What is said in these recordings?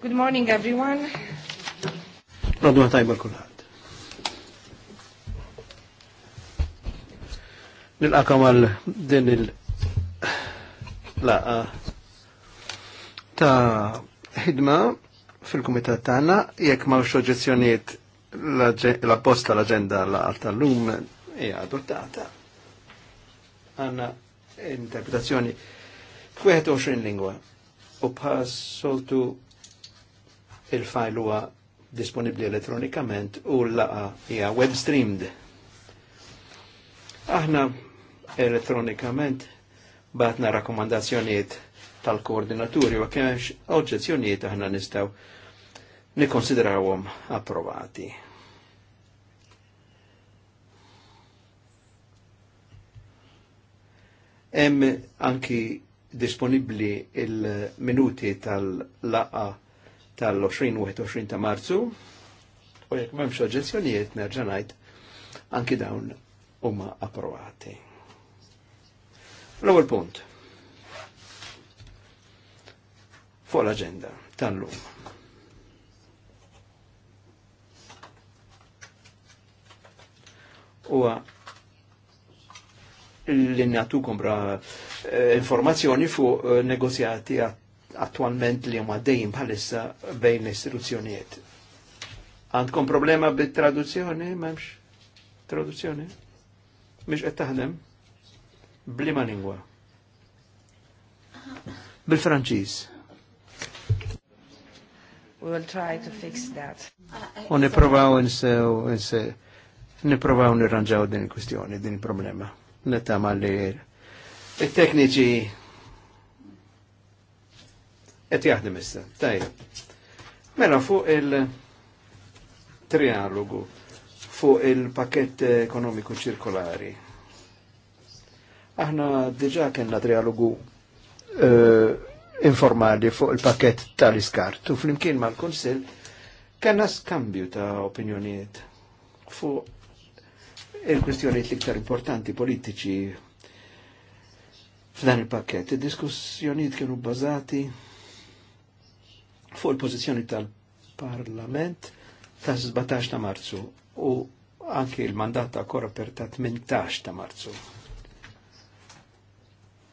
Good morning, everyone. Rodwa tajba Nil-qakam din il-laqa ta' ħidma fil-komitat tagħna jekk ma' oġġezzjonijiet l-apposta l-agenda l-għal tal-lum hija adottata. Għanna interpretazzjoni 21 lingwa u bħas soltu il-fajl huwa disponibli elettronikament u l-laqa hija web streamed. Aħna elettronikament batna rakkomandazzjonijiet tal-koordinaturi u kemx oġġezzjonijiet aħna nistgħu nikkonsidrawhom approvati. Hemm anki disponibbli il-minuti tal-laqa' tal-20-21 ta' marzu u jekk m'hemmx oġġezzjonijiet nerġa' ngħid anki dawn huma approvati. L-ewwel punt. Fuq l-aġenda tal-lum. Huwa l-innatu bra eh, informazzjoni fuq eh, negozjati għat attualment li huma dejjem bħalissa bejn l-istituzzjonijiet. Għandkom problema bit-traduzzjoni, m'hemmx traduzzjoni? Mhix qed taħdem blima lingwa. Bil-Franċiż. We will try to fix that. U niprovaw nsew, nipprovaw nirranġaw din il-kwistjoni, din il-problema. Nettama li il-tekniċi et jaħdem issa. Tajjeb. Mela fuq il-trialogu fuq il paket ekonomiku ċirkolari. Aħna diġa kena trialogu uh, informali fuq il paket tal-iskart u flimkien mal konsil kena skambju ta' opinjoniet fuq il-kwestjoniet l-iktar importanti politiċi f'dan il-pakket. Il-diskussjoniet kienu bazati fuq il-pożizzjoni tal-Parlament ta' 17 ta' Marzu u anki il-mandat ta' Koreper ta' 18 ta' Marzu.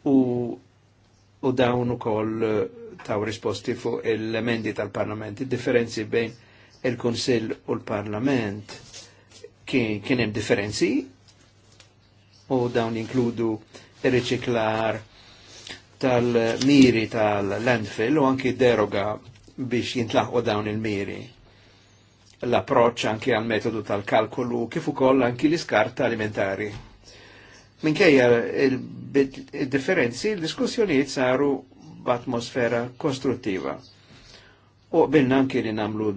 U, u dawn ukoll u risposti fuq l-emendi tal-Parlament, il-differenzi bejn il-Konsil u l-Parlament kien hemm differenzi u dawn inkludu ir-riċiklar tal-miri tal-landfill u anki deroga biex jintlaħqu dawn il-miri. L-approċ anki għal metodu tal kalkulu kif ukoll anki l-iskart alimentari. Minkejja il-differenzi, l diskussjonijiet saru b'atmosfera kostruttiva. U bilna anki li namlu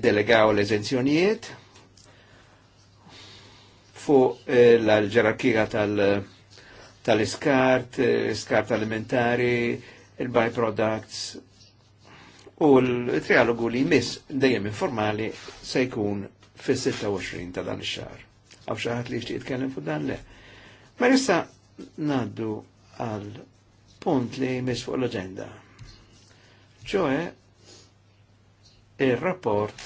delegaw l-eżenzjonijiet fu eh, l-ġerarkija tal- tal-iskart, eh, iskart alimentari, il-byproducts u l-trialogu li jmiss dejjem informali se jkun fi 26 ta' dan ix-xahar. Għaw xaħat li jixtieq jitkellem fu dan le. Ma issa ngħaddu għal punt li jmiss fuq l-aġenda. ċoħe il rapport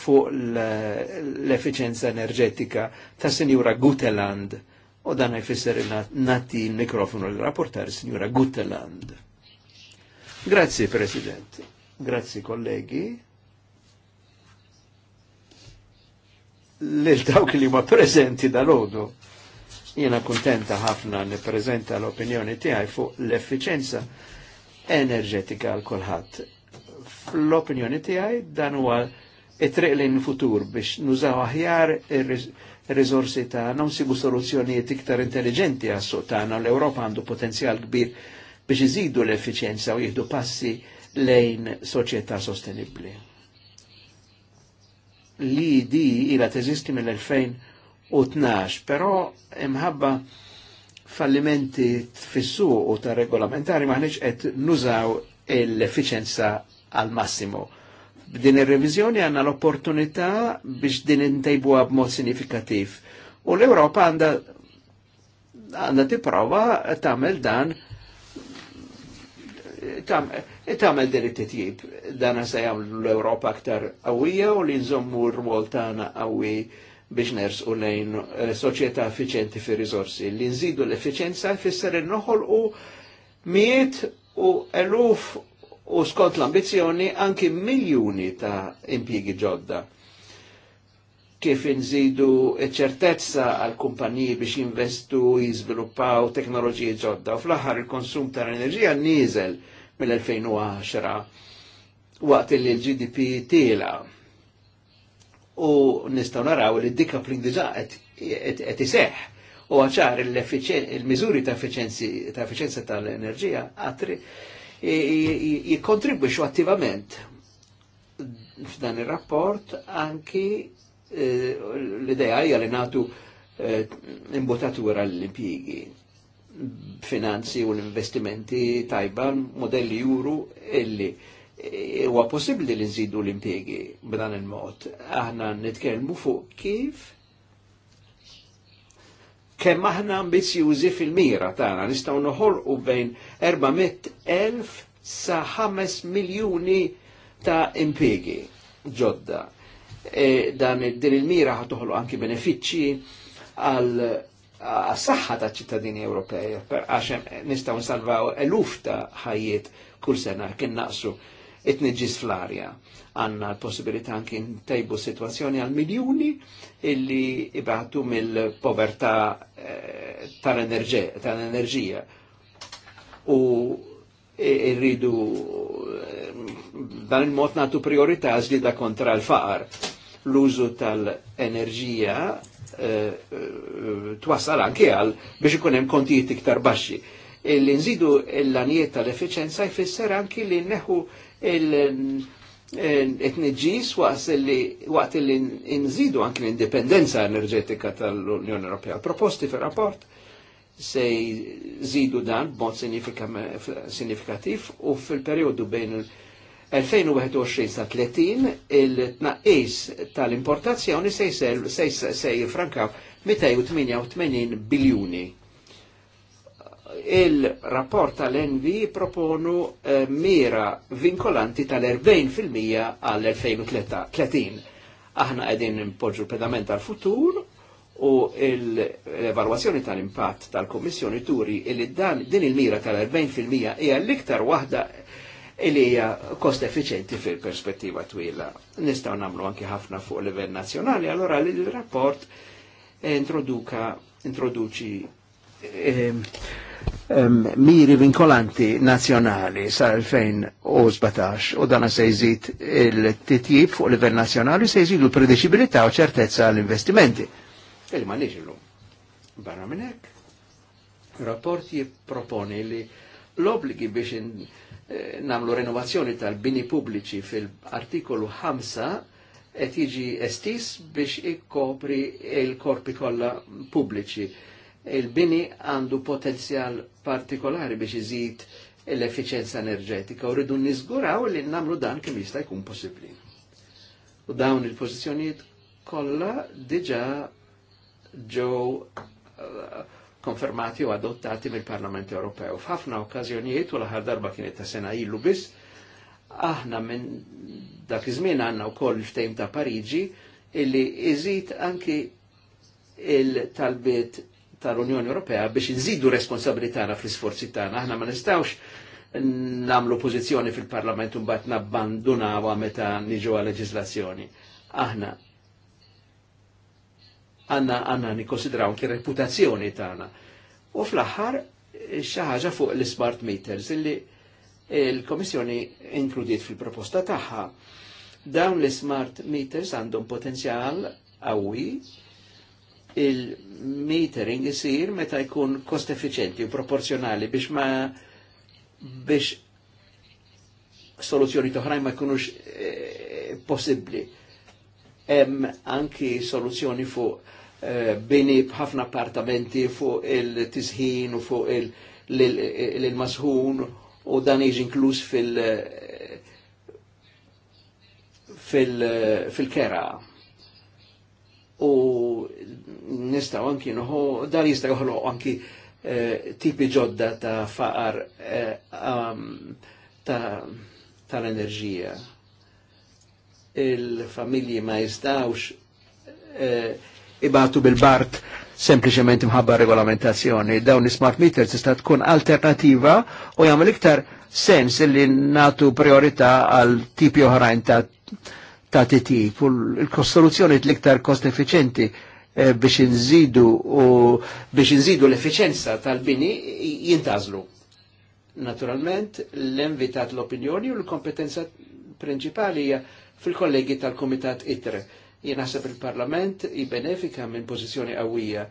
fuq l-efficienza enerġetika ta' Sinjura Guteland U dan jfisser nati il-mikrofonu l-rapportar signora Gutteland. Grazzi, President. Grazzi, kollegi. l dawk li ma prezenti dal-ħodu. Jena kontenta ħafna nipprezenta l-opinjoni tiegħi fuq l efficienza enerġetika għal kulħadd. l opinjoni tiegħi dan huwa it-triq l-in futur biex nużaw aħjar rizorsi tagħna u nsibu soluzzjonijiet iktar intelligenti għas-suq tagħna l-Ewropa għandu potenzjal kbir biex iżidu l efficienza u jieħdu passi lejn soċjetà sostenibbli. Li di ila teżisti mill-2012, però imħabba fallimenti fissu u ta' regolamentari maħniċ qed nużaw l-effiċenza għal massimo B'din ir-reviżjoni għandna l-opportunità biex din intejbuha b'mod sinifikattiv. U l-Ewropa għandha għandha tipprova tagħmel dan tagħmel din it-titjib. Dan se jagħmlu l-Ewropa aktar qawwija u li nżommu r-rwol tagħna qawwi biex nersqu lejn eh, soċjetà effiċenti fi risorsi. Li nżidu l-effiċenza jfisser innoħol u miet u eluf u skont l-ambizjoni anki miljuni ta' impjiegi ġodda. Kif inżidu ċertezza għal kumpaniji biex jinvestu, jizviluppaw teknoloġiji ġodda u fl-aħħar il-konsum ta' enerġija niżel mill-2010 waqt li l-GDP tila u nistaw naraw li d dikapling diġa qed iseħħ u għaċar il-miżuri ta' efficienza tal-enerġija għatri jikontribwixu attivament f'dan il rapport anki eh, l ideja hija li nagħtu eh, imbutatura l-impjigi finanzi u l-investimenti tajba modelli juru illi eh, huwa possibbli li nżidu l-impjegi b'dan il-mod. Aħna nitkellmu fuq kif kemm aħna ambizjużi fil-mira tagħna nistgħu noħolqu bejn 400,000 sa 5 miljuni ta' impiegi ġodda. E, dan din il-mira ħatuħlu anki benefiċċji għal saħħa ta' ċittadini Ewropej, għax nistgħu nsalvaw eluf ta' ħajjiet kull sena kien naqsu it-nġis fl-arja. Għanna l-possibilità anki tejbu situazzjoni għal miljuni illi ibatu mill-povertà eh, tal-enerġija. U eh, irridu eh, dan il-mod natu priorità da kontra l-faqar. L-użu tal-enerġija eh, eh, twassal anki għal biex ikun hemm kontijiet iktar baxxi. Illi nżidu l-anijiet tal-efficienza jfisser anki li neħu il-etniġis waqt li nżidu anki l-indipendenza enerġetika tal-Unjoni Ewropea. Proposti fil rapport se jżidu dan b'mod sinifikattiv u fil-periodu bejn il-2021 sa 30 il-tnaqqis tal-importazzjoni se jifrankaw 288 biljuni il-rapport tal-NV proponu eh, mira vinkolanti tal-40% għal-2030. Aħna għedin impoġġu pedament għal-futur u l-evalwazzjoni tal-impatt tal komissjoni turi il dan din il-mira tal-40% hija l-iktar waħda il hija kost effiċenti fil-perspettiva twila. Nistgħu nagħmlu anki ħafna fuq livell nazzjonali, allora l-rapport introduka introduċi eh, um, miri vinkolanti nazjonali sal-2017 u dana se jizid il-titjib fuq livell nazjonali se jżidu l-prediċibilità u ċertezza l-investimenti. Illi ma neġilu. Barra minnek, rapport proponi li l-obligi biex eh, namlu renovazzjoni tal-bini pubbliċi fil-artikolu 5 et jiġi estis biex ikkopri il-korpi kollha pubbliċi il-bini għandu potenzjal partikolari biex iżid l-efficienza enerġetika u rridu nizguraw li namlu dan kemm jista' jkun possibbli. U dawn il-pożizzjonijiet kollha diġà ġew eh, konfermati u adottati mill-Parlament Ewropew. F'ħafna okkażjonijiet u l-aħħar darba kienet ta' sena ilu biss, aħna minn dak iż-żmien għandna wkoll ftehim ta' Pariġi illi iżid anki il-talbiet tal-Unjoni Ewropea biex nżidu responsabilitana fl-isforzi tagħna. Aħna ma nistgħux namlu pożizzjoni fil-Parlament u mbagħad nabbandunawha meta niġu għal leġislazzjoni. Aħna għanna għanna nikonsidraw kien reputazzjoni tagħna. U fl-aħħar xi ħaġa fuq l-smart meters illi il-Komissjoni inkludiet fil-proposta tagħha. Dawn l-smart meters għandhom potenzjal qawwi il-metering jisir meta jkun kost efficienti u proporzjonali biex ma biex soluzzjoni toħrajn ma jkunux eh, possibbli. Hemm anki soluzzjoni fuq eh, bini bħafna appartamenti fuq il-tisħin u fuq il-masħun u dan iġi inkluż fil- fil-kera. Fil u nistaw anki nħu, dan jista' joħloq anki eh, tipi ġodda ta' faqar eh, tal-enerġija. Il-familji ma jistawx eh, ibatu bil-bart sempliciment mħabba regolamentazzjoni. Dawn smart meters tista' tkun alternativa u jagħmel iktar sens li natu priorità għal tipi oħrajn ta' ta' titip u l-soluzzjoni l-iktar kost efficienti. Eh, biex nżidu u biex nżidu l-efficienza tal-bini jintazlu. Naturalment, l-invitat l-opinjoni u l-kompetenza principali hija fil-kollegi tal-Komitat ITRE. Jien naħseb il-Parlament benefika minn pożizzjoni qawwija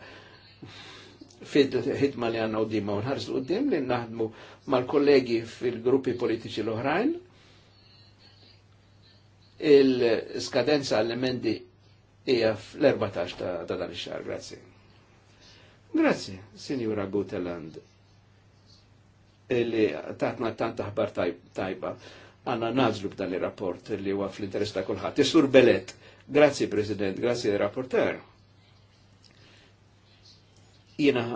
fid-ħidma li għanna u unħarż u qoddim li naħdmu mal-kollegi fil-gruppi politiċi l-oħrajn. Il-skadenza l emendi Ija, fl-14 ta' ta' dan ix-xahar, grazzi. Grazzi, Sinjura Guteland, illi tatna tant ħbar tajba għanna nazlu b'dan il-rapport li huwa fl-interess ta' kulħadd. Isur Belet, grazzi President, grazzi rapporter. Jiena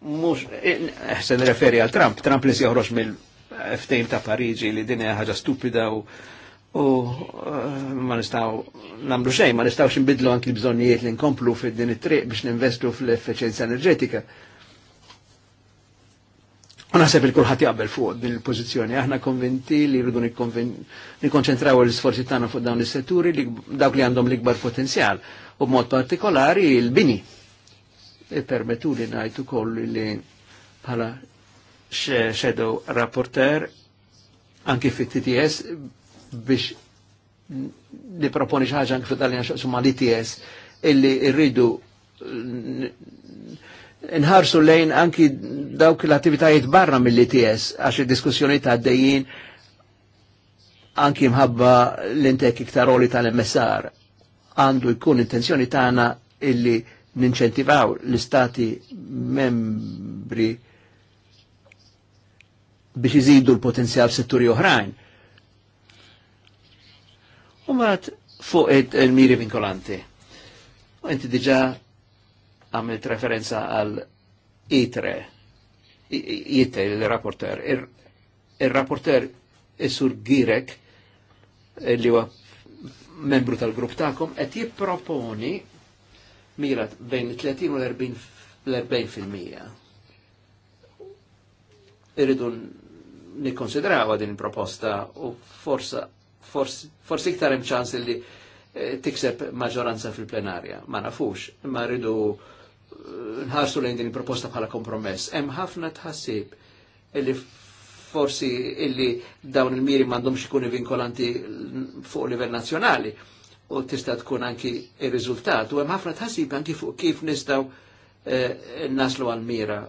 mhux eh, se referi għal Trump, Trump li se joħroġ mill-ftejm ta' Pariġi li din hija ħaġa stupida u u eh, ma nistaw namlu xejn, ma nistaw ximbidlu anki l-bżonnijiet li nkomplu fid din it-triq biex ninvestu fl-efficienza enerġetika. U naħseb il kulħadd jaqbel fuq din il-pożizzjoni. Aħna konvinti li rridu nikkonċentraw l-isforzi tagħna fuq dawn is-setturi li dawk li għandhom l-ikbar potenzjal u b'mod partikolari il-bini. Permetu li ngħid ukoll li bħala shadow rapporter anki fit-TTS biex li proponi xaħġa anke fil-Italjan xaqsu ma l-ITS illi rridu nħarsu lejn anki dawk l-attivitajiet barra mill-ITS għax il-diskussjoni ta' d-dajjien anki mħabba l-intek iktaroli tal-MSR għandu jkun intenzjoni tagħna illi ninċentivaw l-istati membri biex jizidu l-potenzjal setturi oħrajn u mbagħad fuq il-miri vinkolanti. U inti diġà għamilt referenza għal ITRE, jitte il-rapporter. Il-rapporter Isur Girek, eh, li huwa membru tal-grupp tagħkom, qed jipproponi mirat bejn 30 u l-40 fil-mija. Irridu nikkonsidrawa din proposta u forsa forsi iktar hemm ċans li eh, tikseb maġġoranza fil-plenarja. Ma nafux, ma rridu eh, nħarsu lejn din proposta bħala kompromess. Hemm ħafna tħassib li forsi illi dawn il-miri m'għandhomx ikun vinkolanti fuq livell nazzjonali u tista' tkun anki ir-riżultat. U hemm ħafna tħassib anki fuq kif nistgħu eh, naslu għal mira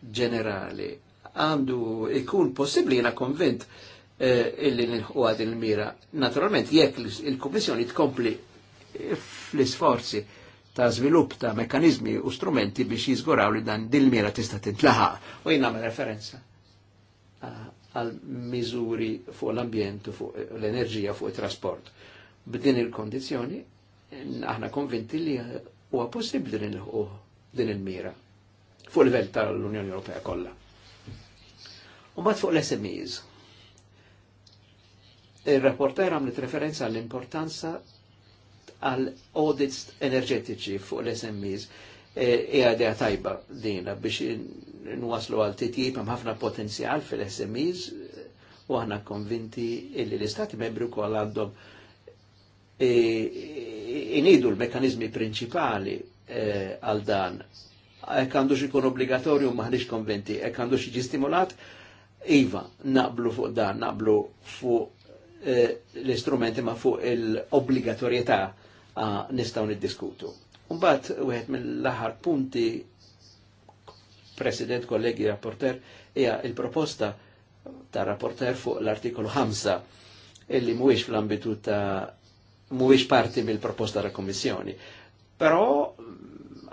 ġenerali. Għandu ikun possibbli jiena konvint Eh, illi nħu għad il-mira. Naturalment, jekk il komissjoni tkompli fl-isforzi ta' svilupp ta' mekanizmi u strumenti biex jizguraw li dan dil-mira tista' tintlaħa. U jien nagħmel referenza għal miżuri fuq l-ambjent, fuq l-enerġija, fuq it-trasport. B'din il-kondizjoni, aħna konvinti li huwa possibbli li din il-mira fuq livell tal-Unjoni Ewropea kollha. U mbagħad fuq l-SMEs Il-rapporter għamlet referenza għall-importanza għal audits enerġetiċi fuq l-SMEs e, e għadja tajba dina biex nwaslu għal titjib hemm ħafna potenzjal fil-SMEs u għana konvinti illi l-istati membri kol għandhom e, inidu l-mekanizmi principali għal dan. Ek għandux ikun obbligatorju maħniex konventi, ek għandux iġi stimulat, Iva, naqblu fuq dan, naqblu fuq Eh, l-istrumenti ma fuq il-obbligatorjetà nistgħu niddiskutu. u għed mill laħar punti President, kollegi, rapporter, hija il-proposta ta' rapporter fuq l-artikolu 5 illi mhuwiex fl-ambitu ta' mhuwiex parti mill-proposta ta' Kommissjoni. Però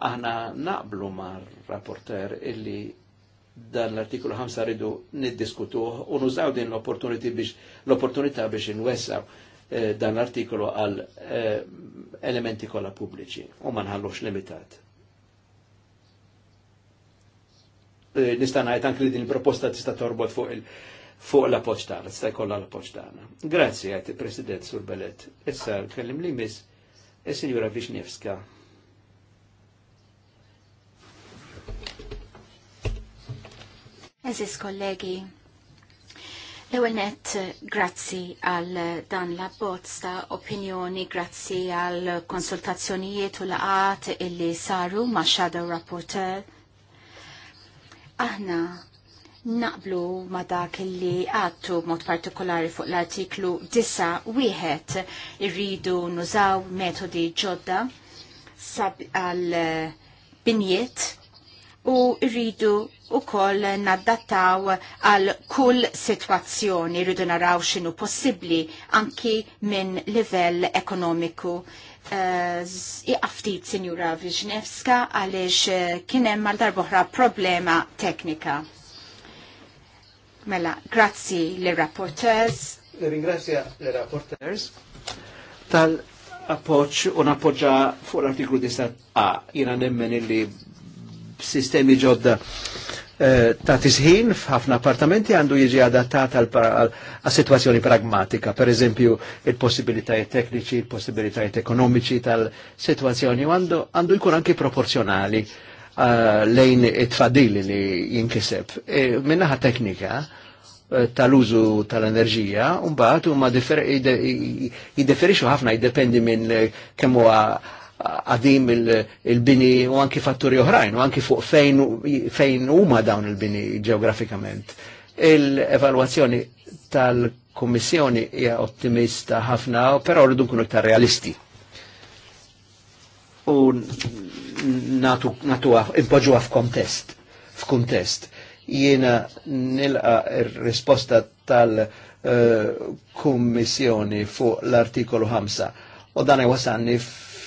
aħna naqblu ma' rapporter illi dan l-artikolu 5 rridu niddiskutuh u nużaw din l-opportunità biex l inwessaw eh, dan l-artikolu għal eh, elementi kollha pubbliċi u ma nħallux limitat. Eh, Nista' ngħid li din proposta tista' torbot fuq il- fuq la poċtana, tista' jkolla la poċtana. Grazzi għajt il-President Sur Issa kellim li miss il signora Vishnevska. Eżis kollegi, l-ewwel nett grazzi għal dan l-abbozz ta' opinjoni, grazzi għal konsultazzjonijiet u laqat illi saru ma' Shadow Rapporteur. Aħna naqblu ma' dak illi għattu mod partikolari fuq l-artiklu 9 wieħed irridu nużaw metodi ġodda sab għal binjiet u rridu u koll naddataw għal kull situazzjoni rridu naraw xinu possibli anki minn livell ekonomiku. Uh, eh, Iqaftit, Sinjura Viġnevska, għalix eh, kienem mal darboħra problema teknika. Mela, grazzi l-rapporters. Ringrazja l-rapporters tal-appoċ un appoġġa fuq l-artiklu 10a. Jina nemmen illi sistemi ġodda eh, ta' tisħin f'ħafna appartamenti għandu jiġi adattat għal situazzjoni pragmatika, per eżempju il-possibilitajiet tekniċi, il-possibilitajiet ekonomiċi tal-situazzjoni, għandu jkun anki proporzjonali eh, lejn it-fadili li jinkiseb. E, minnaħa teknika eh, tal-użu tal-enerġija, un-baħt huma jiddeferixu ħafna jiddependi minn kemmu għadim il-bini u anki fatturi oħrajn, u anki fuq fejn huma dawn il-bini ġeografikament. Il-evalwazzjoni tal-Kommissjoni hija ottimista ħafna, però rridu nkunu iktar realisti. U natu, impoġuha f'kontest, f'kuntest. Jiena nilqa ir-risposta tal-Kummissjoni eh, fuq l-artikolu 5 u dan jwasanni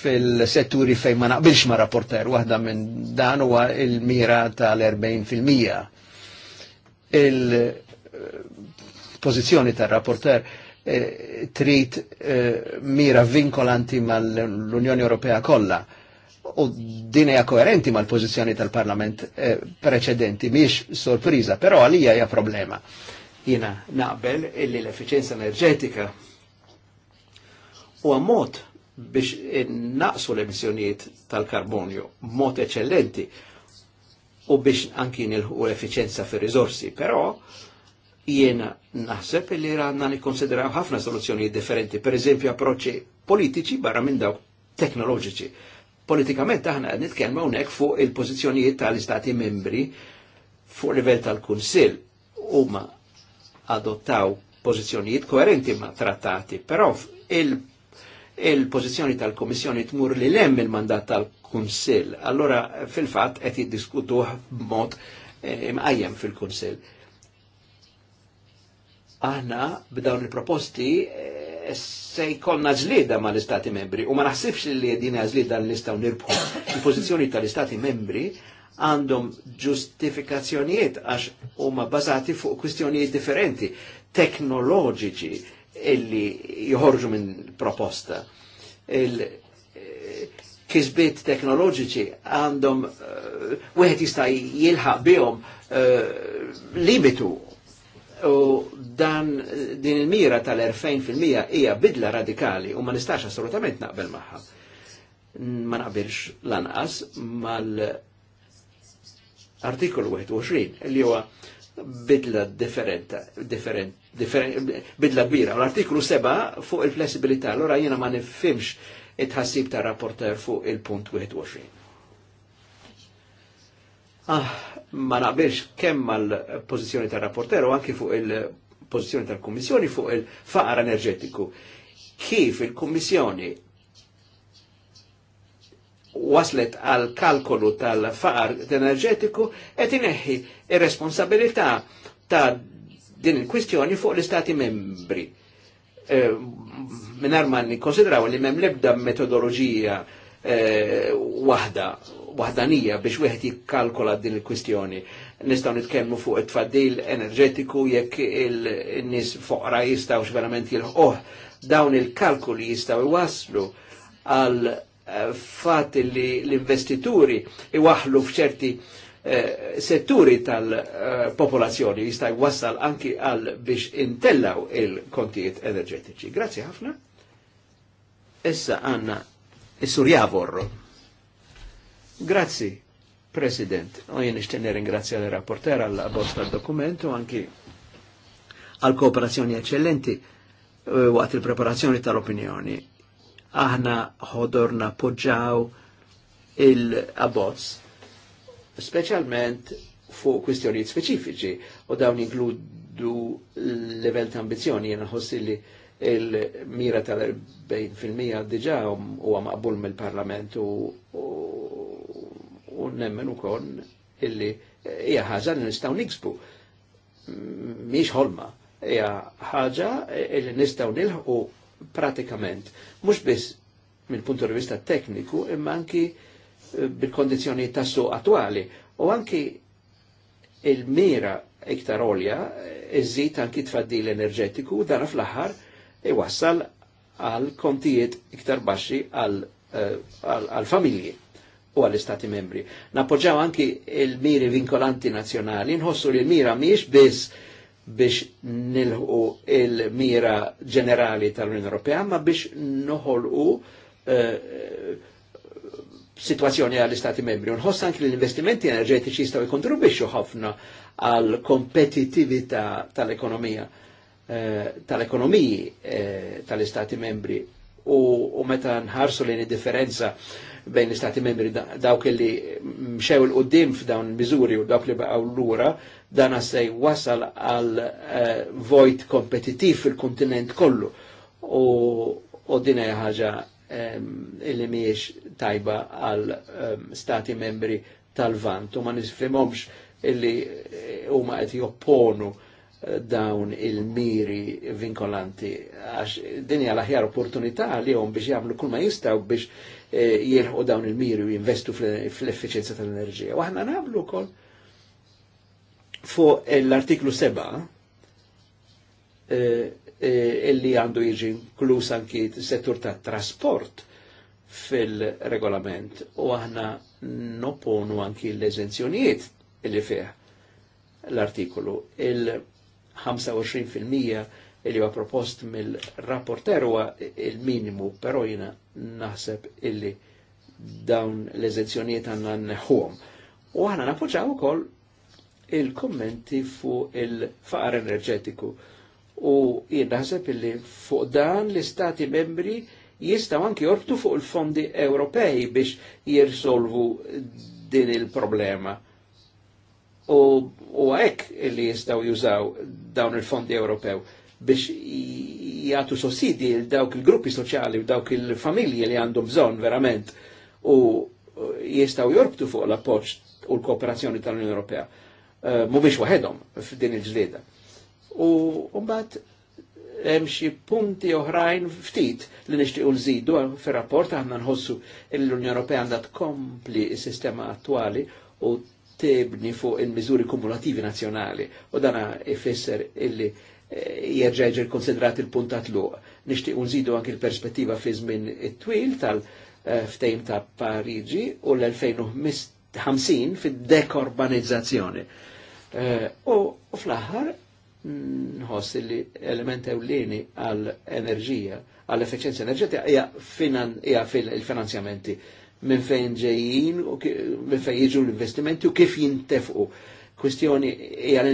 fil-setturi fejn ma naqbilx ma' rapporter, waħda minn dan huwa il-mira tal-40%. Il-pożizzjoni eh, tar-rapporter eh, trid eh, mira vinkolanti mal-Unjoni Ewropea kollha u din hija koerenti mal-pożizzjoni tal-Parlament eh, preċedenti, miex sorpriża, però għalija hija problema. Jina naqbel illi l-efficienza enerġetika u għammot biex naqsu l-emissjonijiet tal-karbonju mod eccellenti u biex anki nilħu l-efficienza fir rizorsi però jiena naħseb li ranna nikonsideraw ħafna soluzzjonijiet differenti, per eżempju approċċi politiċi barra minn dawk teknoloġiċi. Politikament aħna qed nitkellmu hawnhekk fuq il-pożizzjonijiet tal-Istati membri fuq livell tal-Kunsill huma adottaw pożizzjonijiet koerenti ma' trattati, però il il-pozizjoni tal-Komissjoni tmur li lem il-mandat tal-Kunsill. Allora fil-fat qed jiddiskutu b'mod eh, imqajjem fil-Kunsill. Aħna b'dawn il-proposti eh, se jkollna żlieda ma l-Istati membri u ma naħsibx li din ġlieda l-istaw nirbħu. Il-pożizzjoni tal-Istati membri għandhom ġustifikazzjonijiet għax huma bażati fuq kwistjonijiet differenti, teknoloġiċi, illi joħorġu minn proposta. Il-kisbiet eh, teknoloġiċi għandhom u eh, wieħed jista' jilħaq bihom eh, limitu u dan din il-mira tal fil-mija hija bidla radikali u ma nistax assolutament naqbel magħha. Ma naqbilx lanqas mal-artikolu 21 li huwa bidla differenta differenti bidla kbira. l-artiklu 7 fuq il-flessibilità, allora jiena ma nifimx it-ħassib ta' rapporter fuq il-punt 21. Ah, ma naqbilx kemm mal-pożizzjoni tar rapporter u anki fuq il-pożizzjoni tal-Kummissjoni fuq il-faqar enerġetiku. Kif il-Kummissjoni waslet għal kalkolu tal-faqar enerġetiku qed ineħħi ir-responsabilità ta' din il-kwistjoni fuq l-Istati membri. Eh, minar ma nikkonsidraw li mem lebda metodologija eh, wahda, wahdanija biex wieħed jikkalkola din il-kwistjoni. Nistgħu nitkellmu fuq it-tfaddil enerġetiku jekk il-nies foqra jistgħu verament jil-ħoħ dawn il-kalkuli jistgħu iwaslu għal eh, fatt li l-investituri iwaħlu f'ċerti Eh, setturi tal-popolazzjoni jista' jwassal anki għal biex intellaw il-kontijiet enerġetiċi. Grazzi ħafna. Issa għanna Is-Sur Javor. Grazzi, President. U jien ixtenni ringrazzja l-rapporter għal bosta dokumentu anki għal kooperazzjoni eccellenti eh, waqt il-preparazzjoni tal-opinjoni. Aħna ħodorna poġġaw il-abbozz specialment fuq kwistjonijiet speċifiċi u dawn inkludu level ta' ambizjoni jena ħossi li il-mira tal-40% diġa u maqbul mill-parlament u nemmen u kon illi hija ħaġa li nistgħu niksbu. Mhix ħolma, hija ħaġa li nistgħu nilħu pratikament mhux biss mill-punt di vista tekniku imma anki bil-kondizjoni tassu attuali. U anki il-mira iktar olja iżid anki l enerġetiku dan fl-aħħar iwassal għal kontijiet iktar baxxi għal eh, familji u għal istati membri. Napoġġaw anki il-miri vinkolanti nazjonali, nħossu li l-mira miex biss biex nilħu il-mira ġenerali tal-Unjoni Ewropea, ma biex noħolqu uh, situazzjoni għall-Istati membri. Unħoss anki l-investimenti enerġetiċi jistaw jikontribwixxu ħafna għal kompetitività tal-ekonomija eh, tal-ekonomiji eh, tal-Istati membri u, u meta nħarsu lejn differenza bejn l-Istati membri dawk li mxew il-qoddim f'dawn miżuri u dawk li baqgħu lura dan se wasal għal eh, vojt kompetitiv fil-kontinent kollu u, u din ħaġa illi miex tajba għal stati membri tal-vant u ma nisfimomx illi eh, huma qed jopponu eh, dawn il-miri vinkolanti għax dinja l-aħjar opportunità li għom biex jagħmlu kull ma jistgħu biex eh, jirħu dawn il-miri u jinvestu fl efficienza tal-enerġija. U aħna nagħmlu wkoll fuq l-artiklu 7 Eh, illi għandu jiġi inkluż anki settur ta' trasport fil-regolament u aħna nopponu anki l-eżenzjonijiet illi fih l-artikolu. Il-25% illi huwa propost mill-rapporter huwa il-minimu, però jina naħseb illi dawn l-eżenzjonijiet għanna nneħħuhom. U aħna nappoġġaw ukoll il-kommenti fu il-faqar enerġetiku u jinaħseb illi fuq dan l-istati membri jistaw anki jorbtu fuq il-fondi Ewropej biex jirsolvu din il-problema. U, għek illi jistaw jużaw dawn il-fondi Ewropew biex jgħatu sossidi dawk il-gruppi soċjali u dawk il-familji li għandhom bżon verament u jistaw jorbtu fuq l-appoċ u l-kooperazzjoni tal-Unjoni Ewropea. Uh, eh, Mu biex waħedhom f'din il-ġlieda u mbagħad hemm xi punti oħrajn ftit li nixtiequ nżidu fir-rapport aħna nħossu l-Unjoni Ewropea għandha tkompli s-sistema attwali u tibni fuq il-miżuri kumulativi nazzjonali u dana ifisser illi eh, jerġa' jiġi konsidrat il-puntat luq. Nixtiequ nżidu anke l-perspettiva fi żmien it-twil tal-ftejm eh, ta' Pariġi u l-2050 fid-dekorbanizzazzjoni. Eh, u fl-aħħar nħoss li element ewlieni għal enerġija għal efficienza enerġetika hija hija fil-finanzjamenti minn fejn ġejjin u minn fejn jiġu l-investimenti u kif jintefqu. Kwestjoni hija li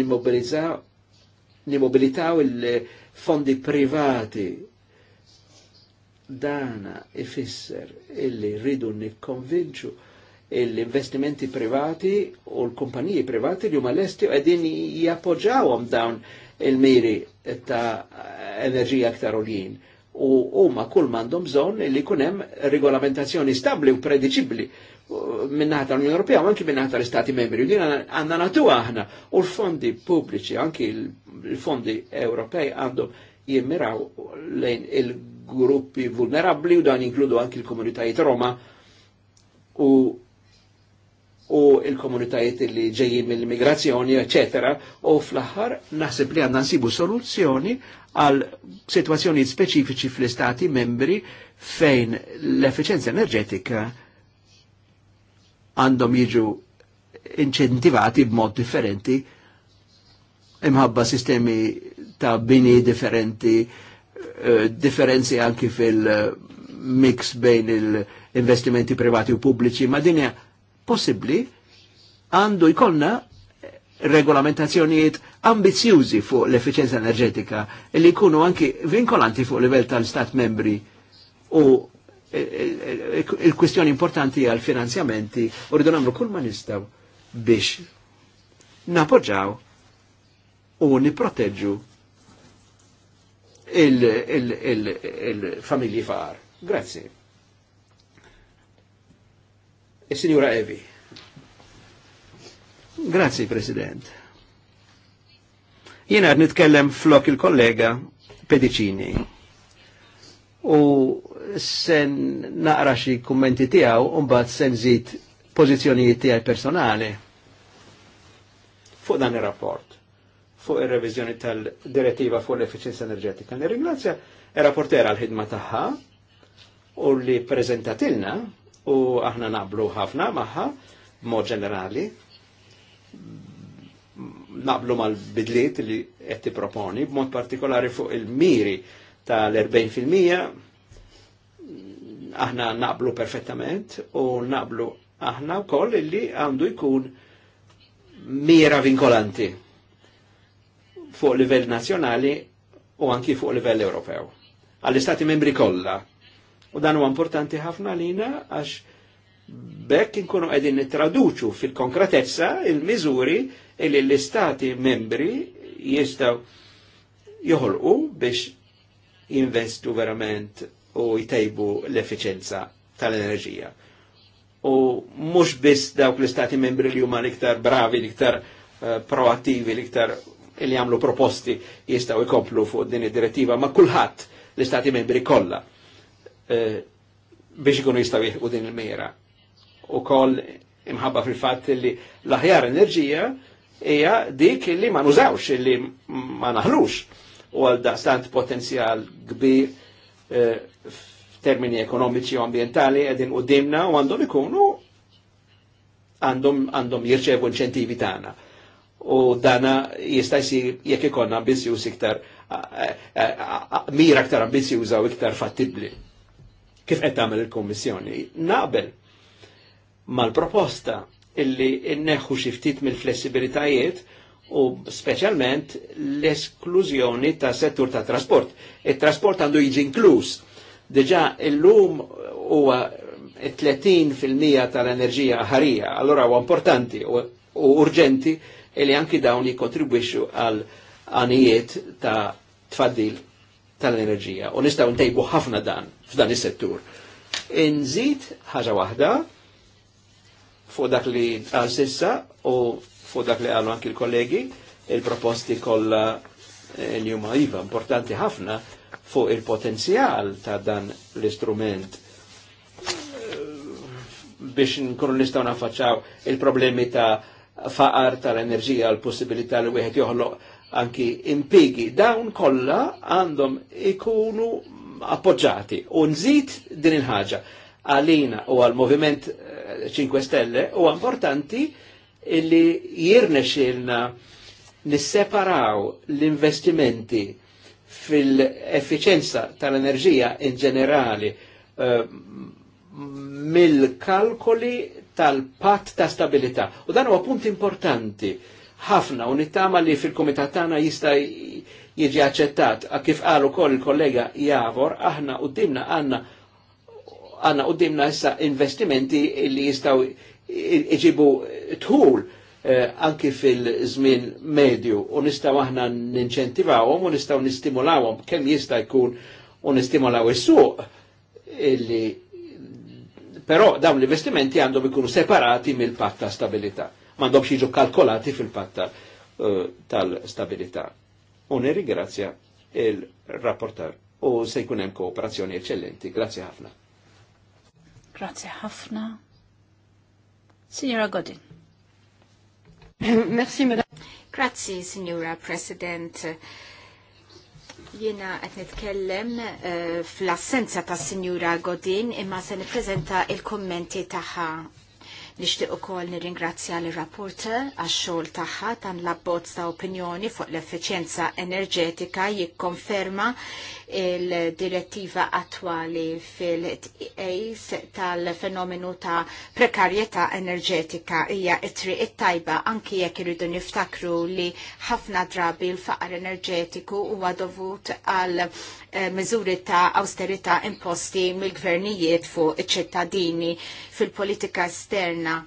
nimmobilitaw il-fondi privati dana ifisser illi rridu nikkonvinċu l-investimenti privati u l-kumpaniji privati li huma lesti qegħdin jappoġġawhom dawn il-miri ta' enerġija aktar oljien. U huma kull m'għandhom bżonn li kun hemm regolamentazzjoni stabbli u prediċibbli minnaħat l-Unjoni Ewropea u anki minnaħat l-Istati Membri. Din għandna natu aħna u l-fondi pubbliċi, anki l-fondi Ewropej għandhom jimmiraw lejn il-gruppi vulnerabli u dan jinkludu anki l-komunitajiet Roma u u il-komunitajiet li ġeji mill-immigrazzjoni, eccetera, u fl-aħħar naħseb li għandna nsibu soluzzjoni għal situazzjoni speċifiċi fl-istati membri fejn l-efficienza enerġetika għandhom jiġu inċentivati b'mod differenti imħabba sistemi ta' bini differenti, eh, differenzi anki fil-mix bejn il- investimenti privati u pubbliċi, ma dinja possibbli għandu jkollna regolamentazzjonijiet ambizjużi fuq l-efficienza enerġetika li jkunu anki vinkolanti fuq livell tal-Stat membri u e, e, e, il-kwistjoni importanti għal finanzjamenti u rridu nagħmlu kull ma nistgħu biex napoġġaw u niproteġġu il-familji il, il, il, il, il far. Grazie il signora Evi. grazie President. Jena għad nitkellem flok il-kollega Pedicini. U sen naqra xi kummenti tiegħu u mbagħad sen żid pożizzjonijiet tiegħi personali fuq dan ir-rapport fuq ir-reviżjoni tal-direttiva fuq l-efficienza enerġetika. Nirringrazzja ir-rapportera għal-ħidma tagħha u li preżentatilna u aħna naqblu ħafna maħħa mod ġenerali naqblu mal-bidliet li qed proponi b'mod partikolari fuq il-miri tal-40% aħna naqblu perfettament u naqblu aħna wkoll li għandu jkun mira vinkolanti fuq livell nazzjonali u anki fuq livell Ewropew. Għall-istati membri kolla, U dan huwa importanti ħafna lina għax bekk inkunu qegħdin nittraduċu fil-konkretezza il-miżuri li l-istati membri jistgħu joħolqu biex jinvestu verament u jtejbu l-efficienza tal-enerġija. U mhux biss dawk l-istati membri li huma liktar iktar bravi, liktar iktar uh, eh, proattivi, liktar li jagħmlu proposti jistgħu jkomplu fuq din id-direttiva, ma kulħadd l-istati membri kollha Eh, biex ikunu jistaw jihqu din il-mira. U koll imħabba fil-fat li l-aħjar enerġija hija dik li ma nużawx, li ma naħlux. U għal daqstant potenzjal kbir eh, f'termini ekonomiċi u ambientali għedin u dimna u għandhom ikunu għandhom għandhom jirċevu inċentivi tagħna. U dana jista' jsir jekk ikonna ambizzjuż iktar eh, mira iktar ambizzjuża u iktar fattibli kif qed tagħmel il-Kummissjoni. Naqbel mal-proposta illi nneħħu xi ftit mill-flessibilitajiet u speċjalment l-esklużjoni ta' settur ta' trasport. Il-trasport għandu jiġi inkluż. Diġà illum huwa 30% tal-enerġija ħarija, allora huwa importanti u urġenti li anki dawn jikontribwixxu għal għanijiet ta' tfaddil tal-enerġija. U nistgħu ntejbu ħafna dan f'dan is-settur. Inżid ħaġa waħda fuq dak li għal sissa u fuq dak li għallu anki l-kollegi, il-proposti kollha eh, li juma iva importanti ħafna fuq il-potenzjal ta' dan l-istrument eh, biex nkunu nistgħu nafaċċaw il-problemi ta' faqar tal-enerġija l possibilità li wieħed joħloq anki impigi. Dawn kollha għandhom ikunu appoġġati. U nżid din il-ħaġa għalina u għal-Moviment 5 eh, Stelle u importanti illi jirnexilna nisseparaw l-investimenti fil-efficienza tal-enerġija in ġenerali eh, mill-kalkoli tal-pat ta' stabilità. U dan huwa punt importanti ħafna u nittama li fil-komitat tagħna jista' jiġi aċċettat. Kif qalu kol il-kollega Javor, aħna u dimna għanna għanna u dimna issa investimenti li jistaw iġibu tħul eh, anki fil-żmien medju u nistaw aħna ninċentivawhom u nistaw nistimulawhom kemm jista' jkun u nistimulaw is-suq illi però dawn l-investimenti għandhom ikunu separati mill-patta stabilità m'għandhomx jiġu kalkolati fil-patta eh, tal-stabilità u nirringrazzja il-rapportar u se jkun hemm kooperazzjoni eccellenti. Grazie ħafna. Grazie ħafna. Signora Godin. Merci, madame. Grazie, Signora President. Jena qed nitkellem uh, fl-assenza ta' signora Godin imma se nippreżenta il-kummenti tagħha Nixtieq ukoll nirringrazzja l rapporter għax-xogħol tagħha tan labbozz ta' opinjoni fuq l efficienza enerġetika jikkonferma il-direttiva attwali fil eis tal-fenomenu ta' prekarjetà enerġetika hija it-triq it-tajba anki jekk iridu niftakru li ħafna drabi l-faqar enerġetiku huwa dovut għal eh, miżuri ta' austerità imposti mill-gvernijiet fuq iċ-ċittadini fil-politika esterna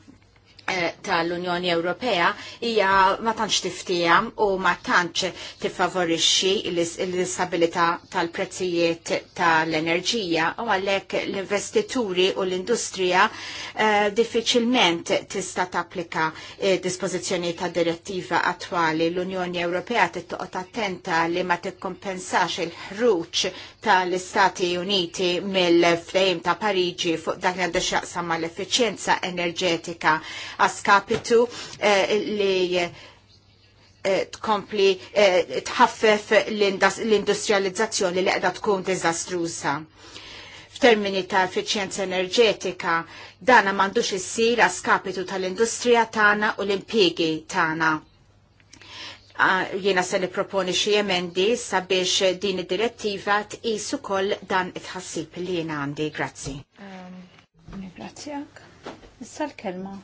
Eh, tal-Unjoni Ewropea hija ma tantx tiftija u ma tantx tiffavorixxi l-istabilità tal-prezzijiet tal-enerġija u għalhekk l-investituri u l-industrija eh, diffiċilment tista' tapplika eh, dispożizzjoni ta' direttiva attwali. L-Unjoni Ewropea tittoqgħod attenta li ma tikkompensax il-ħruġ tal-Istati Uniti mill-frejm ta' Pariġi fuq dak li għandu xaqsam mal-effiċjenza enerġetika għaskapitu eh, li eh, tkompli eh, tħaffef l-industrializzazzjoni li qiegħda tkun diżastruża. F'termini ta' effiċjenza enerġetika, dana m'għandux issir askapitu tal-industrija tagħna u l-impjiegi tagħna. Ah, jiena se nipproponi xi emendi sabiex din id-direttiva tqis ukoll dan it-ħassib li jiena għandi. Grazzi. Um, Grazzjak. Issa l-kelma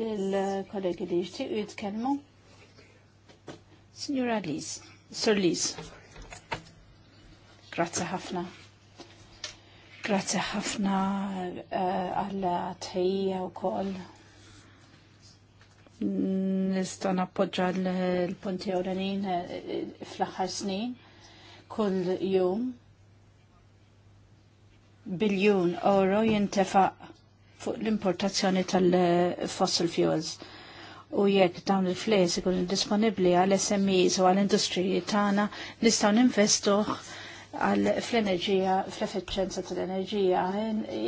l-kollegi li jixtiequ jitkellmu. Signora Liz, Sir Liz. grazie ħafna. Grazie ħafna eh, għalla tħejja u kol. Nista nappoġġa l-punti ewlenin eh, fl axar snin kull jum biljun euro jintefa' fuq l-importazzjoni tal-fossil fuels. U jekk dawn il flejs ikun disponibli għal SMEs u għal industriji tagħna nistgħu ninvestuh għal fl-enerġija, fl-efficienza tal-enerġija,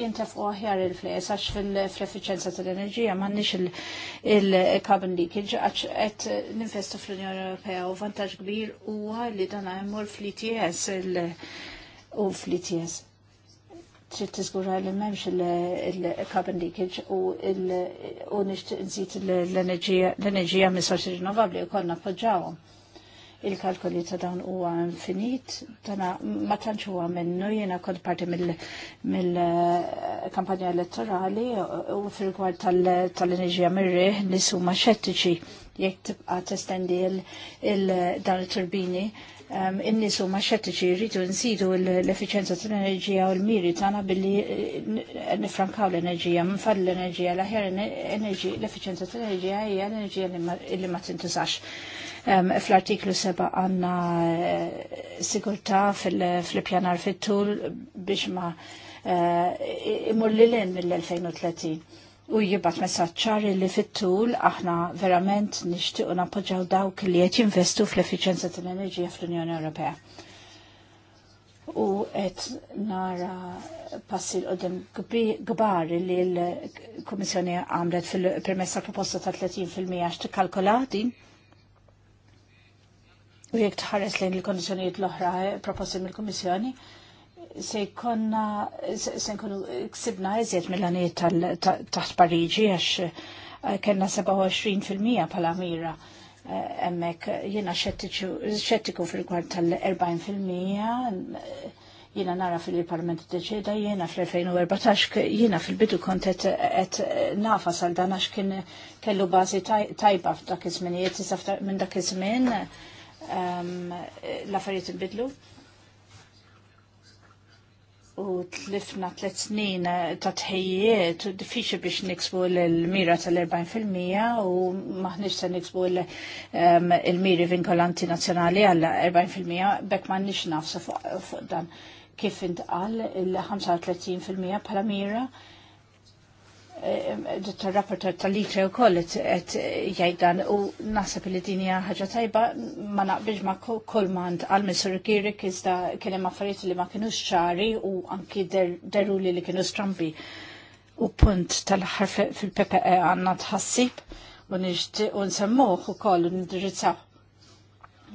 jintef aħjar il flejs għax fl-efficienza tal-enerġija m'għandniex il-carbon leakage, għax għet ninvestu fl-Unjoni Ewropea u vantaġ kbir u li dan għajmur fl-ITS u fl-ITS trid tiżgura li m'hemmx il-carbon leakage u nix nżid l-enerġija minn sorsi rinnovabbli wkoll nappoġġawhom. Il-kalkoli ta' dawn huwa infinit, tana ma tantx huwa minnu jiena kont parti mill-kampanja eh, elettorali u fil-rigward tal-enerġija mir-riħ nies huma xettiċi jekk tibqa' testendi il-dawn it-turbini. il dawn turbini il turbini in-nies huma xettiċi rritu nsidu l-effiċenza tal-enerġija u l-miri tagħna billi eh, nifrankaw l-enerġija, minfall l-enerġija, l-aħjar l-effiċenza tal-enerġija hija l-enerġija li ma tintużax. Fl-artiklu 7 għanna eh, sigurtà fil-pjanar fit-tul biex ma eh, imur li l-en mill-2030 u jibat messaċċar li fit-tul aħna verament nixtiequ nappoġġaw dawk li qed jinvestu fl effiċjenza tal-enerġija fl-Unjoni Ewropea. U qed nara passi l-qudiem kbar li l-Kummissjoni għamlet fil-permessa proposta ta' 30% għax tikkalkolati. U jekk tħares lejn il-kondizzjonijiet l-oħra eh, proposti mill-Kummissjoni, se jkonna se nkunu ksibna eżiet mill għani taħt Pariġi għax kena 27% pala mira eh, emmek jena xettiku fil-gwart tal-40% eh, jena nara fil-Parlament deċeda jena fil 2014 jena fil-bidu kontet et nafa sal dan għax kien kellu bazi tajba f'dak iż-żmien, minn dak iż-żmien ehm, l-affarijiet bidlu u tlifna tlet snin eh, ta' tħejjiet u diffiċi biex niksbu l-mira tal-40% u maħniġ se niksbu l-miri vinkolanti nazjonali għall-40% bekk maħniġ nafsa fuq dan kif intqal il-35% bħala mira. Dottor Rapporter tal-litra u koll et jajdan u nasab li dinja ħagġa tajba ma naqbilx ma kolmand għal Mr. Girik iżda kienem affarijiet li ma kienu xċari u anki deruli li kienu strambi u punt tal ħarfe fil-PPE għanna tħassib u nsemmuħ u koll u ndirizzaw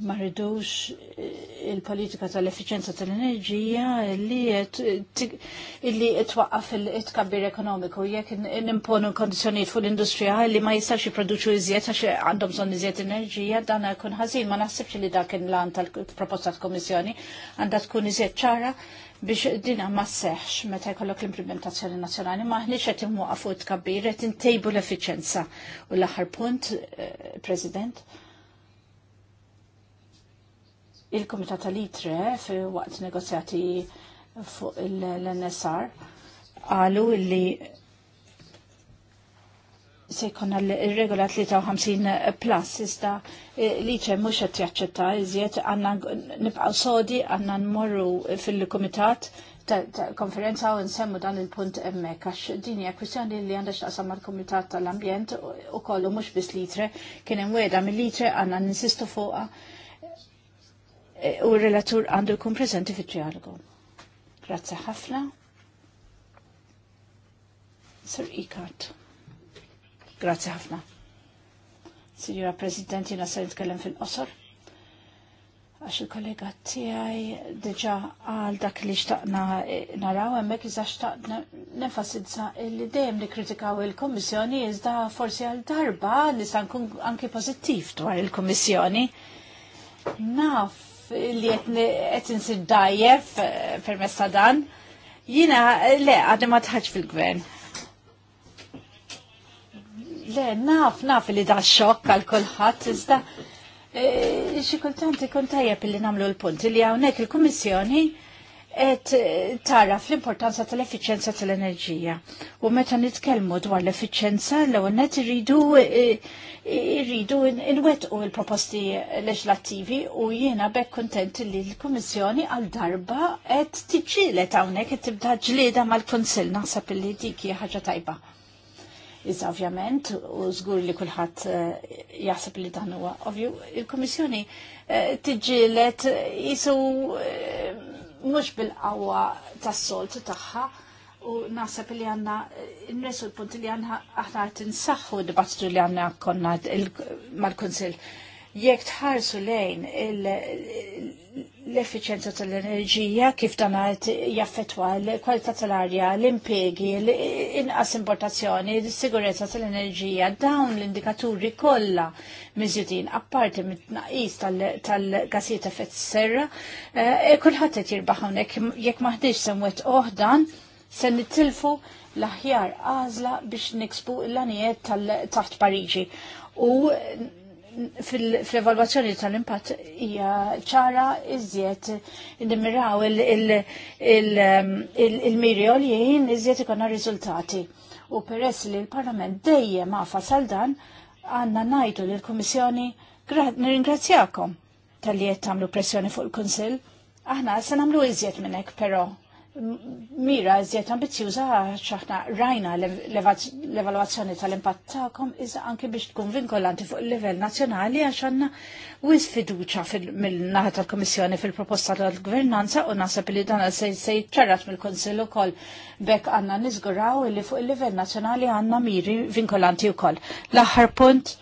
ma rridux eh, il-politika tal-efficienza tal-enerġija li twaqqaf il-tkabbir ekonomiku jekk nimponu kondizjoniet fuq l-industrija li ma jistax jiproduċu iżjed għax għandhom bżonn iżjed enerġija dan jkun ħażin ma naħsibx li dak il-lan tal-proposta tal-Kommissjoni għandha tkun iżjed ċara biex dina ma seħx meta jkollok l-implementazzjoni nazzjonali ma ħniex qed imwaqaf fuq tkabbir qed intejbu l-effiċenza. U l-aħħar punt, eh, President, il-Komitat tal-Itre fi waqt negozjati fuq l-NSR għalu li se jkun l regola 53 plus sista eh, li ċe mux għet jaċċetta iżjed għanna nibqaw sodi għanna nmorru fil-komitat ta' konferenza u nsemmu dan il-punt emme għax din hija kwistjoni li għandha x'taqsam mal-Kumitat tal-Ambjent u kollu mhux biss litre kien hemm weda mill-litre għandna ninsistu fuqha u r-relatur għandu jkun prezenti fit trialogu Grazzi ħafna. Sir Ikat. Grazzi ħafna. Signora President, jina se nitkellem fil-qosor. Għax il-kollega tiegħi diġà għal dak li xtaqna eh, naraw hemmhekk iżda xtaqna nefasidza li dejjem kritikaw il komissjoni iżda forsi għal darba nista' nkun anke pozittiv dwar il komissjoni Naf li qed nsir dajjef eh, per dan. Jiena le għadni ma tħħġ fil-gvern. Le, naf, naf li da xokk għal kulħadd iżda eh, xi kultanti kontajja tajjeb li nagħmlu l-punt li hawnhekk il-Kummissjoni il kummissjoni et eh, tara fl-importanza tal-efficienza tal-enerġija. U meta nitkellmu dwar l-efficienza, l-ewwel net irridu eh, irridu nwettqu l-proposti leġislattivi u jiena bekk kontent li l-Kummissjoni għal darba qed tiġilet hawnhekk qed tibda ġlieda mal-Kunsill naħseb illi dik hija ħaġa tajba. Iżda ovvjament, u żgur li kulħadd eh, jaħseb li dan huwa ovvju, il-Kummissjoni tiġilet isu mux bil-qawwa tas-solt tagħha u naħseb li għanna eh, nresu l-punt li għanna aħna għat d dibattitu li għanna konna mal-Konsil jekk tħarsu lejn l efficienza tal-enerġija kif dan jaffetwa l-kwalità tal-arja, l-impiegi, l-inqas importazzjoni, l-sigurezza tal-enerġija, dawn l-indikaturi kollha miżjudin apparti mit-tnaqis tal-gassijiet effett serra, eh, kulħadd qed jirbaħ hawnhekk jekk maħdix semwet oħdan se nittilfu l-aħjar għażla biex niksbu l-anijiet tal-taħt Pariġi. U fil-evalwazzjoni tal-impatt hija ċara iżjed nimmiraw il-miri jien iżjed ikonna riżultati. U peress li l-Parlament dejjem għafa sal-dan għanna najdu l komissjoni nirringrazzjakom tal-li jett tamlu pressjoni fuq il-Konsil. Aħna se namlu iżjed minnek, pero mira iżjed ambizjuża x'aħna rajna l-evalwazzjoni tal-impatt tagħkom iżda anke biex tkun vinkolanti fuq il-livell nazzjonali għax għandna wis fiduċa mill-naħa tal-Kummissjoni fil-proposta tal-Gvernanza u naħseb li dan se jċarrat mill-Kunsill ukoll bekk għandna niżguraw li fuq il-livell nazzjonali għandna miri vinkolanti wkoll. L-aħħar punt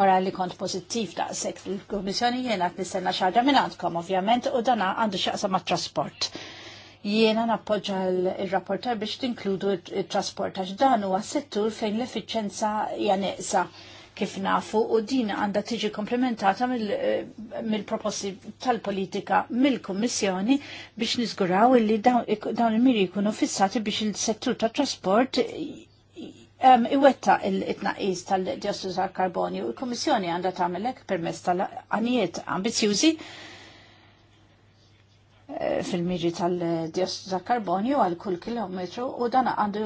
wara li kont pozittiv daqshekk il-Kummissjoni jiena qed nistenna xi ħaġa minn għandkom ovvjament u dan għandu x'aqsa mat-trasport jiena nappoġġa l-rapporter biex tinkludu il-trasport għax dan huwa settur fejn l-effiċenza hija neqsa kif nafu u din għandha tiġi komplementata eh, mill-proposti tal-politika mill-Kummissjoni biex niżguraw li dawn il-miri jkunu fissati biex il-settur tat-trasport ehm, iwetta il-tnaqis tal-diossidu tal-karbonju, il kummissjoni għandha tagħmel hekk permezz tal-għanijiet ambizjużi fil-miġi tal-diossidu ta' karbonju għal kull kilometru u dan għandu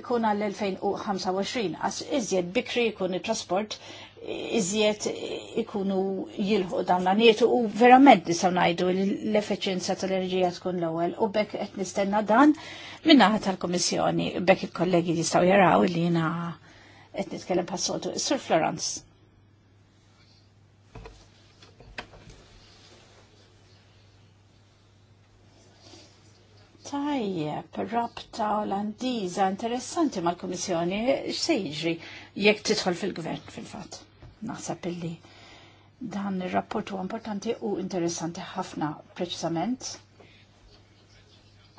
ikun għal 2025 għas iżjed bikri ikun il-trasport iżjed ikunu jilħu dan l u verament nisaw najdu l-efficienza tal-enerġija tkun l-ewwel u bekk qed nistenna dan minnaħa tal-Komissjoni bekk il-kollegi jistgħu jaraw li jiena qed nitkellem passotu. Sur Florence. tajjeb, rabta olandiza interessanti mal-Komissjoni, x'se jiġri jekk tidħol fil-gvern fil-fatt. Naħseb illi dan ir-rapport huwa importanti u interessanti ħafna preċisament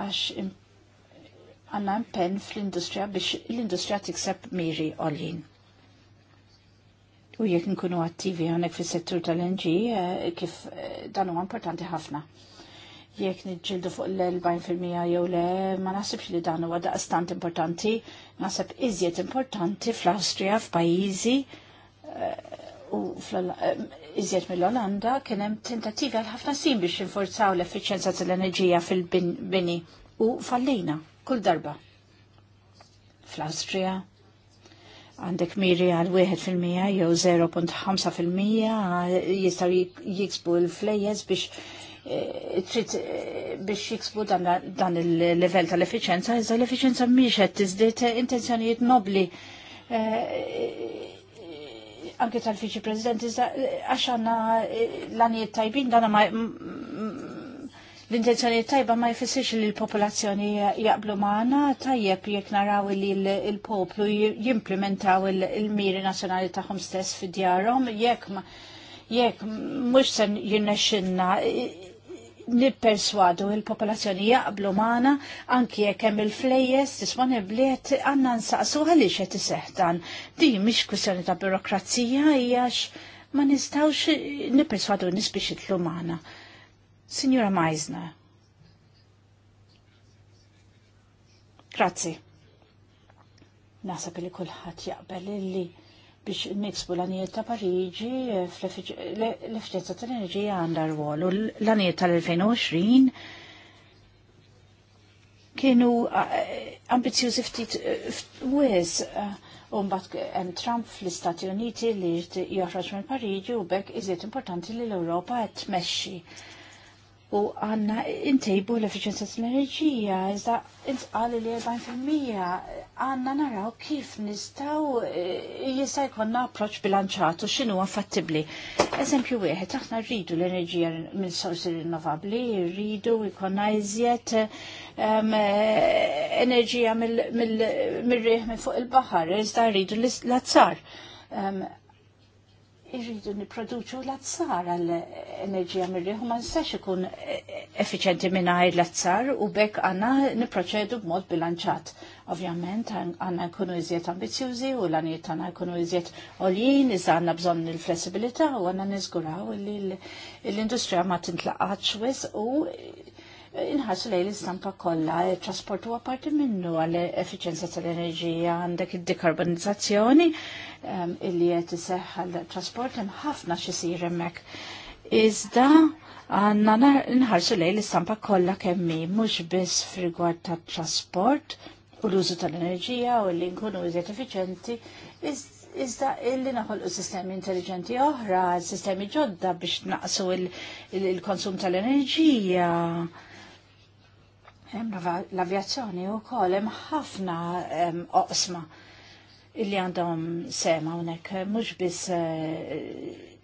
għax għanna impenn fl-industrija biex l-industrija tikseb miri għoljien. U jekk nkunu attivi għonek fis settur tal-NG, eh, kif eh, dan huwa importanti ħafna jekk nġildu fuq l-40% jew le, ma nasibx li dan huwa daqstant importanti, nasib iżjed importanti fl-Awstrija f'pajjiżi eh, u eh, iżjed mill-Olanda kien hemm tentattivi għal ħafna sin biex jinforzaw l-effiċjenza tal-enerġija fil-bini u fallejna kull darba. Fl-Awstrija għandek miri għal 1% jew 0.5% jistaw jiksbu l-flejjes biex Eh, trid eh, biex jiksbu dan il-level tal-efficienza, iżda l-efficienza miex qed tiżdied intenzjonijiet nobli eh, anke tal fiċi President, iżda għax għanna l-għanijiet tajbin, dana ma mm, mm, l-intenzjoni tajba ma jfessirx li l-popolazzjoni jaqblu maħna, tajjeb jek naraw li l-poplu jimplementaw il-miri nazjonali taħħom stess fi djarom, jekk mux sen jinnexxinna nipperswadu il-popolazzjoni jaqblu magħna anki jekk hemm il-flejjes disponibbli qed għandna nsaqsu għaliex qed iseħħdan. Din mhix kwestjoni ta' burokrazija għax ma nistawx nipperswadu nies biex jitlu Signora Meisner. Grazzi. Nasab li kulħadd jaqbel illi. Li biex niksbu l-għaniet ta' Pariġi eh, l-efficienza tal-enerġija għandha rwol u l-għaniet tal-2020 kienu eh, ambizjuzi eh, ftit wis Umbat hemm Trump fl-Istati Uniti li joħroġ minn Pariġi u bekk iżiet importanti li l-Ewropa qed tmexxi u għanna intejbu l-efficienza tal-enerġija, iżda intqal li 40% għanna naraw kif nistaw e, jista' jkollna approċ bilanċatu u x'inhu Eżempju wieħed, aħna rridu l-enerġija minn sorsi rinnovabbli, rridu jkollna iżjed e, enerġija mill-riħ minn fuq il-baħar, iżda rridu l-azzar irridu niproduċu l-azzar għall-enerġija u ma nistax ikun effiċenti minnajr l-azzar u bekk għanna niproċedu b'mod bilanċat. Ovvjament għanna jkunu iżjed ambizjużi u l-għaniet għanna jkunu iżjed oljien, iżda għanna bżon il-flessibilita u għanna nizguraw li l-industrija ma tintlaqqax wis u inħas lej l-istampa kollha, trasport huwa parti minnu għal effiċenza tal-enerġija għandek id-dekarbonizzazzjoni ehm, illi qed seħ għal trasport hemm ħafna x'isir hemmhekk. Iżda għanna nħarsu li l-istampa kollha kemm hi mhux biss f'rigward tat-trasport u l-użu tal-enerġija u li nkunu iżjed effiċenti, Iżda illi naħolqu sistemi intelligenti oħra, sistemi ġodda biex naqsu il-konsum tal-enerġija, l-avjazzjoni u kol hemm ħafna oqsma illi għandhom sema hawnhekk mhux biss eh,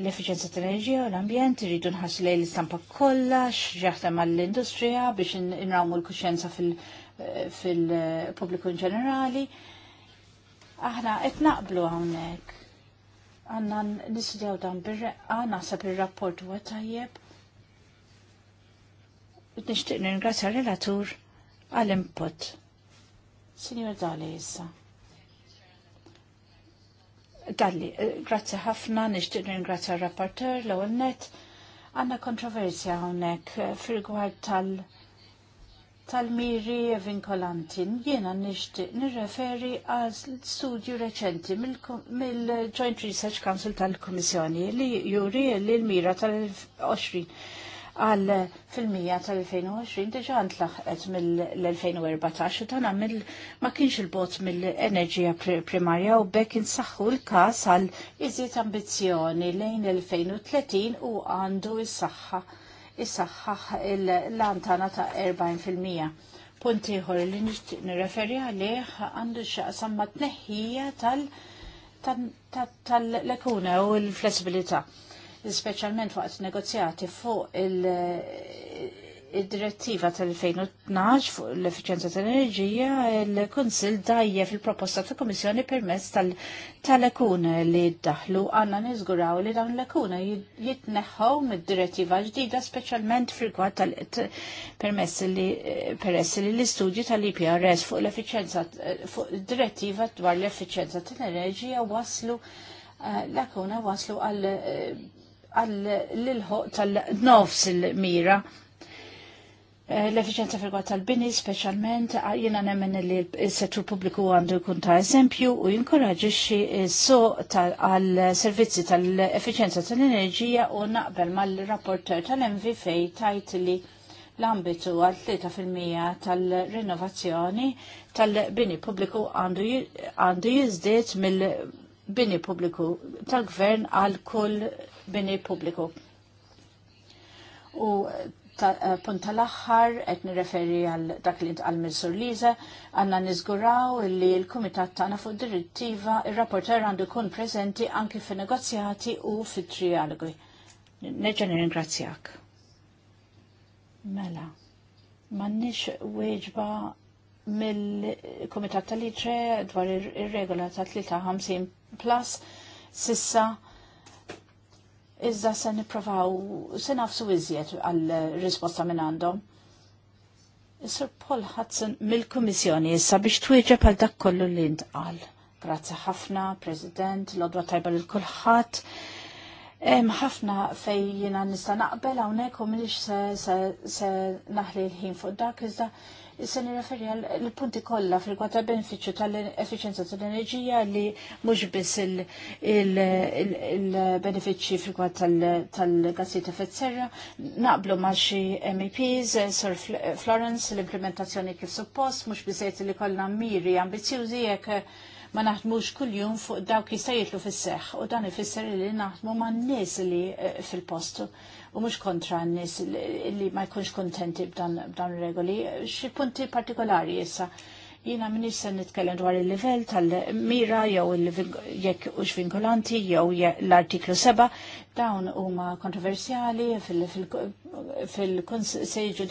l-efficienza tal-enerġija u l-ambjent rridu nħassu lejn l-istampa kollha x'jaħdem għall-industrija biex nrawmu l kuxenza eh, fil-pubbliku in ġenerali. Aħna qed naqblu hawnhekk. Għandna nistudjaw dan bir-reqqa naħseb ir-rapport huwa u nixtieq ningrazzja relatur għall-input. Signor Dali issa. Dalli, eh, grazzi ħafna, nixtieq n r-rapporteur l-ewwel net. Għandna kontroversja hawnhekk eh, fil-gwar tal- tal-miri vinkolanti. nishtiq nixtieq nirreferi għal studju reċenti mill-Joint Research Council tal-Kummissjoni li juri l-mira tal-20 għal fil-mija tal-2020 diġa ntlaħqet mill-2014 u dan mill ma kienx il-bot mill-enerġija primarja u bekk insaħħu l-kas għal iżiet ambizjoni lejn l-elfin 2030 u għandu is-saħħa is-saħħaħ l-antana ta' 40%. Punti ieħor li nirreferi għalih għandu x'aqsam ma' tneħħija neħija tal-lekuna u l-flessibilità specialment waqt negozjati fuq il-direttiva tal-2012 fuq l-efficienza tal-enerġija, il-Konsil dajje fil-proposta ta' Komissjoni permezz tal-lakuna li daħlu għanna nizguraw li dawn lakuna jitneħħaw mid-direttiva ġdida specialment fil-kwad tal-permess li peress li l-istudju tal-IPRS fuq l-efficienza fuq direttiva dwar l-efficienza tal-enerġija waslu eh, lakuna waslu għal eh, għall-ilħoq tal-nofs il-mira. Eh, l-efficienza fil tal-bini specialment jina nemmen li il-settur pubbliku għandu jkun ta' eżempju u xie so tal servizzi tal-efficienza tal-enerġija u naqbel mal-rapporter tal envi fej tajt li l-ambitu għal 3% tal-rinnovazzjoni tal-bini pubbliku għandu jizdiet mill-bini pubbliku tal-gvern għal kull bini pubbliku. U eh, punt tal-axħar, et nireferi għal dak li għal Mil-Sur Liza, għanna nizguraw li l-Komitat tagħna fuq direttiva ir-rapporter għandu jkun preżenti anki fi negozjati u fi trialogi. Nerġa' nirringrazzjak. Mela, m'għandniex weġba mill-Komitat tal-Liġe dwar ir-regola ta' 53 plus sissa Iżda se niprofaw, se nafsu iżjed għal-risposta minn għandhom. Sir Paul Hudson mill-Kummissjoni issa biex twieġeb għal dak kollu li ntqal. Grazzi ħafna, President, l-odwa tajba lil kulħadd. Hemm ħafna fej jiena nista' naqbel hawnhekk u se se naħli l-ħin fuq dak iżda se nirreferi għal punti kollha fil kwata benefiċċju tal-efficienza tal-enerġija li mhux biss il-benefiċċji fil kwata tal-gassiet effett serra. Naqblu ma' xi MEPs, Sir Florence, l-implementazzjoni kif suppost, mhux biżejt li kollna miri ambizjużi jekk ma naħdmux kull-jum fuq dawk jistajitlu jitlu fis-seħħ u dan ifisser li naħdmu man-nies li eh, fil-postu u mhux kontra n-nies li ma jkunx kontenti b'dan regoli. Xi punti partikolari issa Jiena minix se nitkellem dwar il-livell tal-mira jew jekk ux vinkolanti jew l-artiklu 7 dawn huma kontroversjali fil-sejġu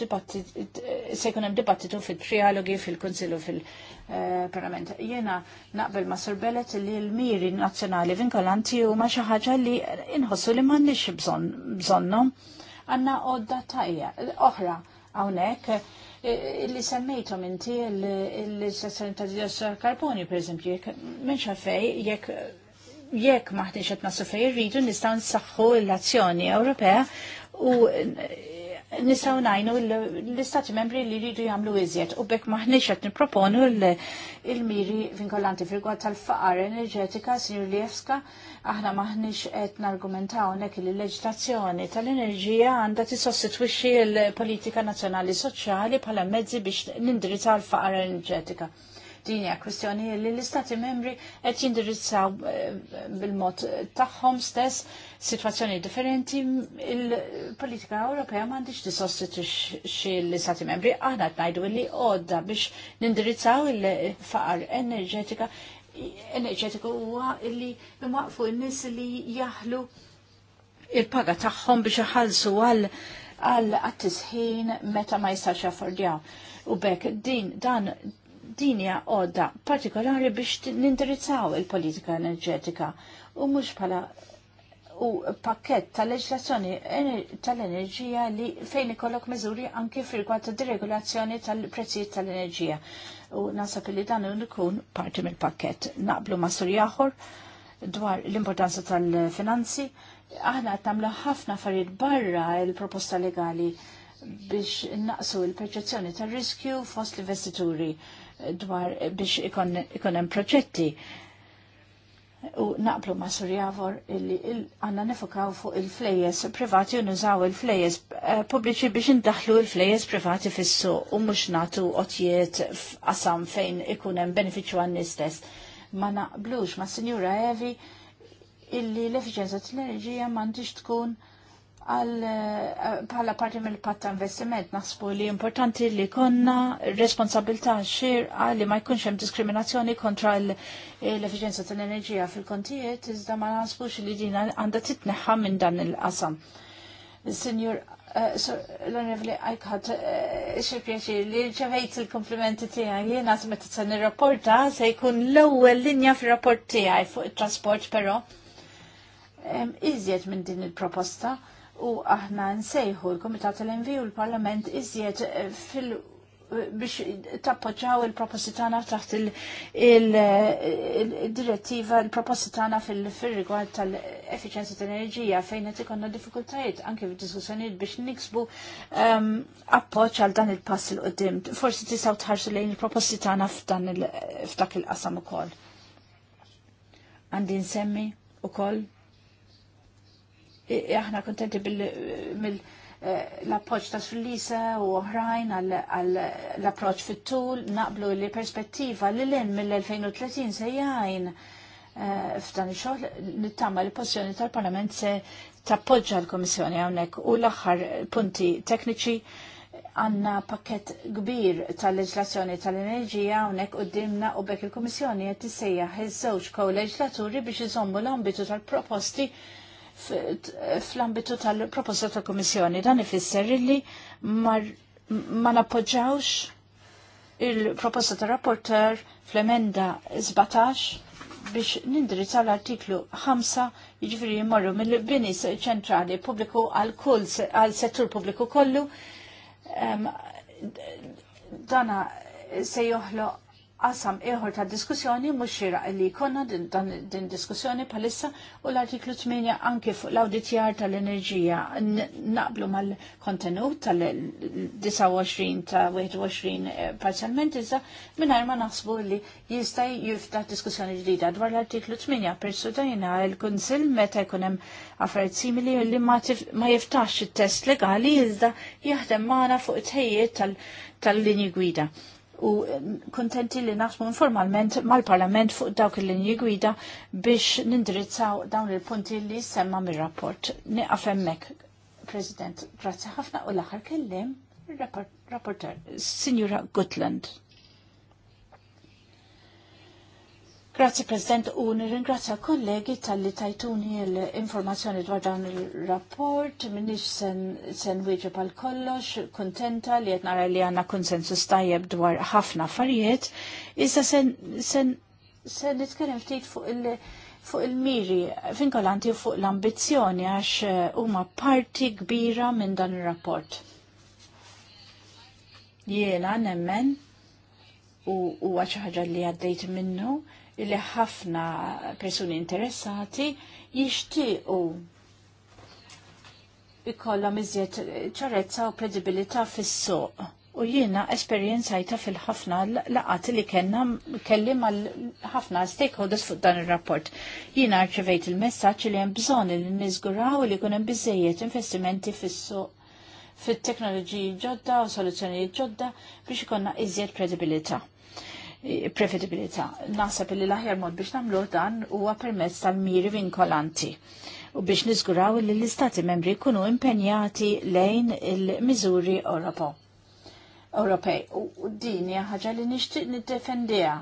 se jkun hemm dibattitu fil-trialogi fil konsilu fil-Parlament. Jiena naqbel ma' sorbelet li l-miri nazzjonali vinkolanti huma xi ħaġa li inħossu li m'għandniex bżonnhom għanna odda tajja, oħra, għawnek, Eh, illi semmejtom inti l-istazzjoni ta' diossar karboni, per eżempju, jek menxa fej, jek jekk maħni qed nasu fej rridu nistaw nsaħħu l-azzjoni Ewropea u eh, nistaw najnu l-istati membri li rridu jamlu iżjed u bekk m'aħniex qed nipproponu l-miri vinkolanti fil tal-faqar enerġetika, sinjur Lievska, aħna maħniex qed nargumentaw nek li l-leġitazzjoni tal-enerġija għandha tissostitwixxi l-politika nazzjonali soċjali bħala mezzi biex nindirizzaw l-faqar enerġetika. Din hija kwistjoni li l-Istati membri qed jindirizzaw eh, bil-mod tagħhom stess situazzjoni differenti il-politika Ewropea m'għandix tissostitwixxi l-Istati membri aħna ngħidu li għodda biex nindirizzaw il-faqar enerġetika enerġetiku huwa illi nwaqfu n-nies li jaħlu il-paga tagħhom biex iħallsu għal għal għattisħin meta ma jistax jaffordjaw. U bekk din dan dinja għodda partikolari biex nindirizzaw il-politika enerġetika u mhux bħala u pakket tal leġlazzjoni tal-enerġija li fejn ikollok miżuri anke firgwat ta' deregolazzjoni tal-prezzijiet tal-enerġija. U nasab li dan ikun parti mill-pakket. Naqblu ma' sur dwar l-importanza tal-finanzi. Aħna tamlu ħafna farid barra il-proposta legali biex naqsu il-perċezzjoni tal-riskju fost l-investituri dwar biex ikon hemm proġetti u naqblu ma' surjavor illi għanna nifokaw fuq il-flejes privati u nużaw il-flejes eh, pubbliċi biex indaħlu il-flejes privati fissu u mux natu otjiet f'qasam fejn ikunem beneficju għan stess. Ma naqblux ma' Sinjura Evi illi l-efficienza tal-enerġija mandiġ tkun Eh, bħala parti mill pat ta' investiment naħsbu li importanti li konna responsabilità xirqa li ma jkunx hemm diskriminazzjoni kontra l-efficienza tal-enerġija fil-kontijiet iżda ma naħsbux li din għandha titneħħa minn dan il-qasam. Sinjur eh, l-onorevoli għajkħat, eh, xirpjaċi li ċavejt il-komplimenti tijaj, jena smet t rapporta se jkun l-ewel linja fil-rapport tijaj fuq il-trasport, pero iżjed minn din il-proposta u aħna nsejħu l-Komitat l-Envi u l-Parlament iżjed eh, fil- eh, biex tappoġġaw il-propositana taħt il-direttiva, il-propositana fil-rigward tal-efficienza tal-enerġija fejn qed ikonna diffikultajiet anke fid-diskussjonijiet biex niksbu ehm, appoġġ għal dan il-pass il qudiem Forsi tistgħu tħarsu lejn il-propositana f'dan f'dak il-qasam ukoll. Għandi nsemmi ukoll aħna kontenti mill-appoċ eh, ta' Sfrillisa u oħrajn għall-approċ fit-tul naqblu li perspettiva li l-in mill-2030 se jgħin eh, f'dan il-xogħol nittama li pozzjoni tal-Parlament se tappoġġa l-Komissjoni hawnhekk u l-aħħar punti tekniċi għanna pakket kbir tal-leġlazzjoni tal-enerġija hawnhekk u dimna u bekk il-Komissjoni qed tissejjaħ iż-żewġ koleġlaturi biex iżommu l-ambitu tal-proposti fl-ambitu tal-proposta ta' komissjoni. Dan ifisser illi ma nappoġġawx il-proposta ta' rapporter fl-emenda 17 biex nindirizza l-artiklu 5 jiġifieri jmorru mill-bini ċentrali pubbliku għal kull għal settur pubbliku kollu. dana se joħloq qasam ieħor ta' diskussjoni mhux xira li jkollna din diskussjoni palissa u l-artiklu 8 anke fuq l-awditjar tal-enerġija naqblu mal-kontenut tal-29 ta' 21 eh, parzjalment iżda mingħajr ma naħsbu li jista' jifta' diskussjoni ġdida dwar l-artiklu 8 persudajna il-Kunsill meta jkun hemm affarijiet simili li ma jiftax it-test legali iżda jaħdem magħna fuq it-tejjiet tal-linji gwida u kontenti li naħsmu informalment mal-Parlament fuq dawk il-linji gwida biex nindirizzaw dawn il-punti li semma mir-rapport. Niqaf hemmhekk, President, grazzi ħafna u l-aħħar kellim, rapporter, Signora Gutland. Grazzi President u nirringrazzja kollegi tal-li tajtuni l-informazzjoni dwar dan il-rapport, minnix sen, sen wieġeb għal kollox, kontenta li qed nara li għandna konsensus tajjeb dwar ħafna affarijiet, issa sen, sen, sen nitkellem ftit fuq il- fuq il-miri, fin kolanti fuq l-ambizjoni għax eh, huma parti kbira minn dan ir-rapport. Jiena nemmen u huwa xi ħaġa li għaddejt minnu li ħafna persuni interessati jixtiequ ikollhom iżjed ċarezza u kredibilità fis-suq. U jiena esperjenzajta fil-ħafna laqat li kellna kelli mal ħafna stakeholders fuq dan ir-rapport. Jiena rċevejt il-messaġġ li hemm bżonn li niżguraw li jkun hemm biżejjed investimenti fis-suq fit-teknoloġiji ġodda u soluzzjonijiet ġodda biex ikonna iżjed kredibilità prevedibilità. Naħseb li l-aħjar mod biex nagħmlu dan huwa permezz tal-miri vinkolanti u biex niżguraw li l-istati membri jkunu impenjati lejn il-miżuri Ewropew. Ewropej. U din hija ħaġa li nixtieq niddefendiha.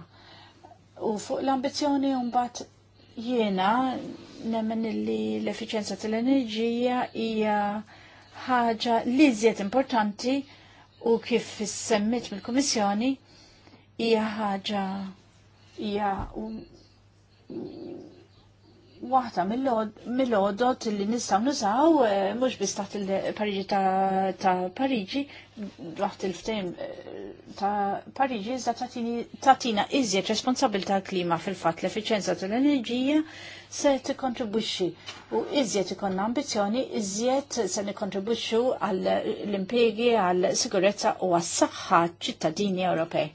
U fuq l-ambizzjoni mbagħad jiena nemmen li l efficienza tal-enerġija hija ħaġa li iżjed importanti u kif semmit mill-Kummissjoni hija ħaġa hija waħda mill-odot li nistaw nużaw, eh, mux biss taħt il-Pariġi ta' Pariġi, waħt il-ftejm eh, ta' Pariġi, iżda tatina iżjed responsabilta klima fil-fat l-efficienza tal-enerġija se t u iżjed ikonna ambizjoni, iżjed se nikontribuxu għall-impiegi, għall-sigurezza u għas-saħħa ċittadini Ewropej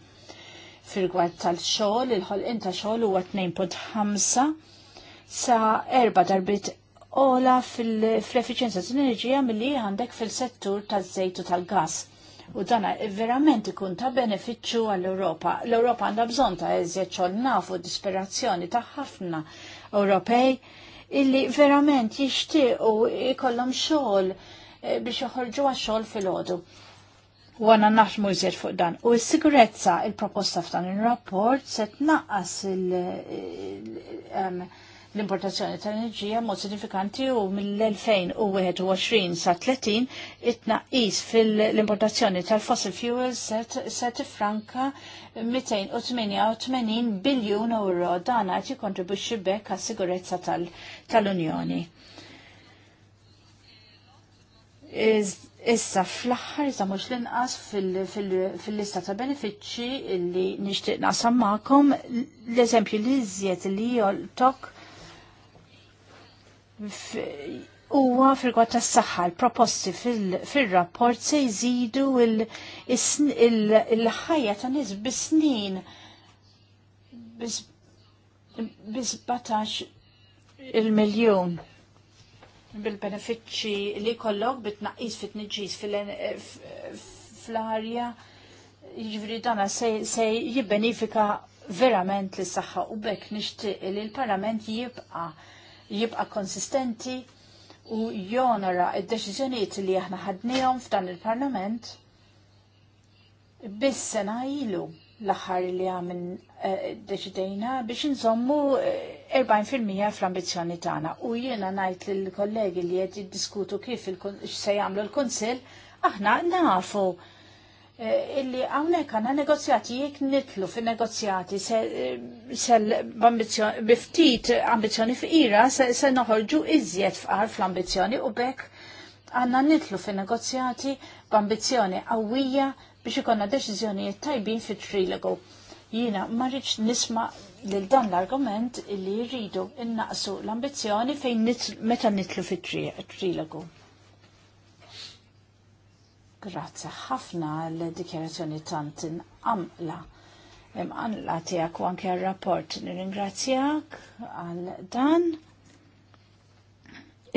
fil-gwad tal-xogħol, il-ħolqien ta' xogħol huwa 2.5 sa erba' darbit ola fil-efficienza tal-enerġija milli għandek fil-settur taż-żejt u tal-gas. U dan verament ikun ta' benefiċċju għall-Ewropa. L-Ewropa għandha bżonn ta' eżjed xogħol nafu disperazzjoni ta' ħafna Ewropej illi verament jixtiequ ikollhom xogħol eh, biex joħorġu għax-xogħol fil-ħodu. U għanna naħdmu iżjed fuq dan. U s-sigurezza il-proposta f'dan il-rapport se tnaqqas l-importazzjoni ta' enerġija mod sinifikanti u mill-2021 sa' 30 it-naqqis fil-importazzjoni tal-fossil fuels se tifranka 288 biljun euro dan għat jikontribuxxi bekk għas-sigurezza tal-Unjoni. Tal Issa fl-aħħar iżda l-inqas fil-lista ta' benefiċċi li nixtieq naqsam magħkom l-eżempju li iżjed li joltok huwa fil ta' tas-saħħa l-proposti fil-rapport se jżidu il-ħajja ta' nies bis-snin bis-batax il-miljun bil-benefiċċji li kollok bit-naqis fit-nġis fil-arja ġifri dana se jibbenifika verament li saħħa u bekk nixtieq li l-Parlament jibqa jibqa konsistenti u jonora id-deċiżjonijiet li aħna ħadnihom f'dan il-Parlament biss sena ilu l-aħħar li għamil eh, deċidejna biex nżommu eh, 40% fl-ambizjoni tagħna. U jiena ngħid lill-kollegi li qed jiddiskutu kif se jagħmlu l-Kunsill, aħna nafu eh, illi hawnhekk għandna negozjati jekk nitlu fin negozjati eh, bi ftit ambizzjoni f'ira se noħorġu iżjed fqar fl-ambizzjoni u bekk għandna nitlu fin negozjati b'ambizzjoni qawwija biex ikonna deċiżjonijiet tajbin fit-trilogu. Jiena ma rridx nisma' l dan l-argument li rridu innaqsu l-ambizjoni fejn meta nitlu fit-trilogu. Grazzi ħafna l-dikjerazzjoni tant inqamla imqanla tiegħek u anke rapport nirringrazzjak għal dan.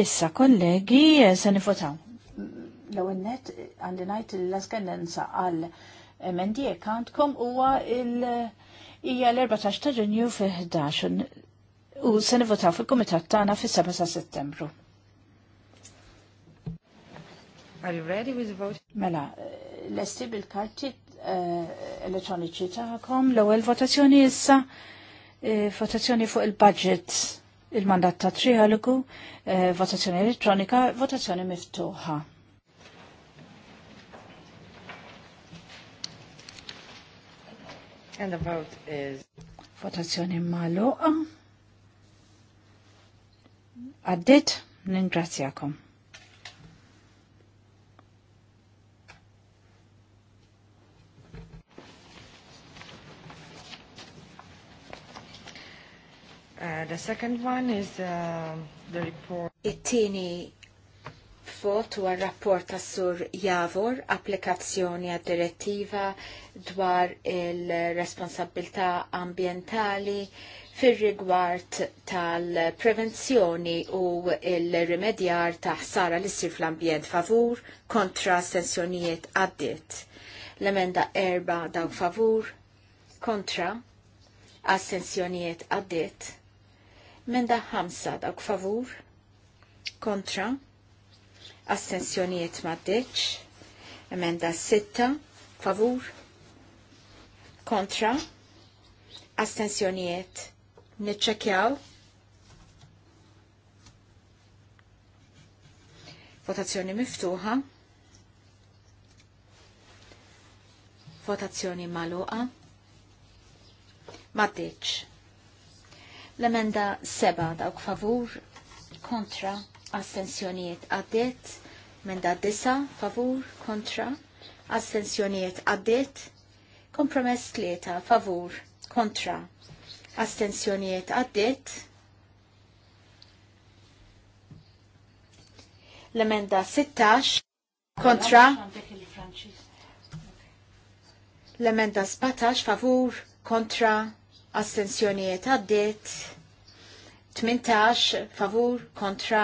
Issa kollegi se nifotaw. L-ewwel net għandi ngħid l-askendenza għal emendi e kantkom huwa il- hija l-14 ta' ġunju fi 11 u se nivotaw fil-kumitat tagħna fis-7 ta' Settembru. Are you ready with the vote? Mela, lesti bil-karti eh, elettroniċi tagħkom l-ewwel votazzjoni issa eh, votazzjoni fuq il-budget il-mandat ta' trialogu, eh, votazzjoni elettronika, votazzjoni miftuħa. And the vote is... Votazione maluqa. Addit, ningrazzjakom. Uh, the second one is uh, the report. It-tieni vot u rapport tas sur Javor, applikazzjoni għad direttiva dwar il-responsabilità ambientali fir rigward tal-prevenzjoni u il-rimedjar ta' ħsara li sir fl-ambjent favur kontra sensjonijiet għaddit. L-emenda erba daw favur kontra assenzjonijiet għaddit. Menda ħamsa dawk favur kontra Astenzjonijiet maddeċ, emenda 6, favur, kontra, astenzjonijiet nitċekjaw, votazzjoni miftuħa, votazzjoni maluqa, maddeċ. L-emenda 7 dawk favur, kontra, astensjoniet għaddit, menda disa, favur, kontra, astensjoniet għaddit, kompromess tlieta, favur, kontra, astensjoniet għaddit, l-emenda 16, kontra, l-emenda 17, favur, kontra, astensjoniet għaddit, 18 favur kontra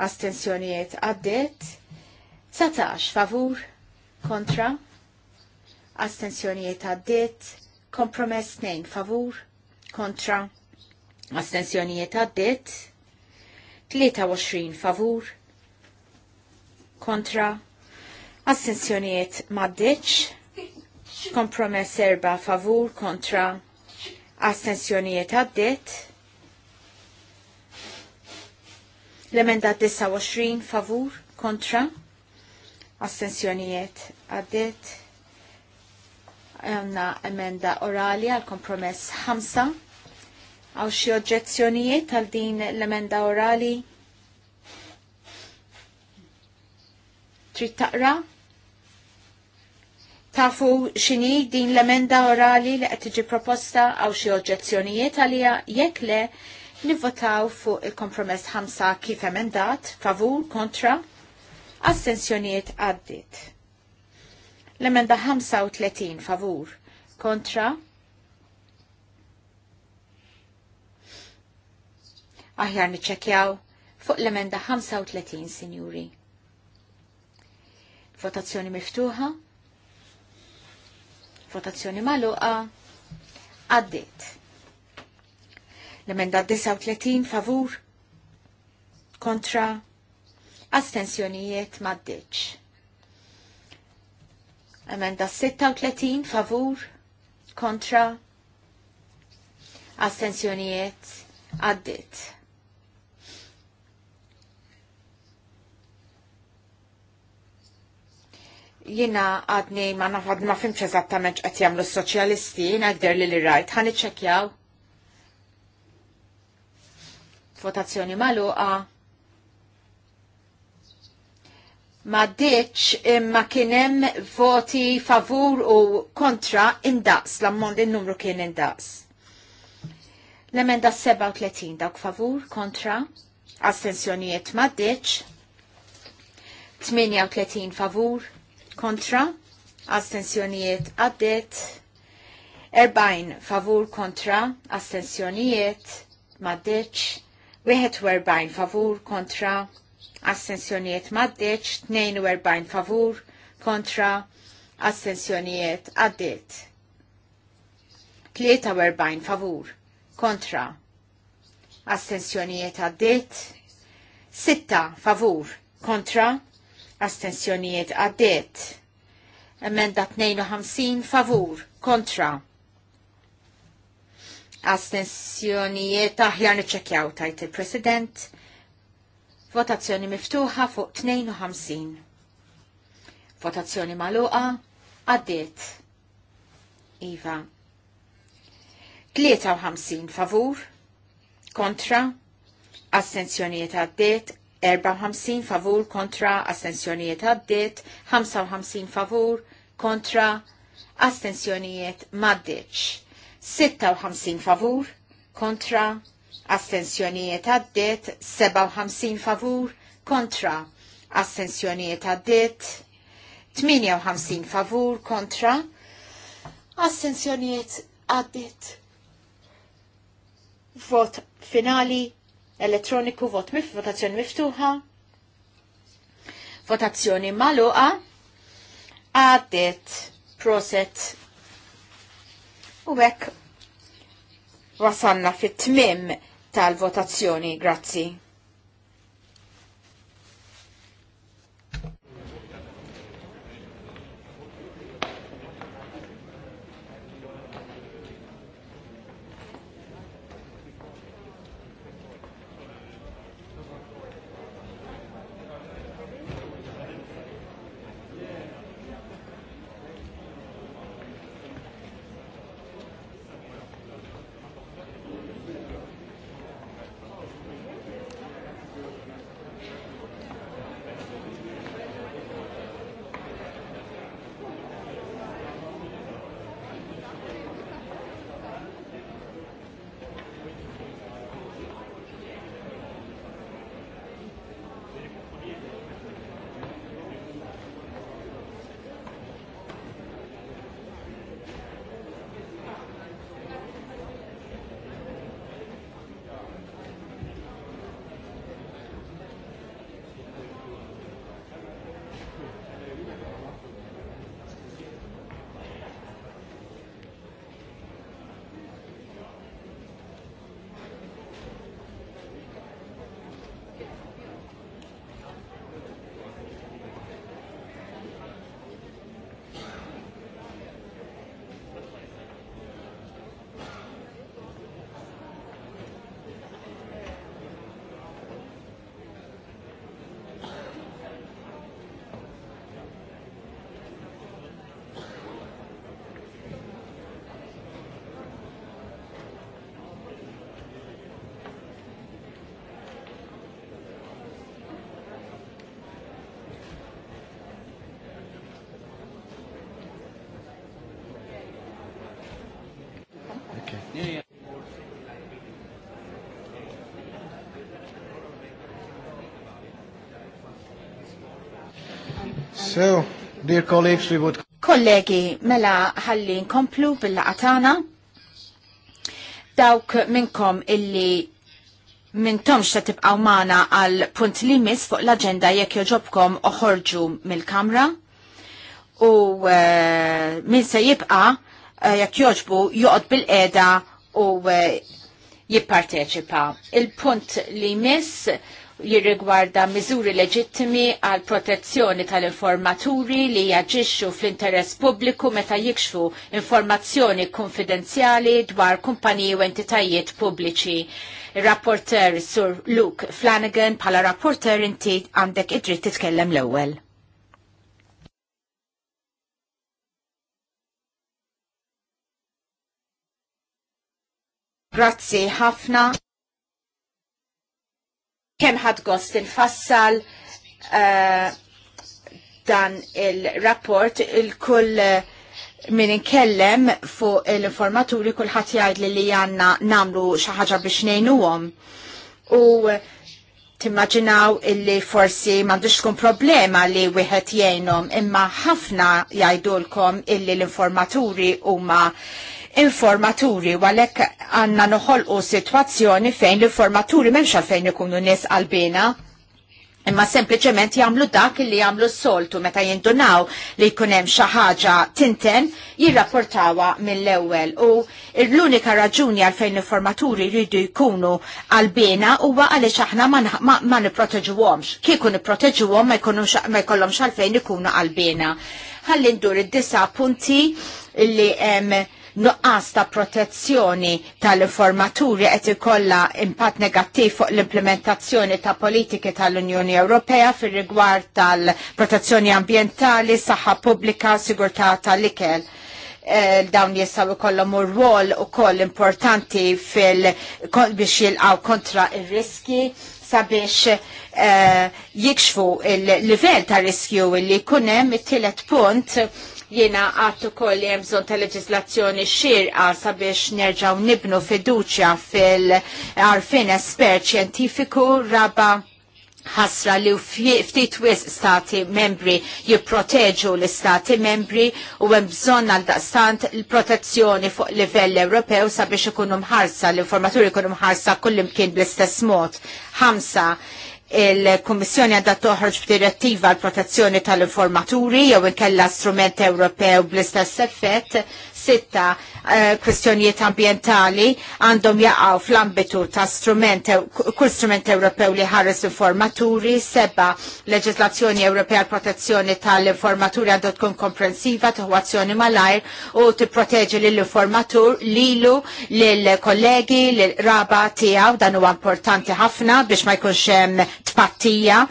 astensjonijiet għaddiet, 19 favur kontra astensjonijiet għaddiet, kompromess 2 favur kontra astensjonijiet għaddiet, 23 favur kontra astensjonijiet maddiċ, kompromess erba' favur kontra astensjonijiet għaddiet, L-emenda 29 favur kontra astensjonijiet għaddit. Għanna emenda orali għal kompromess 5. Għaw xie oġġezzjonijiet għal din l-emenda orali? Trid taqra? Tafu xini din l-emenda orali li qed tiġi proposta għaw xi oġġezzjonijiet għalija jekk le Nivvotaw fuq il-kompromess ħamsa kif emendat, favur, kontra, astensjoniet għaddit. L-emenda 35 favur, kontra, aħjar niċċekjaw fuq l-emenda 35, sinjuri. Votazzjoni miftuħa, votazzjoni maluqa, għaddit. L-emenda 39 favur kontra astensjonijiet maddeċ. Emenda 36 favur kontra astensjonijiet addit. jina għadni ma nafad ma fimx eżattament qed jagħmlu s-soċjalisti, jina għder li li rajt, ħan iċċekjaw votazzjoni maluqa ma ditx imma kienem voti favur u kontra indaqs l-ammont il-numru kien indaqs. L-emenda 37 dawk favur kontra astensjonijiet ma ditx 38 favur kontra astensjonijiet għaddit 40 favur kontra astensjonijiet ma ditx 41 favur kontra assenzjonijiet maddeċ, 42 favur kontra assenzjonijiet għaddit. 43 favur kontra astensjonijiet għaddit, 6 favur kontra astensjonijiet għaddit, emenda 52 favur kontra astensjonijiet aħjar niċċekjaw tajt il-President. Votazzjoni miftuħa fuq 52. Votazzjoni maluqa għaddiet. Iva. 53 favur kontra astensjonijiet għaddiet 54 favur kontra astensjonijiet għaddiet 55 favur kontra astensjonijiet maddiċ. 56 favur kontra astensjonijiet għaddit 57 favur kontra astensjonijiet għaddit 58 favur kontra astensjonijiet għaddit vot finali elettroniku vot mif votazzjoni miftuħa votazzjoni maluqa għaddit proset U hekk wasanna fit-tmim tal-votazzjoni. Grazzi. So, dear colleagues, we would... Kollegi, mela ħalli nkomplu bil-laqatana. Dawk minnkom illi minntomx xta tibqaw mana għal punt li mis fuq l-agenda jekk joġobkom oħorġu mill-kamra. U uh, min se jibqa eh, jekk joġbu joqod bil-qeda u uh, jipparteċipa. Il-punt li mis jirrigwarda miżuri leġittimi għal protezzjoni tal-informaturi li jaġixxu fl-interess pubbliku meta jikxfu informazzjoni konfidenzjali dwar kumpaniji u entitajiet pubbliċi. Rapporter Sur Luke Flanagan pala rapporter inti għandek id titkellem l-ewwel. Grazie, Hafna kemm ħadd gost infassal uh, dan il-rapport il-kull uh, min inkellem fuq l-informaturi ħat jgħid li li għanna namlu xaħġa biex għom. U timmaġinaw illi forsi m'għandux tkun problema li wieħed jgħinhom, imma ħafna jgħidulkom illi l-informaturi huma informaturi u għalhekk għandna noħolqu sitwazzjoni fejn l-informaturi m'hemmx għalfejn ikunu nies qalbina imma sempliċement jagħmlu dak li jagħmlu s-soltu meta jindunaw li jkun hemm xi ħaġa tinten jirrapportawa mill-ewwel u l-unika raġuni għalfejn l-informaturi jridu jkunu għalbina huwa għaliex aħna ma nipproteġuhomx. Kieku nipproteġuhom ma jkollhomx għalfejn ikunu għalbina. Ħalli ndur id-disa punti li hemm nuqqas ta' protezzjoni tal-informaturi qed ikollha impatt negattiv fuq l-implementazzjoni ta' politiki tal-Unjoni Ewropea fir-rigward tal-protezzjoni ambjentali, saħħa pubblika, sigurtà tal-ikel eh, dawn jistaw ikollhom rwol ukoll importanti fil biex jilqaw kontra ir-riski sabiex eh, jikxfu il-livell ta' riskju li kunem it-tielet punt Jena għattu koll jemżon bżon ta' leġislazzjoni xirqa sabiex nerġaw nibnu fiduċja fil-arfin espert ċientifiku raba ħasra li ftit wis stati membri jipproteġu l-istati membri u hemm bżonn għal daqstant l-protezzjoni fuq livell Ewropew sabiex ikunu mħarsa, l-informaturi ikunu mħarsa kullimkien bl-istess mod. Ħamsa, il-Kommissjoni għadda toħroġ b'direttiva għal protezzjoni tal-informaturi jew inkella strument Ewropew bl-istess effett sitta eh, kwestjonijiet ambientali għandhom jaqgħu fl-ambitu ta' strument, kull strument Ewropew li ħares informaturi, seba leġislazzjoni Ewropea protezzjoni tal-informaturi għandhom tkun komprensiva, tuħwazzjoni malajr u tipproteġi lill-informatur lilu lill-kollegi, lill-raba tiegħu dan huwa importanti ħafna biex ma jkunx hemm tpattija.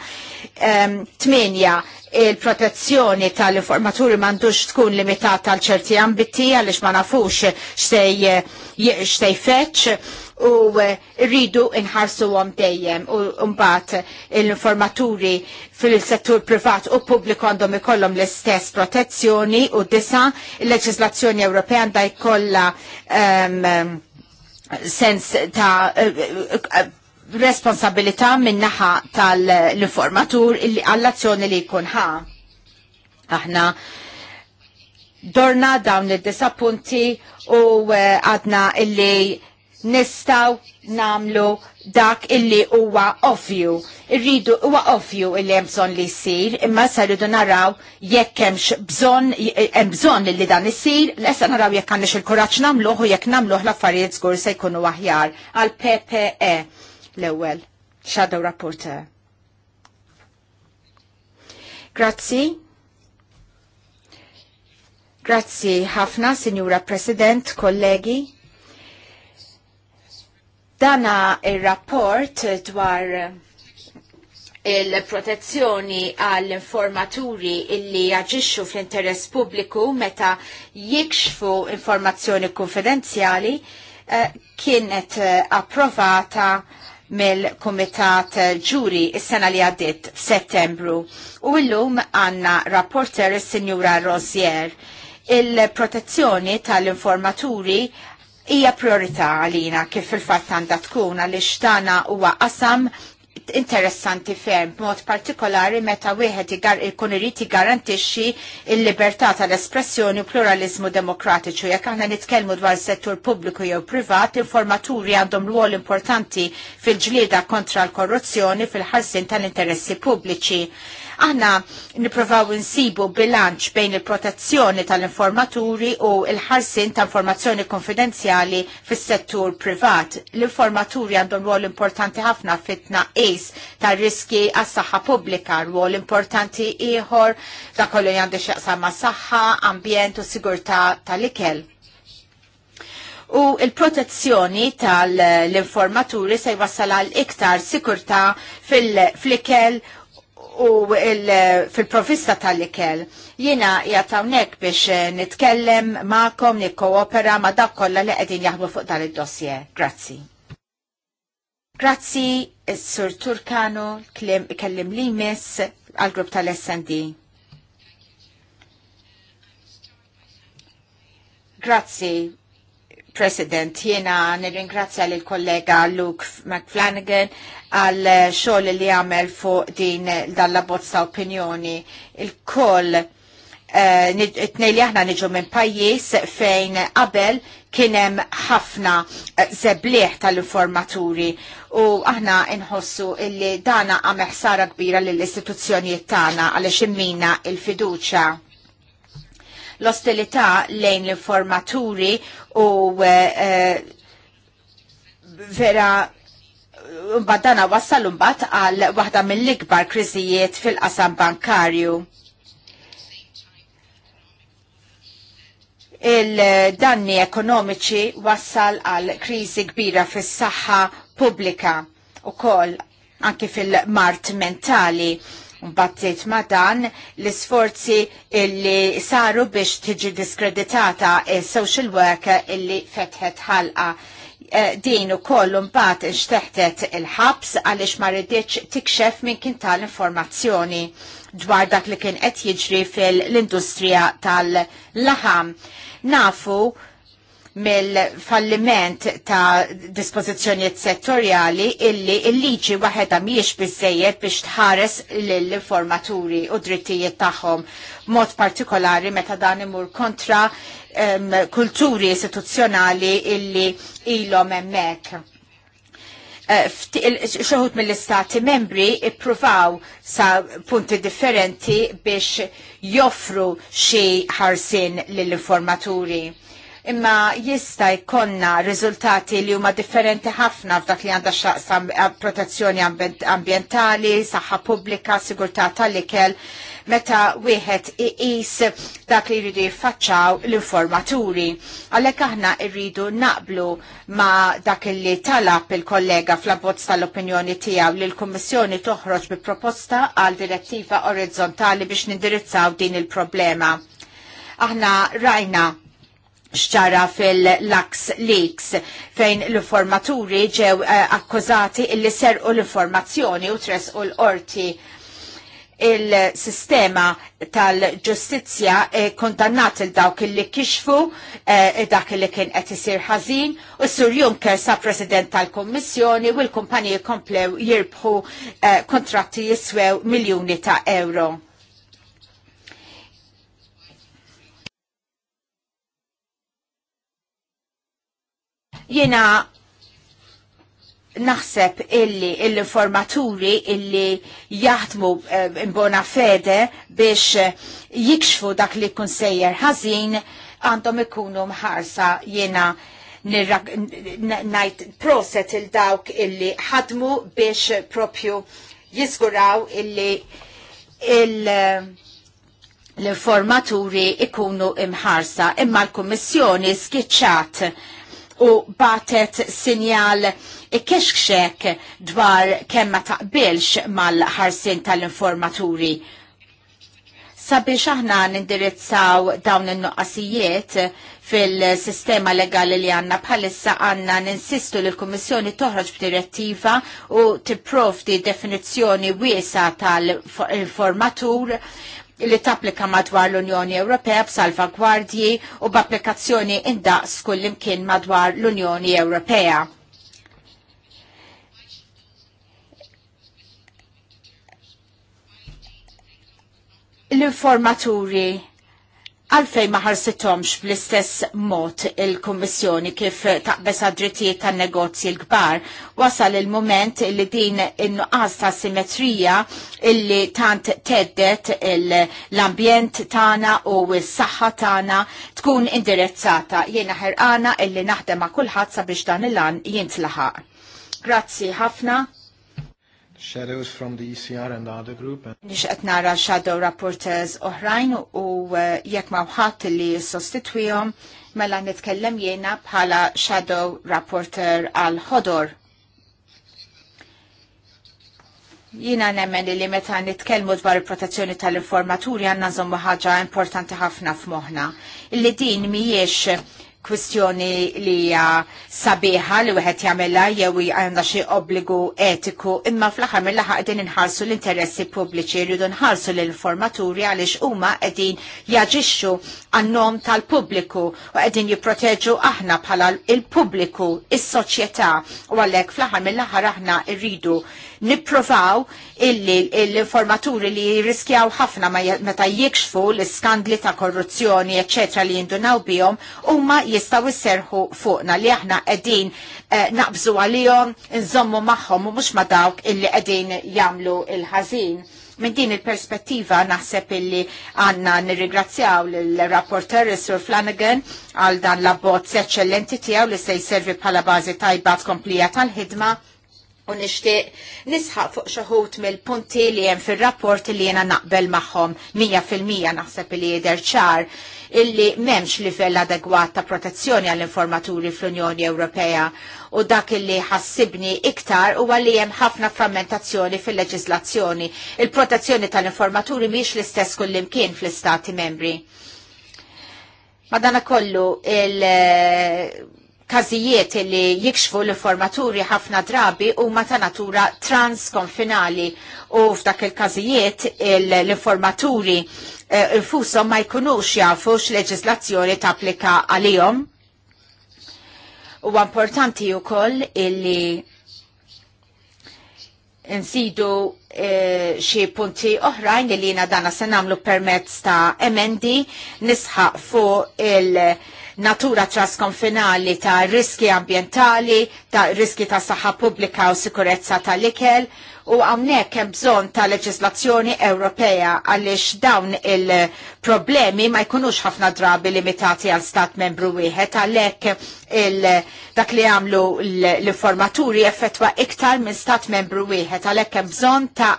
Ehm, tminja, il-protezzjoni tal-informaturi mandux tkun limitata għal ċerti ambiti għalix ma nafux xtej feċ u eh, rridu inħarsu għom dejjem u mbagħad l-informaturi fil-settur privat u pubbliku għandhom ikollhom l-istess protezzjoni u disa il-leġislazzjoni Ewropea għandha jkollha ehm, sens ta' eh, eh, responsabilità minnaħa tal-informatur għall-azzjoni li jkun ħa. Aħna dorna dawn id disappunti u eh, għadna illi nistaw namlu dak illi huwa ovvju. Irridu huwa ovvju illi hemm bżonn li jsir, imma se rridu naraw jekk hemmx bżonn hemm bżonn illi dan isir, lesa naraw jekk għandix il-kuraġġ nagħmluh u jekk nagħmluh l-affarijiet żgur se jkunu aħjar għal PPE l-ewwel Shadow Rapporteur. Grazzi. Grazzi ħafna, Sinjura President, kollegi. Dana il-rapport dwar il-protezzjoni għall-informaturi illi jaġixxu fl-interess pubbliku meta jikxfu informazzjoni konfidenzjali eh, kienet eh, approvata mill-Kumitat Ġuri is-sena li għaddit f'Settembru u llum għandna rapporter is-Sinjura Rosier. Il-protezzjoni tal-informaturi hija priorità għalina kif il-fatt għandha tkun għaliex tagħna huwa qasam interessanti ferm, b'mod partikolari meta wieħed ikun irid jiggarantixxi l-libertà tal-espressjoni u pluralizmu demokratiċu. Jekk aħna nitkellmu dwar settur pubbliku jew privat, l-informaturi għandhom rwol importanti fil-ġlieda kontra l-korruzzjoni fil-ħarsin tal-interessi pubbliċi. Aħna niprofaw insibu bilanċ bejn il-protezzjoni tal-informaturi u il-ħarsin ta' informazzjoni konfidenzjali fis-settur privat. L-informaturi għandhom ruol importanti ħafna fit-tnaqqis ta' riski għas-saħħa pubblika, ruol importanti ieħor ta' kollu għandu x'jaqsam ma' saħħa, ambjent u sigurtà tal-ikel. U il-protezzjoni tal-informaturi se jwassal għal iktar sikurta fil-flikel u fil-provista tal-ikel. Jina jatawnek biex eh, nitkellem ma'kom, nikkoopera ma' dak kollha li qegħdin jaħdmu fuq dan id-dossier. Grazzi. Grazzi, Sur Turkano, kellim li miss għal-grupp tal-SND. Grazzi, President, jena nirringrazzja l kollega Luke McFlanagan għal xogħol li għamel fuq din dalla bozza opinjoni. Il-koll eh, tnej li aħna niġu minn pajjiż fejn qabel kienem ħafna eh, zebliħ tal-informaturi u aħna nħossu illi dana għameħ sara kbira l-istituzzjonijiet tagħna għaliex immina il-fiduċa l-ostilità lejn l-informaturi u eh, vera mbagħad dana wassal mbagħad għal waħda mill-ikbar kriżijiet fil-qasam bankarju. Il-danni ekonomiċi wassal għal kriżi kbira fis-saħħa pubblika u kol anki fil-mart mentali. Mbattit ma dan l-sforzi illi saru biex tiġi diskreditata il-social worker illi fetħet ħalqa Eh, din ukoll mbagħad inxteħtet il-ħabs għaliex ma rridx tikxef minn kien tal-informazzjoni dwar dak li kien qed jiġri fil-industrija tal-laħam. Nafu mill-falliment ta' dispożizzjonijiet settorjali illi il-liġi waħedha mhijiex biżejjed biex tħares lill-informaturi u drittijiet tagħhom mod partikolari meta dan imur kontra um, kulturi istituzzjonali illi ilhom hemmhekk eh, xoħut mill-istati membri ippruvaw sa punti differenti biex joffru xi ħarsin lill-informaturi. Imma jista jkonna riżultati li huma differenti ħafna f'dak li għandha xaqsam eh, protezzjoni ambientali, saħħa pubblika, sigurtà tal-ikel, meta wieħed iqis dak li jridu jiffaċċaw l-informaturi. Għalhekk aħna rridu naqblu ma dak li talab il-kollega fl-abbozz tal-opinjoni tiegħu li l-Kummissjoni toħroġ bi proposta għal direttiva orizzontali biex nindirizzaw din il-problema. Aħna rajna xċara fil-Lux Leaks fejn l-informaturi ġew eh, akkużati illi serqu l-informazzjoni u tresqu l-orti il-sistema tal-ġustizja eh, kontannat il-dawk li kixfu, eh, dak li kien qed isir ħażin, u Sur Juncker sa' President tal-Kommissjoni u l-kumpaniji komplew jirbħu eh, kontratti jiswew miljuni ta' euro. Jena naħseb illi l-informaturi illi jaħdmu eh, imbona fede biex eh, jikxfu dak li kun sejjer ħażin għandhom ikunu mħarsa jena najt proset il-dawk illi ħadmu biex propju jizguraw illi eh, l-informaturi ikunu imħarsa imma l-Kommissjoni skiċċat u batet sinjal kexkxek dwar kemm ma taqbilx mal-ħarsin tal-informaturi. Sabiex aħna nindirizzaw dawn in-nuqqasijiet fil-sistema legali li għanna bħalissa għanna ninsistu li l komissjoni toħroġ b'direttiva u tipprovdi definizjoni wiesa tal informatur li tapplika madwar l-Unjoni Ewropea b'salvagwardji u b'applikazzjoni indaqs kullimkien madwar l-Unjoni Ewropea. L-informaturi għalfej sitomx bl-istess mod il-Kommissjoni kif taqbes għadrittijiet tan negozji l-kbar, wasal il-moment li din in ta' simetrija illi tant teddet l-ambjent tana u s-saħħa tana tkun indirezzata jena ħerqana illi naħdem ma' kulħadd sabiex dan il-lan jintlaħaq. Grazzi ħafna shadows from the ECR and the other group. Nixqet nara shadow rapporteurs oħrajn u uh, jekk ma li sostitwihom mela nitkellem jena bħala shadow rapporteur għal ħodor. Jiena nemmen li meta nitkellmu dwar il-protezzjoni tal-informaturi għandna nżommu ħaġa importanti ħafna f'moħħna. Illi din mhijiex kwistjoni li hija sabiħa li wieħed jagħmilha jew għandha xi obbligu etiku, imma fl-aħħar mill-aħħar qegħdin inħarsu l-interessi pubbliċi jridu nħarsu l-informaturi għaliex huma qegħdin jaġixxu għan-nom tal-pubbliku u qegħdin jipproteġu aħna bħala l pubbliku is-soċjetà u għalhekk fl-aħħar mill-aħħar aħna rridu nippruvaw illi l-informaturi li jirriskjaw ħafna meta jikxfu l-iskandli ta' korruzzjoni, eċċetra li jindunaw bihom, huma jistaw isserħu fuqna li aħna qegħdin eh, naqbżu għalihom, nżommu magħhom u mhux ma dawk illi qegħdin jagħmlu il ħazin Min din il-perspettiva naħseb illi għanna nirrigrazzjaw l-rapporter Sir Flanagan għal dan l-abbozz eccellenti tiegħu li se jservi bħala bażi tajba tkomplija tal-ħidma u nixtieq nisħaq fuq xaħut mill-punti li hemm fir-rapport li jiena naqbel magħhom 100% naħseb li jidher ċar illi m'hemmx livell adegwat ta' protezzjoni għall-informaturi fl-Unjoni Ewropea u dak illi ħassibni iktar huwa li hemm ħafna frammentazzjoni fil leġizlazzjoni Il-protezzjoni tal-informaturi miex l-istess kullimkien fl-istati membri. Madana kollu il- kazijiet li jikxfu l-formaturi ħafna drabi u ma ta' natura transkonfinali u f'dak il-kazijiet l-informaturi eh, infusom ma jkunux jafu x leġizlazzjoni ta' applika għalihom. U importanti u koll illi nsidu E, eh, xie punti oħrajn li jina dana se namlu permezz ta' emendi nisħaq fuq il- natura trasconfinali ta' riski ambientali, ta' riski ta' saħħa pubblika u sikurezza tal-ikel u għamnek hemm bżonn ta' leġislazzjoni Ewropea għaliex dawn il-problemi ma jkunux ħafna drabi limitati għal stat membru wieħed għalhekk dak li għamlu l-informaturi effettwa iktar minn stat membru wieħed għalhekk hemm bżonn ta'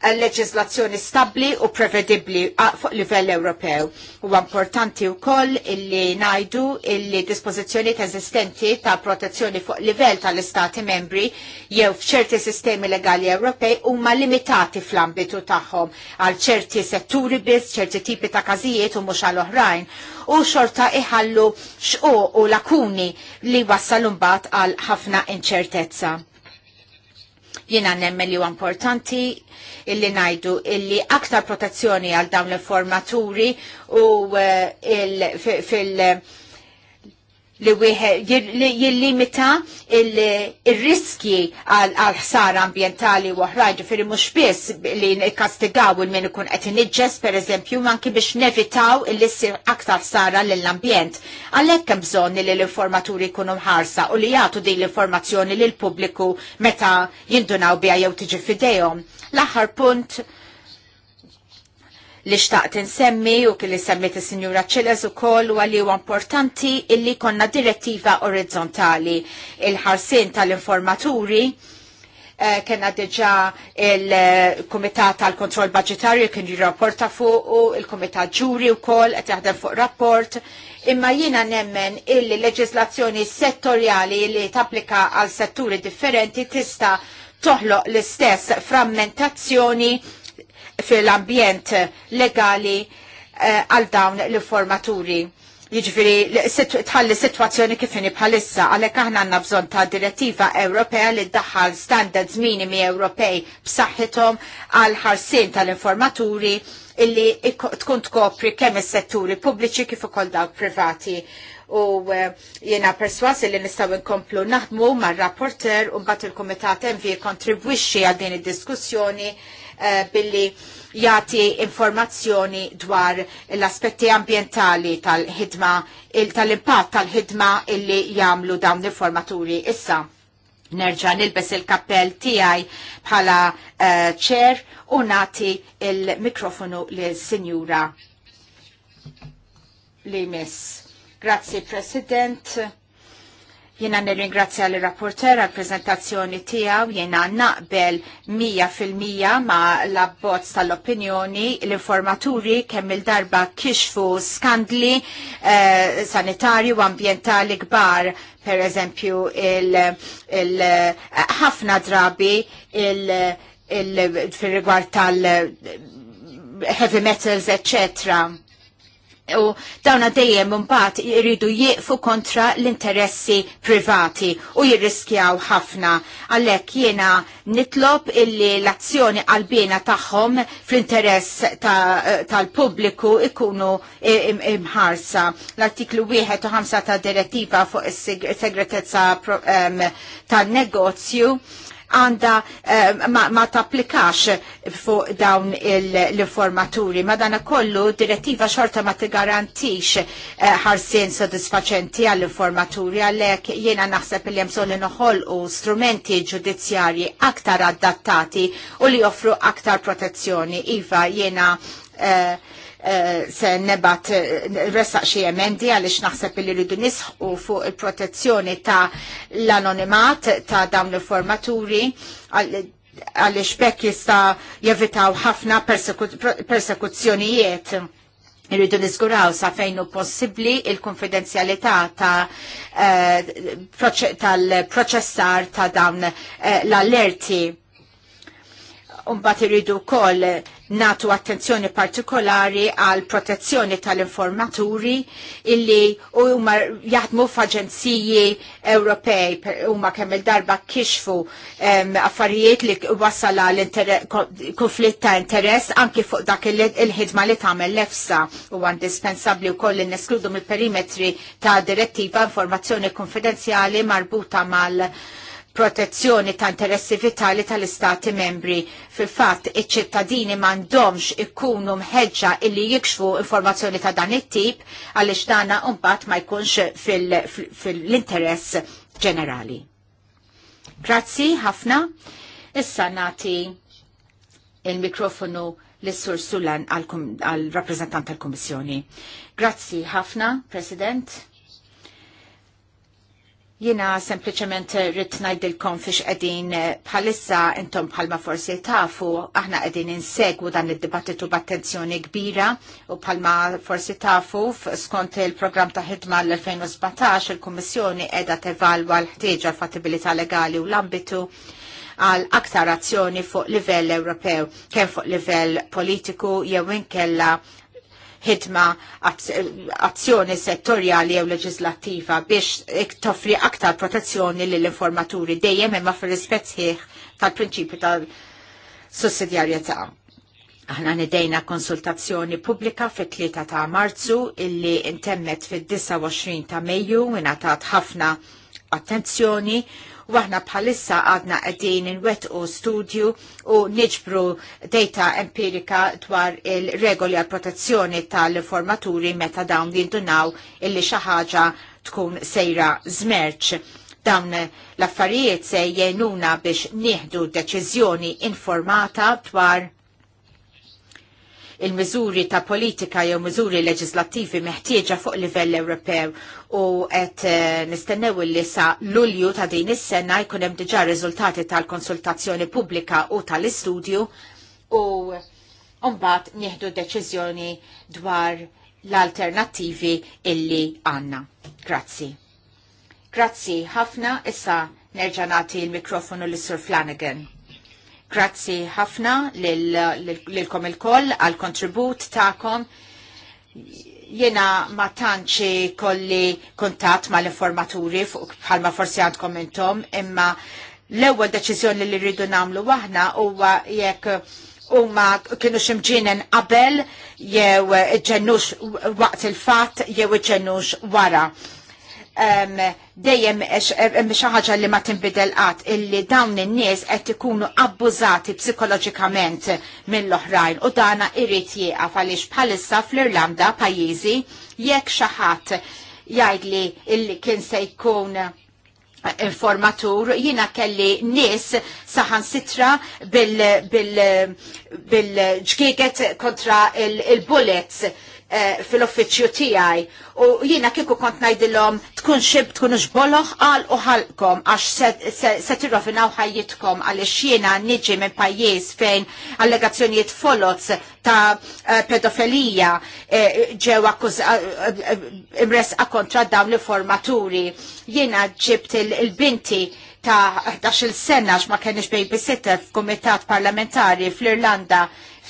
Eh, leġislazzjoni stabli u prevedibbli ah, fuq livell Ewropew. Huwa importanti wkoll illi ngħidu illi dispożizzjonijiet eżistenti ta' protezzjoni fuq livell tal-Istati membri jew f'ċerti sistemi legali Ewropej huma limitati fl-ambitu tagħhom għal ċerti setturi biss, ċerti tipi ta' każijiet u mhux għal oħrajn u xorta iħallu xquq u lakuni li wassalum bat għal ħafna inċertezza. Jiena nemmel li importanti illi najdu illi aktar protezzjoni għal dawn l-informaturi u eh, fil- li jillimita il-riski għal ħsara ambientali u oħrajn ġifiri mhux biss li kastigaw il min ikun qed iniġġes pereżempju manki biex nevitaw il lissir aktar ħsara lill-ambjent. Għalhekk hemm li l-informaturi jkunu mħarsa u li jagħtu din l-informazzjoni l pubbliku meta jindunaw bija jew tiġi fidejhom. L-aħħar punt li xtaqt insemmi u kelli semmi is-Sinjura u ukoll u għalli huwa importanti illi konna direttiva orizzontali il-ħarsin tal-informaturi eh, kena diġa il-Komitat tal-Kontroll Budgetarju kien jirrapporta fuq u il-Komitat Ġuri u kol qed jaħdem fuq rapport. Imma jiena nemmen il-leġislazzjoni settorjali li tapplika għal setturi differenti tista' toħloq l-istess frammentazzjoni fil-ambjent legali eh, għal dawn l-formaturi. Jiġifieri tħalli sitwazzjoni kif bħalissa għalhekk aħna għandna bżonn ta' direttiva Ewropea li ddaħħal standards minimi Ewropej b'saħħithom għal ħarsien tal-informaturi illi tkun tkopri kemm is-setturi pubbliċi kif ukoll dawk privati u eh, jena perswasi li nistaw inkomplu naħdmu mar rapporter u mbagħad il kumitat MV kontribwixxi għal din id-diskussjoni Eh, billi jati informazzjoni dwar l-aspetti ambientali tal-ħidma, tal-impatt tal-ħidma illi jamlu dawn l-informaturi issa. Nerġa nilbes il-kappell tijaj bħala ċer eh, u nati il-mikrofonu l signura li miss. Grazie President Jena nirringrazzja l rapporter għal prezentazzjoni tijaw, jena naqbel 100% ma l-abbozz tal-opinjoni, l-informaturi kemm il-darba kixfu skandli eh, sanitarju u ambientali gbar, per eżempju, ħafna drabi il, il, rigward tal- heavy metals, eccetera u dawna dejjem mbagħad jridu jieqfu kontra l-interessi privati u jirriskjaw ħafna. Għalhekk jiena nitlob illi l-azzjoni qalbina tagħhom fl-interess tal-pubbliku ta ikunu imħarsa. L-artiklu 1 u 5 ta' direttiva fuq is-segretezza tan-negozju għanda eh, ma tapplikax fuq dawn l-informaturi. Madana kollu direttiva xorta ma tigarantix eh, ħarsien sodisfaċenti għall-informaturi għallek jena naħseb li jemżol noħol u strumenti ġudizzjarji aktar adattati u li joffru aktar protezzjoni. Iva jena uh, eh, Eh, se nebat eh, ressaq xie emendi għalix naħseb li rridu nisħu fuq il-protezzjoni ta' l-anonimat ta' dawn l-formaturi għalix bekk jista jevitaw ħafna persekuzzjonijiet. Irridu nisguraw sa fejn hu possibbli il-konfidenzjalità ta' eh, tal-proċessar ta' dawn l-allerti. Umbat irridu wkoll natu attenzjoni partikolari għal protezzjoni tal-informaturi illi huma jaħdmu f'aġenziji Ewropej huma kemm il-darba kixfu affarijiet li wasala l-konflitt ta' interess anki fuq dak il-ħidma li tagħmel l-EFSA u indispensabbli wkoll li neskludu mill-perimetri ta' direttiva informazzjoni konfidenzjali marbuta mal- protezzjoni ta' interessi vitali tal-istati membri. Fil-fatt, iċ-ċittadini mandomx ikkunu mħedġa illi jikxfu informazzjoni ta' dan it-tip għaliex dana unbat ma jkunx fil-interess ġenerali. Grazzi, ħafna. Issa nati il-mikrofonu l-Sur Sulan għal-rappresentant tal-Komissjoni. Grazzi, ħafna, President. Jina sempliciment rrit najdilkom fiex edin eh, bħalissa intom bħalma forsi tafu, aħna edin insegwu dan id-dibattitu b'attenzjoni kbira u bħalma forsi tafu skont il-program ta' ħidma l-2017 il kummissjoni edha tevalwa l-ħtieġa l-fattibilità legali u l-ambitu għal aktar azzjoni fuq livell Ewropew, kemm fuq livell politiku jew inkella ħidma azzjoni settorjali jew leġislattiva biex toffri aktar protezzjoni lill informaturi dejjem imma fir-rispett tal-prinċipju tal-sussidjarjetà. Aħna nidejna konsultazzjoni pubblika fit-3 ta' Marzu illi intemmet fid-29 ta' Mejju ingħatat ħafna attenzjoni u aħna bħalissa għadna għedin u studju u niġbru data empirika dwar il-regoli għal protezzjoni tal-formaturi meta dawn jindunaw illi xaħġa tkun sejra zmerċ dawn l-affarijiet se jenuna biex nieħdu deċiżjoni informata dwar il-miżuri ta' politika jew miżuri leġislattivi meħtieġa fuq livell Ewropew u qed eh, nistennew li sa Lulju ta' din is-sena jkun hemm diġà riżultati tal-konsultazzjoni pubblika u tal-istudju u mbagħad nieħdu deċiżjoni dwar l-alternattivi illi għandna. Grazzi. Grazzi ħafna issa nerġa' nagħti l-mikrofonu lis sur Flanagan. Grazzi ħafna lilkom il-koll għal-kontribut ta'kom. Jena ma tantx kolli kontat mal-informaturi bħalma forsi għandkom intom, imma l-ewwel deċiżjoni li rridu nagħmlu aħna huwa jekk huma kienu ximġinen qabel jew ġennux waqt il-fatt jew ġennux wara dejjem xi ħaġa li ma tinbidel qatt illi dawn in-nies qed ikunu abbużati psikoloġikament mill-oħrajn u dana irrid jieqaf għaliex bħalissa fl-Irlanda pajjiżi jekk xi ħadd jgħid li illi kien se jkun informatur jina kelli nis saħan sitra bil-ġkiget bil, bil kontra il-bullets il Eh, fil-offiċju tijaj u jina kiku kont najdilom tkun xib tkun uġboloħ għal uħalkom għax se tirrofinaw ħajjitkom għal xjina niġi minn pajjiż fejn allegazzjonijiet folots ta' eh, pedofilija eh, ġew imresqa kontra dawn l-formaturi jina ġibt il-binti ta' 11 sena x'ma kenniex babysitter f'kumitat parlamentari fl-Irlanda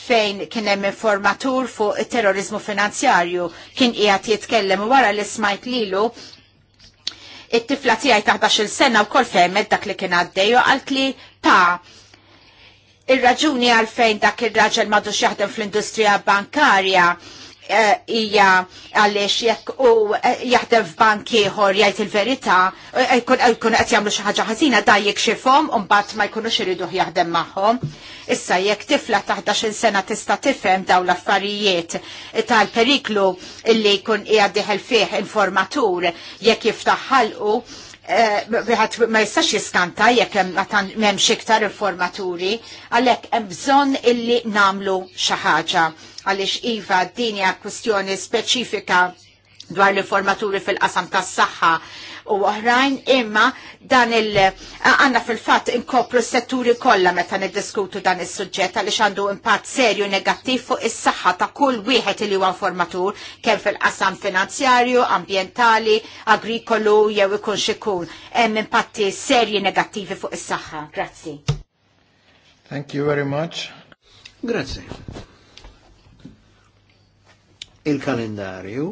fejn kien hemm informatur fuq terrorizmu finanzjarju kien qiegħed jitkellem wara li smajt lilu it-tifla tiegħi taħdax il sena wkoll fehmet dak li kien għaddej u qalt li ta' ir-raġuni għalfejn dak ir-raġel madux jaħdem fl-industrija bankarja Eh, hija għaliex jekk u eh, jaħdem f'bank ieħor jgħid il-verità eh, jkun qed jagħmlu xi ħaġa ħażina da jikxifhom u mbagħad ma jkunux iridu jaħdem magħhom. Issa jekk tifla ta' 11 sena tista' tifhem daw l-affarijiet tal-periklu illi jkun qiegħed diħel fih informatur jekk jiftaħħalqu. Eh, ma jistax jiskanta jekk hemm iktar informaturi għalhekk hemm bżonn illi namlu xi ħaġa għaliex iva din hija kwestjoni speċifika dwar l-informaturi fil-qasam tas saħħa u oħrajn imma dan il għanna fil-fatt inkopru s-setturi kollha meta niddiskutu dan is-suġġett għaliex għandu impatt serju negattiv fuq is-saħħa ta' kull wieħed li huwa informatur kemm fil-qasam finanzjarju, ambjentali, agrikolu jew ikun xikun. Hemm impatti serji negattivi fuq is-saħħa. Grazzi. Thank you very much. Grazie. Il-kalendarju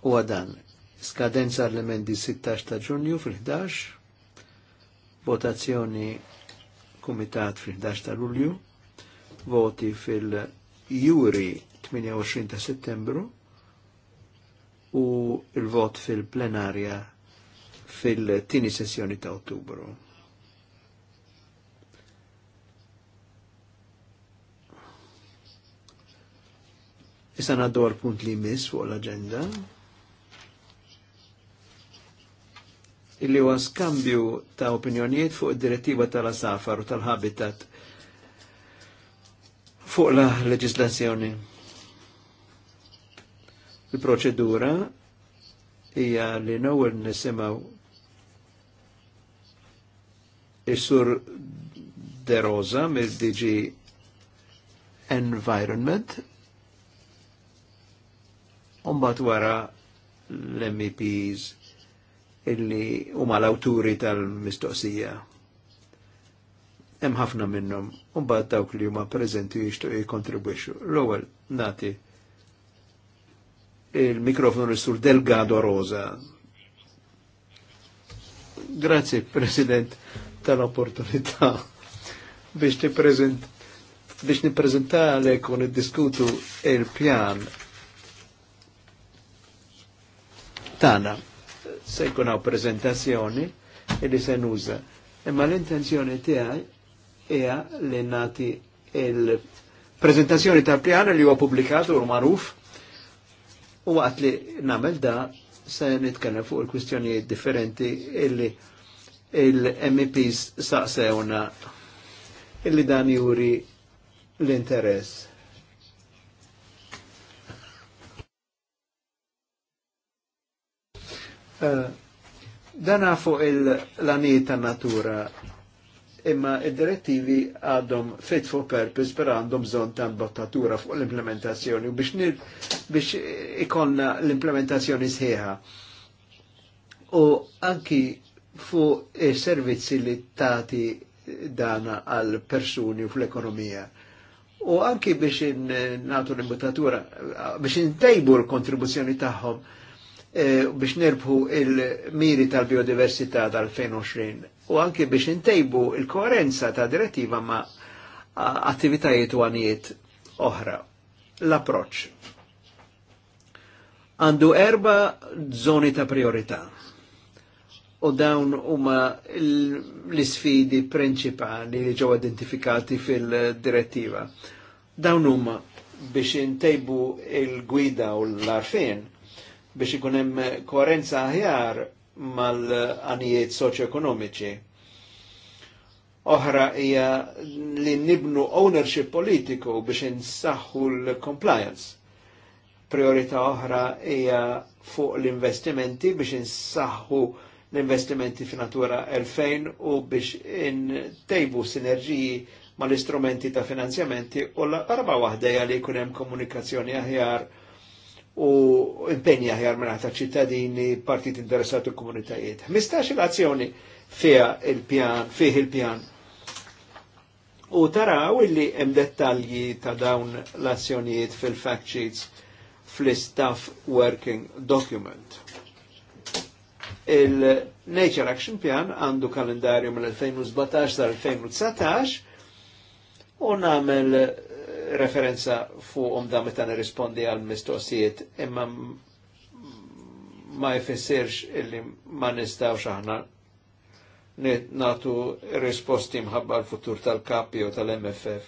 u għadan skadenza l-emendi 16 ta' ġunju fil-11, votazzjoni kumitat fil-11 ta' lulju, voti fil-juri 28 ta' settembru u il-vot fil-plenarja fil-tini sessjoni ta' ottubru. Issa naddu għal punt li jmiss fuq l-agenda. illi huwa skambju ta' opinjonijiet fuq id-direttiva tal-asafar u tal-habitat fuq la leġislazzjoni. Il-proċedura hija li nowel nisimgħu is-sur De Rosa mill-DG Environment Umbat wara l-MEPs illi huma l-awturi tal-mistoqsija. Hemm ħafna minnhom u mbagħad dawk li huma preżenti jixtiequ jikkontribwixxu. L-ewwel nagħti il-mikrofonu sur Delgado Rosa. Grazie President tal-opportunità biex tippreżent biex nippreżentalek u niddiskutu il-pjan tana se jkunaw prezentazzjoni li se nuża. Imma l-intenzjoni tiegħi hija li nagħti il-prezentazzjoni tal-pjan li huwa pubblikat u magħruf u waqt li nagħmel da se nitkellem fuq il-kwistjonijiet differenti illi il-MEPs saqsewna illi dan juri l-interess Eh, dana fuq il-lanijiet tan natura imma id-direttivi għadhom fit for purpose per għandhom bżon ta' bottatura fuq l-implementazzjoni u biex, nir, biex ikonna l-implementazzjoni sħiħa. U anki fuq il-servizzi li tati dana għal persuni u fl-ekonomija. U anki biex n natu l-imbottatura, biex n-tejbu l-kontribuzzjoni tagħhom Eh, biex nerbħu il-miri tal-biodiversità tal-2020 u anke biex intejbu il-koerenza ta' direttiva ma' attivitajiet u għanijiet oħra. L-approċ. Għandu erba zoni ta' priorità u dawn huma l-isfidi prinċipali li ġew identifikati fil-direttiva. Dawn huma biex intejbu il-gwida u l-arfin biex ikun hemm koerenza aħjar mal soċ ekonomiċi. Oħra hija li nibnu ownership politiku biex insaħħu l-compliance. Priorità oħra hija fuq l-investimenti biex insaħħu l-investimenti fi natura 2000 u biex intejbu sinerġiji mal istrumenti ta' finanzjamenti u l-arba wahdeja li kunem komunikazzjoni aħjar u impenja ħjar minnata ċittadini, partit interessati u komunitajiet. Mistax l-azzjoni fija il-pjan, fih il-pjan. U taraw illi hemm dettalji ta' dawn l-azzjonijiet fil-fact sheets fl-staff working document. Il-Nature Action Plan għandu kalendarju mill-2017 sal-2019 u namel referenza fuqhom da meta nirrispondi għal mistoqsijiet imma ma jfissirx illi ma nistaw xaħna natu risposti mħabba l-futur tal-kapi u tal-MFF.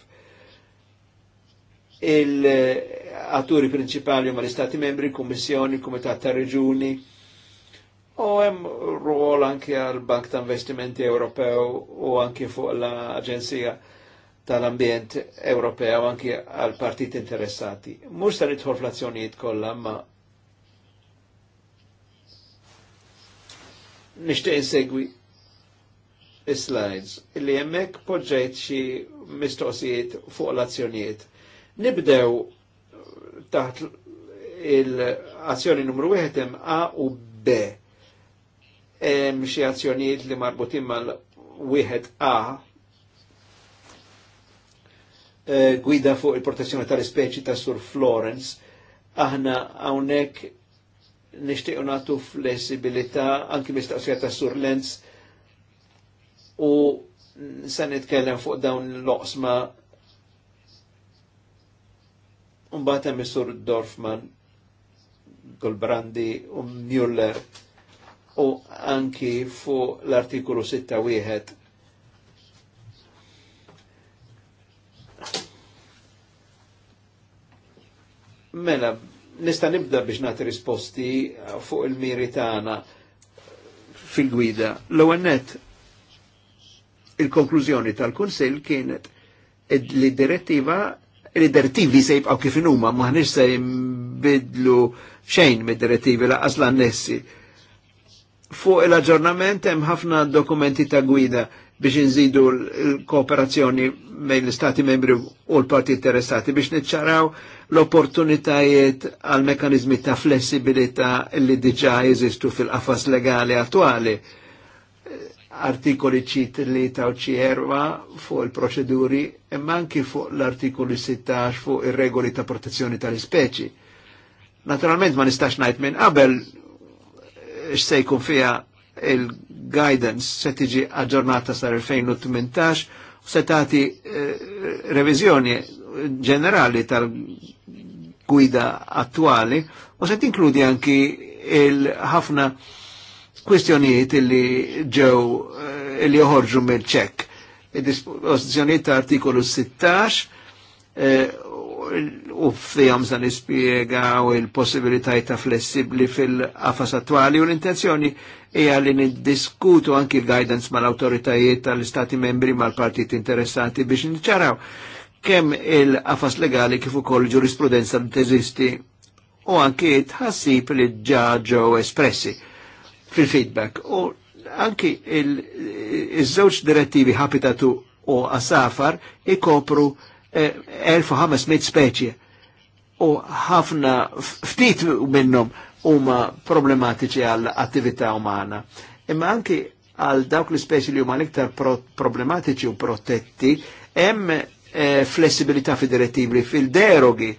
Il-atturi principali ma l-Istati membri, kummissjoni, kumitat ta' reġuni, u hemm ruol anke għal Bank ta' Investimenti Ewropew u anke fuq l-Aġenzija tal-ambjent u anki għal partit interessati. Mux ta' nidħol fl-azzjonijiet kollha, ma nixtieq insegwi slides illi hemmhekk poġġejt xi mistoqsijiet fuq l-azzjonijiet. Nibdew taħt il-azzjoni numru 1 hemm A u B. Hemm xi azzjonijiet li marbutin mal-wieħed A Eh, gwida fuq il-protezzjoni tal-ispeċi ta' Sur Florence, aħna hawnhekk nixtiequ nagħtu flessibilità anki mistaqsija ta' Sur Lenz u se nitkellem fuq dawn l-oqsma Umbata Sur Dorfman, Golbrandi, u Müller, u anki fuq l-artikolu wieħed. Mela, nista nibda biex nagħti risposti fuq il-miri tagħna fil-gwida. L-ewwel il-konklużjoni tal-Kunsill kienet li direttiva li direttivi se jibqaw kif huma maħniex se jimbidlu xejn mid-direttivi laqas l nessi Fuq il-aġġornament hemm ħafna dokumenti ta' gwida biex nżidu l-kooperazzjoni bejn l-Stati membri u l-parti interessati biex niċċaraw l-opportunitajiet għal mekanizmi ta' flessibilità li diġa jeżistu fil-qafas legali attuali. Artikoli ċit li ta' ċierva fuq il-proċeduri imma anki fuq l-artikoli 16 fuq il-regoli ta' protezzjoni tal-ispeċi. Naturalment ma nistax najt minn qabel x'se jkun fija il-guidance se tiġi aġġornata sar 2018 u se tagħti eh, ġenerali tal-gwida attuali u se tinkludi anki il-ħafna kwestjonijiet li ġew eh, li joħorġu mill-ċek. Il-dispozizjoniet ta' artikolu 16 eh, u f'dijam san ispiega u il-possibilitajt ta' flessibli fil-qafas attuali u l-intenzjoni hija li niddiskutu anki l-guidance mal-autoritajiet tal-istati membri mal-partit interessati biex niċċaraw kemm il-qafas legali kif ukoll ġurisprudenza li teżisti u anki tħassib li ġaġo espressi fil-feedback. U anki il-żewġ direttivi ħapitatu u għasafar ikopru 1500 eh, speċie u ħafna ftit minnhom huma problematiċi għall attività umana. Imma anki għal dawk l-speċi li huma l-iktar problematiċi u protetti, hemm Eh, flessibilità federativi fil-derogi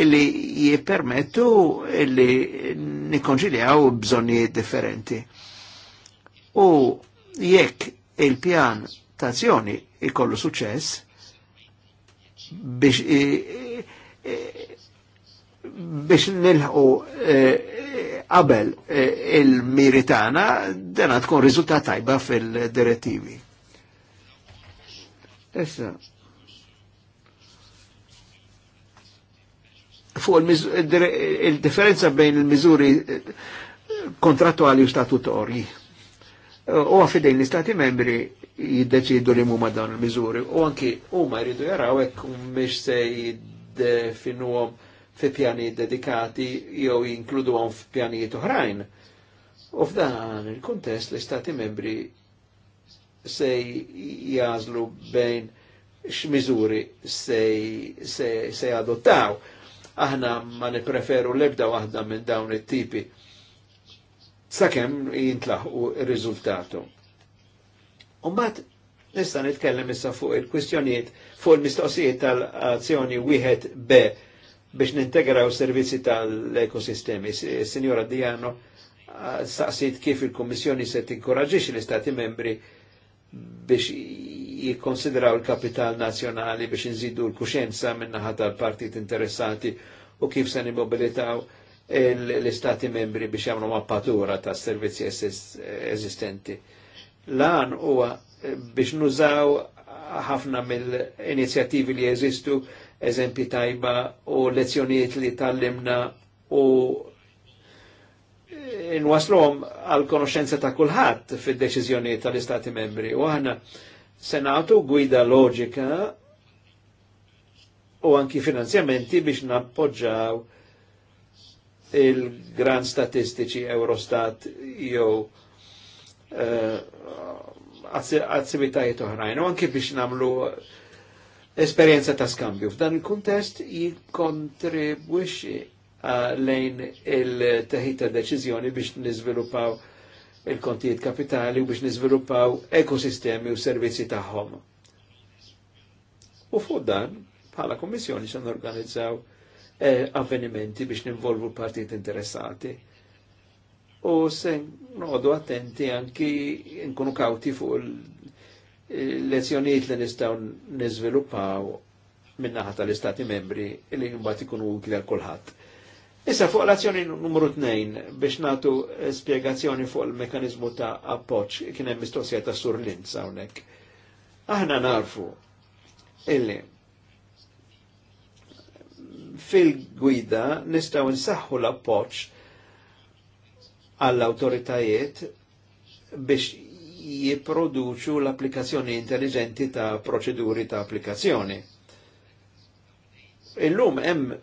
illi jipermettu illi nikonġiljaw bżonnijiet differenti. U jekk il-pjan tazzjoni ikollu suċess biex e, biex nilħu qabel il-miritana dena tkun riżultat tajba fil-direttivi. Issa, fuq il-differenza bejn il mizuri eh, kontrattuali u statutorji. Eh, u għafidejn l-istati membri jiddeċidu li mumma dawn il mizuri u anki huma jridu jaraw hekk mhix se għom fi pjani dedikati jew fi pjani oħrajn. U f'dan il kontest l-istati membri se jazlu bejn x'miżuri se, se, se adottaw aħna ma nipreferu lebda waħda minn dawn it-tipi sakemm jintlaħqu r-riżultatu. Umbat nista' nitkellem issa fuq il-kwistjonijiet fuq il-mistoqsijiet tal-azzjoni wieħed B biex nintegraw servizzi tal-ekosistemi. Signora Diano, staqsiet kif il kummissjoni se tinkoraġġix l-Istati membri biex jikkonsidraw il-kapital nazjonali biex nżidu l-kuxenza minnaħat tal-partit interessati u kif se nimmobilitaw l-istati membri biex jagħmlu mappatura ta' servizzi eżistenti. Lan huwa eh, biex nużaw ħafna mill-inizjattivi li jeżistu, eżempi tajba u lezzjonijiet li tallimna u inwaslom għal konoxenza ta' kulħadd fid-deċiżjonijiet tal-Istati membri. U aħna senatu gwida logika u anki finanzjamenti biex nappoġġaw il-gran statistiċi Eurostat jew eh, attivitajiet oħrajn u anki biex namlu esperienza ta' skambju. F'dan il-kuntest jikontribwixi eh, lejn il-teħita deċizjoni biex nizvilupaw il-kontijiet kapitali u biex niżviluppaw ekosistemi u servizzi tagħhom. U fuq dan, bħala kommissjoni se organizzaw eh, avvenimenti biex ninvolvu partijiet interessati. U se noqogħdu attenti anki nkunu kawti fuq il-lezzjonijiet li nistgħu niżviluppaw minnaħa tal-Istati membri li mbagħad ikunu utli għal kulħadd. Issa fuq l-azzjoni numru 2 biex natu eh, spiegazzjoni fuq il-mekanizmu ta' appoċ kien hemm mistoqsija ta' Sur Linz hawnhekk. Aħna narfu illi fil-gwida nistgħu nsaħħu l-appoċ għall-awtoritajiet biex jipproduċu l-applikazzjoni intelligenti ta' proċeduri ta' applikazzjoni. Illum hemm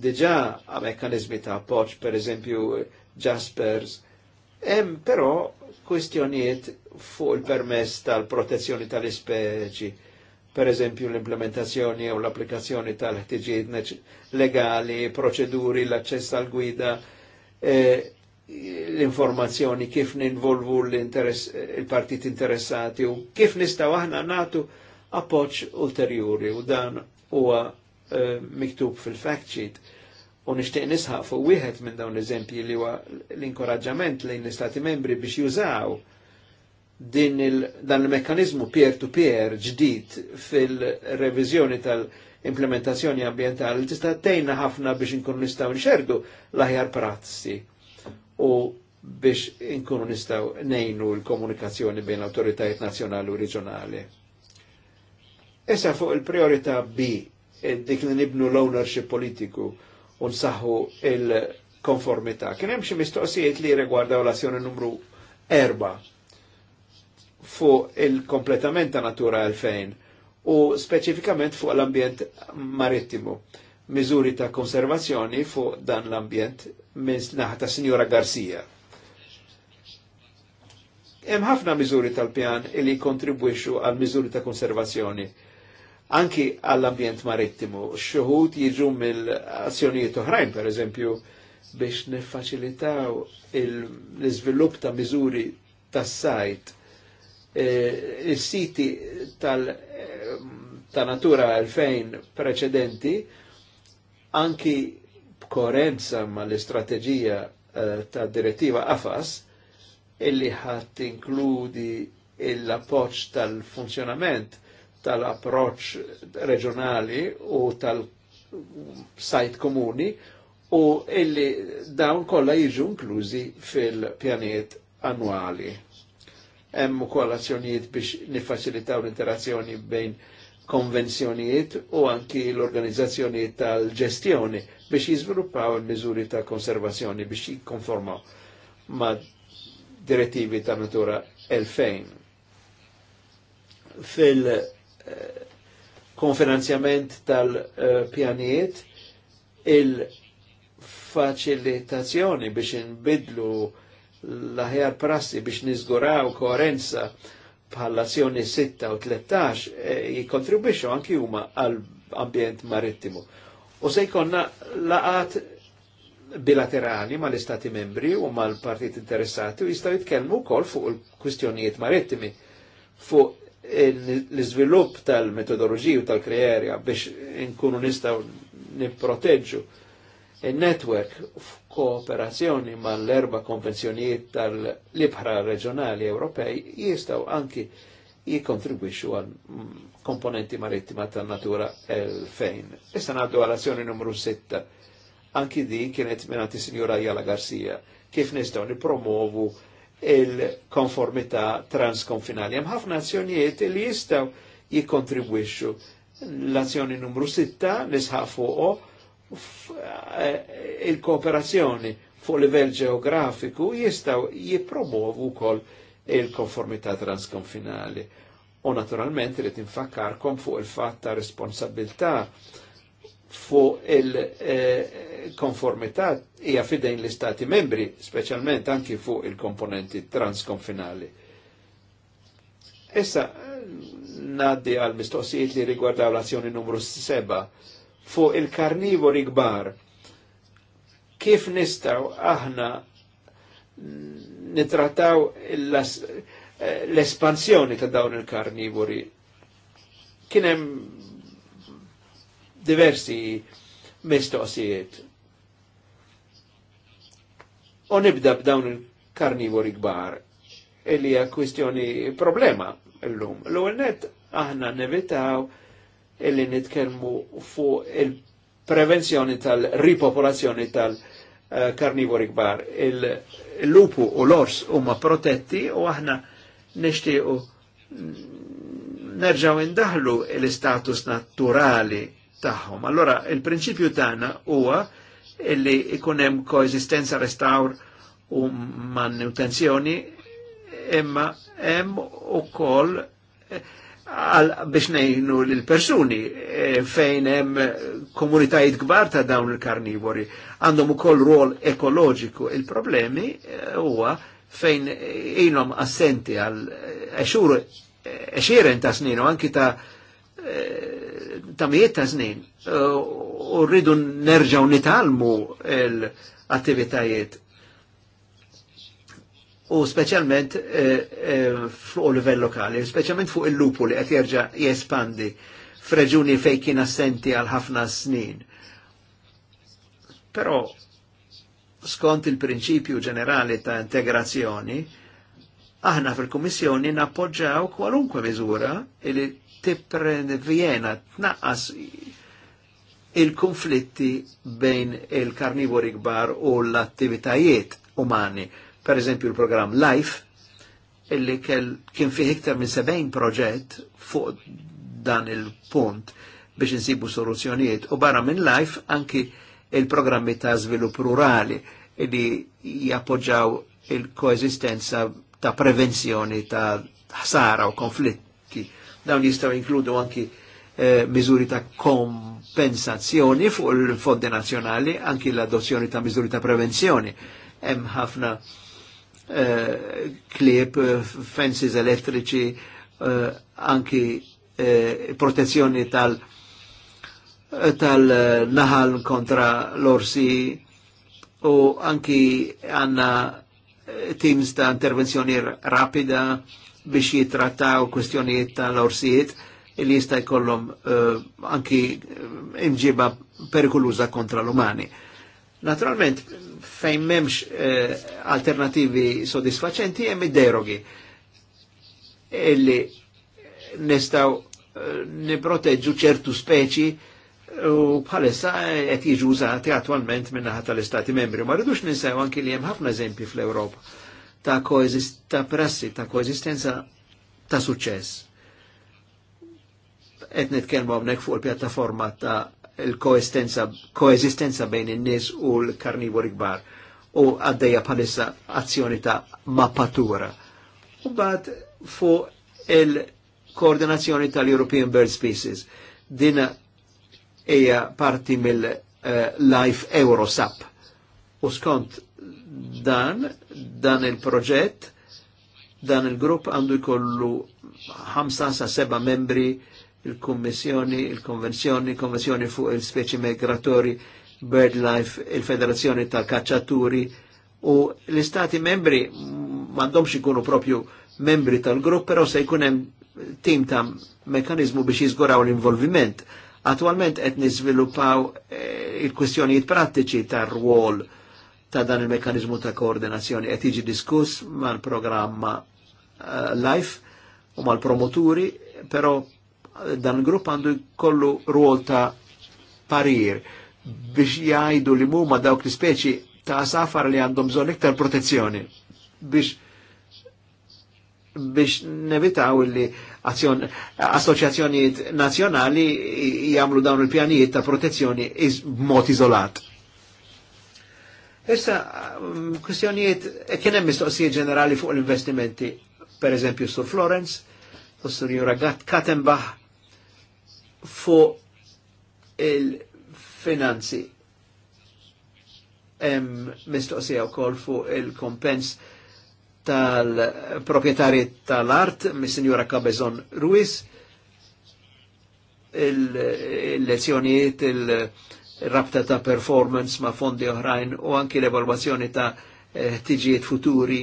diġa mekanizmi ta' poċ, per eżempju Jaspers, em, però kwestjoniet fuq il-permess tal-protezzjoni tal-ispeċi, per eżempju l-implementazzjoni u l-applikazzjoni tal-ħtiġijiet legali, proċeduri, l access tal-gwida, eh, l-informazzjoni kif ninvolvu il-partit interessati u kif nistaw aħna natu appoċ ulterjuri u dan huwa Eh, miktub fil-fact sheet u nishtiq nisħaq fuq wieħed minn dawn l-eżempji li huwa l-inkoraġġament lejn l-istati membri biex jużaw din il, dan il-mekkanizmu peer-to-peer ġdid fil-reviżjoni tal-implementazzjoni ambientali li tista' tgħinna ħafna biex inkunu nistgħu nxerdu l-aħjar prazzi u biex inkunu nistgħu nejnu l-komunikazzjoni bejn l-awtoritajiet nazzjonali u reġjonali. Issa fuq il-priorità B dik li nibnu l-ownership politiku u nsaħħu il-konformità. Kien hemm xi mistoqsijiet li rigwardaw l-azzjoni numru 4 fuq il-kompletament ta' natura 2000 u speċifikament fuq l-ambjent marittimu. Miżuri ta' konservazzjoni fuq dan l-ambjent minn naħa ta' Signora Garcia. Hemm ħafna miżuri tal-pjan li kontribwixxu għal miżuri ta' konservazzjoni anki għall-ambjent marittimu. Xuħut jiġu mill-azzjonijiet oħrajn, per eżempju, biex nifaċilitaw l-izvilupp ta' miżuri tas sajt e, il-siti ta' natura 2000 preċedenti anki b'koerenza ma' l-istrateġija e, ta' direttiva AFAS illi ħat inkludi l-appoċ tal-funzjonament tal-approċ reġjonali u tal-sajt komuni u illi dawn kolla jiġu inklużi fil-pjaniet annuali. Hemm ukoll azzjonijiet biex niffaċilitaw l-interazzjoni bejn konvenzjonijiet u anki l-organizzazzjonijiet tal-ġestjoni biex jiżviluppaw il-miżuri ta' konservazzjoni biex jikkonformaw ma' direttivi ta' natura 2000. Fil- konferenzjament tal pjaniet il-facilitazzjoni biex nbidlu l-ħjar prassi biex nizguraw koerenza bħall-azzjoni 6 u 13 eh, jikontribwixxu anki huma għal ambjent marittimu. U se jkonna laqat bilaterali ma l-istati membri u ma l-partit interessati u jistaw jitkelmu kol fuq il-kwistjonijiet marittimi fuq l izvilup tal-metodologiju tal-kreerja biex inkunu nistaw niproteġu il-network f'kooperazzjoni mal-erba konvenzjonijiet tal-libħra reġjonali Ewropej jistaw anki jikontribwixxu għal komponenti marittima tan-natura fejn. Issa ngħaddu għal azzjoni numru 6. Anki di kienet minati signora Jala Garcia kif nistaw nipromovu promovu il konformita transkonfinali. Jem ħafna azzjonijiet li jistaw jikontribwixu L-azzjoni numru 6 nisħaq fuqho eh, il-kooperazzjoni fuq livell ġeografiku jistaw jipromovu kol il konformita transkonfinali. U naturalment irid infakkarkom fuq il fatta responsabilta' fuq il-konformità hija fidejn l-Istati membri, specialment anki fuq il-komponenti transkonfinali. Issa naddi għal mistoqsijiet li rigwardaw l-azzjoni numru 7 fuq il-karnivori gbar. Kif nistaw aħna nitrataw eh, l-espansjoni ta' dawn il-karnivori? Kienem diversi mistoqsijiet. U nibda b'dawn il-karnivori kbar, illi hija kwistjoni problema l-lum. l net aħna nevitaw illi nitkellmu fuq il-prevenzjoni tal-ripopolazzjoni tal-karnivori kbar. Il-lupu u l-ors huma protetti u aħna nixtiequ nerġaw indaħlu l-istatus naturali tagħhom. Allora il-prinċipju tagħna huwa li ikun hemm koesistenza restawr u manutenzjoni imma hemm ukoll eh, biex nejnu l-persuni eh, fejn hemm komunitajiet kbar ta' dawn il-karnivori għandhom ukoll rol ekoloġiku. Il-problemi eh, huwa fejn ilhom assenti għal għexur għexiren ta' snin u anki ta' tamijiet ta' snin u rridu nerġaw nitalmu l-attivitajiet u specialment eh, eh, fuq livell lokali, specialment fuq il-lupu li qed jerġa' jespandi f'reġuni fejn kien assenti għal ħafna snin. Però skont il-prinċipju ġenerali ta' integrazzjoni, aħna fil-Kummissjoni nappoġġaw kwalunkwe miżura li tipren Vienna tnaqqas il-konflitti bejn il-karnivori gbar u l-attivitajiet umani. Per eżempju, il program LIFE, illi kien fih iktar minn 70 proġett fuq dan il-punt biex nsibu soluzzjonijiet u barra minn LIFE anki il-programmi ta' svilup rurali illi jappoġġaw il-koesistenza ta' prevenzjoni ta' ħsara u konflitti dawn jistaw inkludu anki eh, mizuri ta' kompensazzjoni fuq il-fondi nazjonali, anki l-adozzjoni ta' mizuri ta' prevenzjoni. Hemm ħafna eh, eh, fences elettriċi, eh, anki eh, protezzjoni tal- tal-naħal kontra l-orsi u anki għanna eh, teams ta' intervenzjoni rapida biex jitrattaw kwestjonijiet tal-orsijiet li jista' jkollhom uh, anki eh, imġiba perikoluża kontra l-umani. Naturalment, fejn memx uh, eh, alternativi sodisfaċenti hemm id-derogi illi nistaw eh, niproteġġu ċertu speċi u bħalissa qed jiġu użati attwalment minnaħa tal-Istati Membri. Ma rridux ninsew anki li hemm ħafna eżempji fl-Ewropa ta' ta' prassi ta' koezistenza ta' suċċess. Et nitkellmu hawnhekk fuq il-pjattaforma ta' il koezistenza bejn in-nies u l-karnivori kbar u għaddeja palissa azzjoni ta' mappatura. U bad fuq il-koordinazzjoni tal-European Bird Species. Dina hija parti mill-Life eh, Eurosap. U skont dan, dan il-proġett, dan il-grupp għandu jkollu 5 sa 7 membri il-Kommissjoni, il-Konvenzjoni, Konvenzjoni fuq il-Speċi Migratori, Birdlife, il-Federazzjoni tal-Kacċaturi u l-Istati membri mandomx ikunu propju membri tal-grupp, però se jkun hemm tim ta' mekanizmu biex jizguraw l-involviment. Attualment qed niżviluppaw eh, il-kwistjonijiet prattiċi tar-rwol ta' dan il-mekanizmu ta' koordinazzjoni qed jiġi diskuss mal-programma uh, LIFE u mal-promoturi, però dan il-grupp għandu kollu ruol ta' parir biex jgħidu li mumma dawk li speċi ta' safar li għandhom bżonn iktar protezzjoni biex biex nevitaw li assoċjazzjonijiet nazjonali jagħmlu dawn il-pjanijiet ta' protezzjoni iz mod iżolat. Issa, um, kustjonijiet, e kienem mistoqsijiet ġenerali fuq l-investimenti, per eżempju, su Florence, u su Juragat Katenbach, fuq il-finanzi. mistoqsija u kol fuq il-kompens tal-propietari tal-art, mis-Sinjura Cabezon Ruiz, il-lezzjonijiet, il-, lezzjonijiet rabta ta' performance ma' fondi oħrajn u anki l-evalwazzjoni ta' ħtiġijiet eh, futuri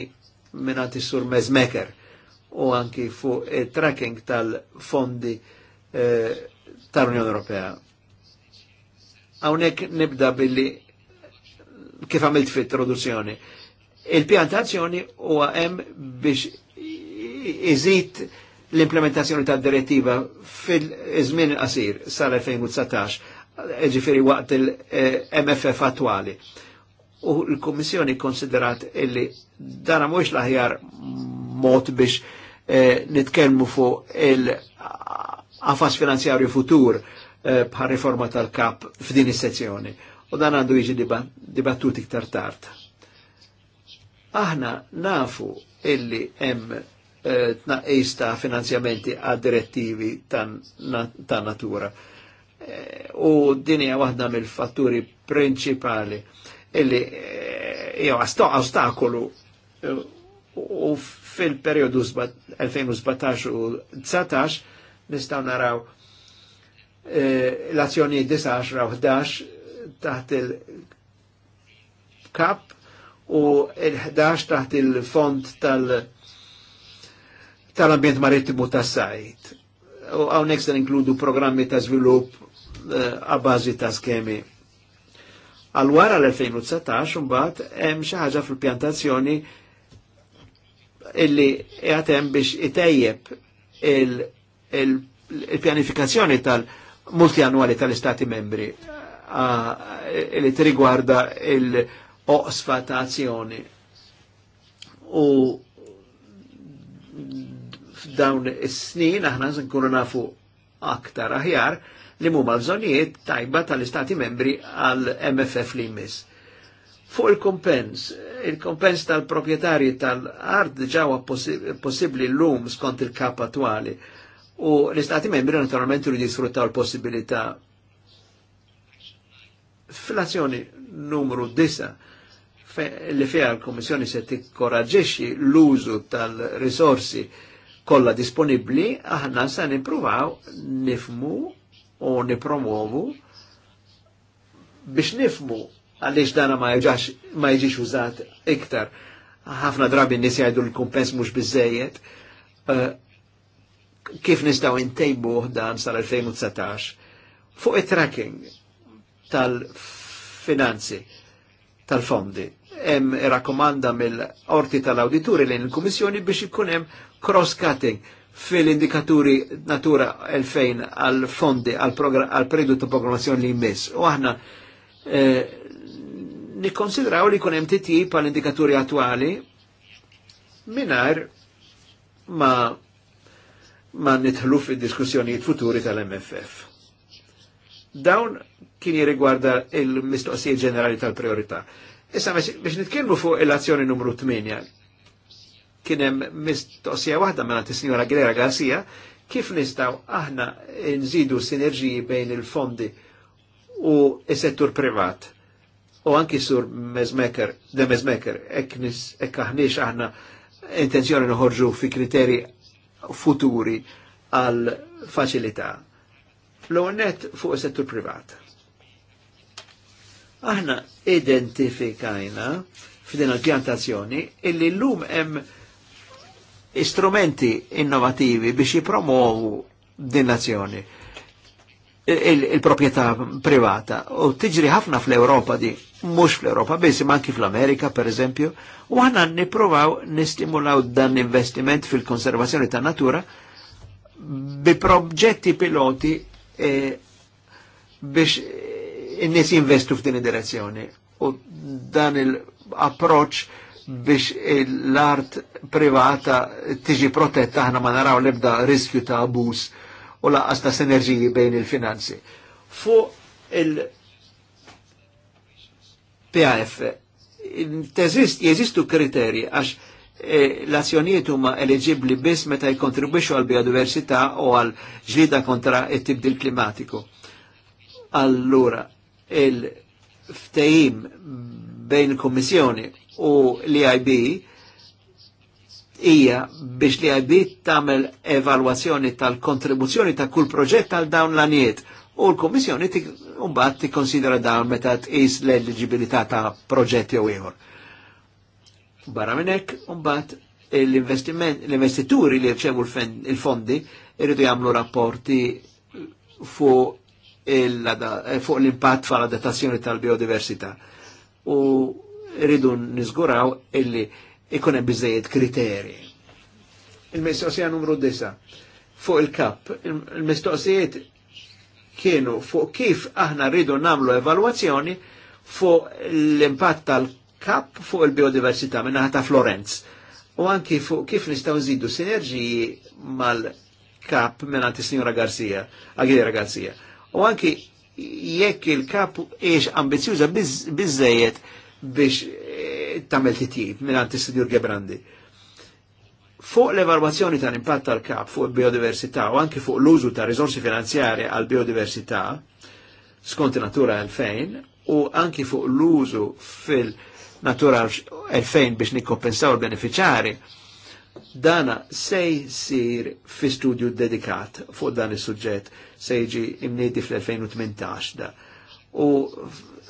minn sur mezmeker u anki fuq eh, tracking tal-fondi eh, tal-Unjoni Ewropea. Hawnhekk nibda billi kif għamilt fit traduzzjoni Il-pjantazzjoni huwa hemm biex iżid l-implementazzjoni tad direttiva fil-żmien qasir sal-2019 ġifiri waqt il-MFF attuali. U l-Kommissjoni konsiderat illi dana mux laħjar mot biex eh, nitkelmu fu il-qafas finanzjarju futur eh, bħal riforma tal-kap f'din is-sezzjoni. U dan għandu jiġi dibattut iktar tard. Aħna nafu illi hemm eh, tnaqqis ta' finanzjamenti għad direttivi tan, tan natura. Eh, u dinja wahda mill-fatturi principali illi eh, jew ostakolu eh, u fil-periodu 2017 u 19 nistaw naraw l-azzjoni 19 u 11 taħt il-kap u il-11 taħt il-font tal- tal-ambjent marittimu tas-sajt. U għaw għawnek se inkludu programmi ta' svilupp għabbażi ta' skemi. Għal wara l-2019 mbagħad hemm xi ħaġa fil-pjantazzjoni illi hemm biex itejjeb il-pjanifikazzjoni tal-multianwali tal-Istati membri li t-rigwarda il-oqsfa ta' azzjoni. U f'dawn is-snin aħna nkunu nafu aktar aħjar li huma bżonijiet tajba tal-Istati membri għal MFF li jmiss. Fuq il-kompens, il-kompens tal-propietari tal-art ġawa possibli l-lum skont il-kap attuali u l-Istati membri naturalment li jisfruttaw l-possibilità. Fl-azzjoni numru 9 fe, li fija l-Komissjoni se tikkoraġġi l-użu tal-risorsi kollha disponibbli, aħna sa nippruvaw nifmu u nipromovu biex nifmu għaliex dana ma jġiġ użat iktar. Ħafna drabi nis jgħidu l-kumpens mux bizzejiet. Eh, kif nistaw intejbu dan sal-2019 fuq it-tracking tal-finanzi tal-fondi. Hemm rakomanda mill-orti tal-awdituri lejn il-Kummissjoni biex ikun hemm cross-cutting fil-indikaturi Natura 2000 għal fondi għal periodu ta' programmazzjoni li jmiss. U aħna eh, nikkonsidraw li kunem titi għal indikaturi attuali minar ma ma nitħlu fi diskussjonijiet futuri tal-MFF. Dawn kien jirigwarda il-mistoqsijiet ġenerali tal-priorità. Issa biex nitkellmu fuq il-azzjoni numru 8, kienem mistoqsija wahda mela t-Sinjora Gilera Garcia, kif nistaw aħna nżidu sinerġiji bejn il-fondi u s-settur privat u anki sur mezmeker, de mezmeker, ek aħniex aħna intenzjoni nħorġu fi kriteri futuri għal faċilità. L-għonet fuq settur privat. Aħna identifikajna f'din il-pjantazzjoni illi l-lum hemm istrumenti innovativi biex jipromovu din l-azzjoni il-propieta privata u tiġri ħafna fl-Europa di, mux fl-Europa, biss ma anki fl-Amerika per eżempju, u għanna niprovaw nistimulaw dan investiment fil-konservazzjoni ta' natura bi proġetti piloti e, biex nis investu f'din id-direzzjoni. U dan il-approċ biex l-art privata tiġi protetta aħna ma naraw l-ebda riskju ta' abus u laqqas ta' sinerġiji bejn il-finanzi. Fuq il-PAF, jeżistu kriteri għax eh, l-azzjonijiet huma eleġibli biss meta jkontribwixxu għal biodiversità u għal ġlida kontra it-tibdil klimatiku. Allura, il-ftehim bejn il-Kommissjoni u l-IB ija biex li e ib tamel evalwazzjoni tal-kontribuzzjoni ta' kull proġett tal dawn l-aniet u l-Komissjoni mbagħad konsidera dawn meta tqis l-eligibilità ta' proġetti jew ieħor. Barra minnek, hekk l-investituri li rċevu il-fondi irridu jagħmlu rapporti fuq l-impatt fuq l-impatt adattazzjoni tal-biodiversità. U rridu nizguraw illi ikun hemm biżejjed kriterji. Il-mistoqsija numru 9 fuq il-kap, il-mistoqsijiet kienu fuq kif aħna rridu namlu evalwazzjoni fuq l-impatt tal-kap fuq il-biodiversità minnaħa ta' Florence U anki fuq kif nistaw nżidu sinerġiji mal-kap minnant is sinjura Garcia, Aguilera Garcia. U anki jekk il-kap iex ambizjuża bizzejet biz biex eh, tamel titjib minn għanti Sidur Gebrandi. Fuq l-evalwazzjoni tal-impatt tal-kap fuq il-biodiversità u anki fuq l-użu ta' risorsi finanzjarie għal biodiversità skont natura 2000 u anki fuq l-użu fil-natura 2000 biex nikkompensaw il-beneficjari, dana se sir fi studju dedikat fuq dan is-suġġett se imnedi fl-2018 da. U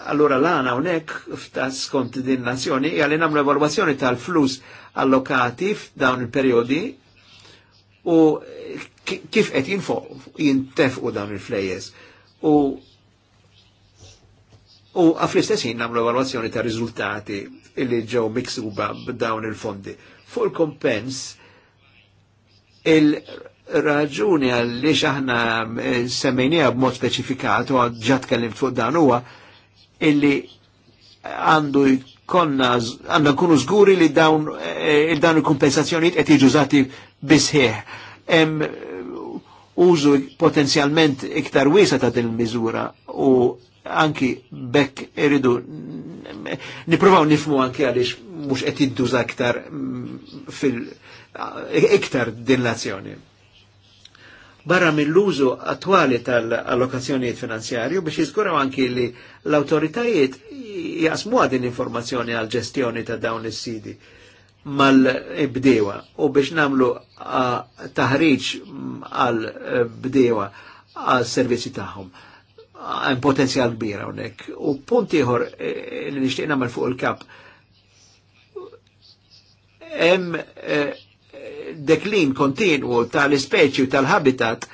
Allora l-għana unek f'tas kont din nazzjoni e għalli namlu evalwazzjoni tal-flus allokati f'dawn il-periodi u kif qed u dawn il-flejjes. U u għafl-istess jinn namlu evalwazzjoni ta' riżultati illi ġew miksuba b'dawn il-fondi. Fuq il-kompens il raġuni għalli xaħna semmejnija b'mod speċifikat u għadġat kellim fuq dan huwa illi għandu jkonna għandu nkunu żguri li dawn il-dawn eh, eh, il-kompensazzjonijiet qed jiġu bisħieħ. Hemm eh, użu potenzjalment iktar wiesa ta' din il-miżura u anki bekk iridu nipruvaw nifmu anki għaliex mhux qed jidduża iktar mm, fil iktar din l-azzjoni barra mill-użu attwali tal-allokazzjonijiet finanzjarju biex jiskuraw anki li l-autoritajiet jasmu din informazzjoni għal ġestjoni ta' dawn is-sidi mal-bdewa u biex namlu taħriġ mm, għal-bdewa eh, għal-servizzi tagħhom għan potenzjal kbir hawnhekk. U punt ieħor eh, li nixtieq nagħmel fuq il-kap hemm eh, deklin kontinwu tal-ispeċi u tal-habitat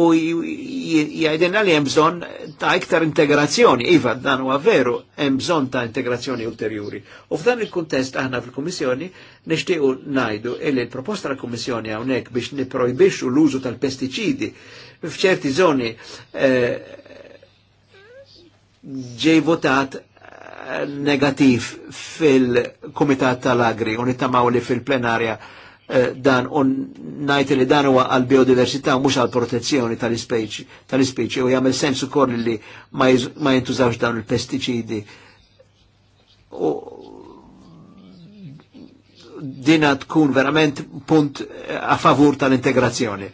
u jgħidinna li jemżon ta' iktar integrazzjoni, iva dan huwa veru, jemżon ta' integrazzjoni ulterjuri. U f'dan il kontest aħna fil-Kummissjoni nishtiqu najdu illi il proposta tal kummissjoni hawnhekk biex niprojbixxu l-użu tal-pestiċidi f'ċerti zoni eh, ġej votat eh, negativ fil-Kumitat tal-Agri u li fil-plenarja Eh, dan un najt li dan huwa għal biodiversità mhux għal protezzjoni tal-ispeċi tal-ispeċi u jagħmel sens ukoll li ma jintużawx dawn il-pestiċidi. Dina tkun verament punt eh, a favur tal-integrazzjoni.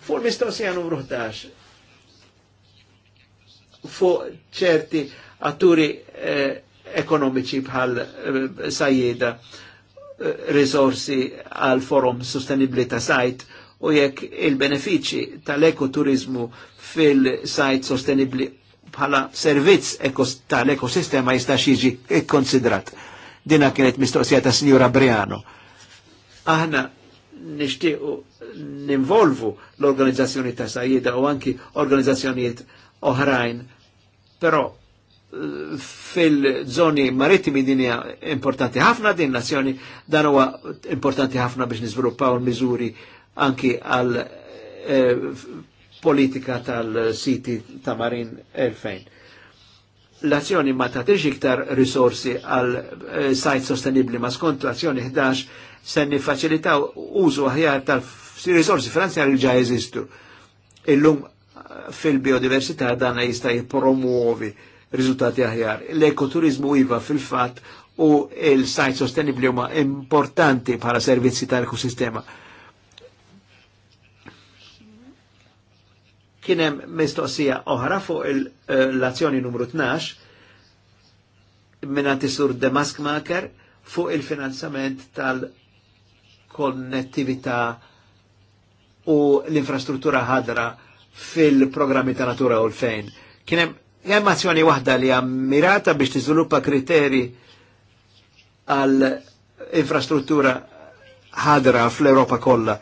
Fu l mistoqsija numru 11 fu ċerti atturi eh, ekonomiċi bħal eh, sajjeda Eh, risorsi għal forum sostenibli ta' sajt u jekk il-benefiċi tal-ekoturizmu fil-sajt sostenibli bħala servizz tal-ekosistema jistax jiġi konsidrat. Dina kienet mistoqsija ta' Signora Briano. Aħna nishtiqu ninvolvu l-organizzazzjoni ta' sajida u anki organizzazzjonijiet oħrajn, pero fil-żoni marittimi din hija importanti ħafna din nazzjoni dan huwa importanti ħafna biex niżviluppaw il-miżuri anki għal eh, politika tal-siti ta' Marin 2000. L-azzjoni ma tagħtix iktar risorsi għal eh, sajt sostenibli ma skont l-azzjoni 11 se nifaċilitaw użu aħjar tal-risorsi finanzjari li ġa jeżistu. Illum eh, fil-biodiversità dan jista' jippromuovi riżultati aħjar. L-ekoturizmu iva fil-fat u il-sajt sostenibli huma importanti bħala servizzi tal-ekosistema. Kienem mistoqsija oħra fuq l-azzjoni numru 12 minnati The Mask Maker fuq il-finanzament tal-konnettività u l-infrastruttura ħadra fil-programmi ta' natura u l-fejn. Kienem Hemm azzjoni waħda li ammirata biex tiżviluppa kriteri għal infrastruttura ħadra fl-Europa kollha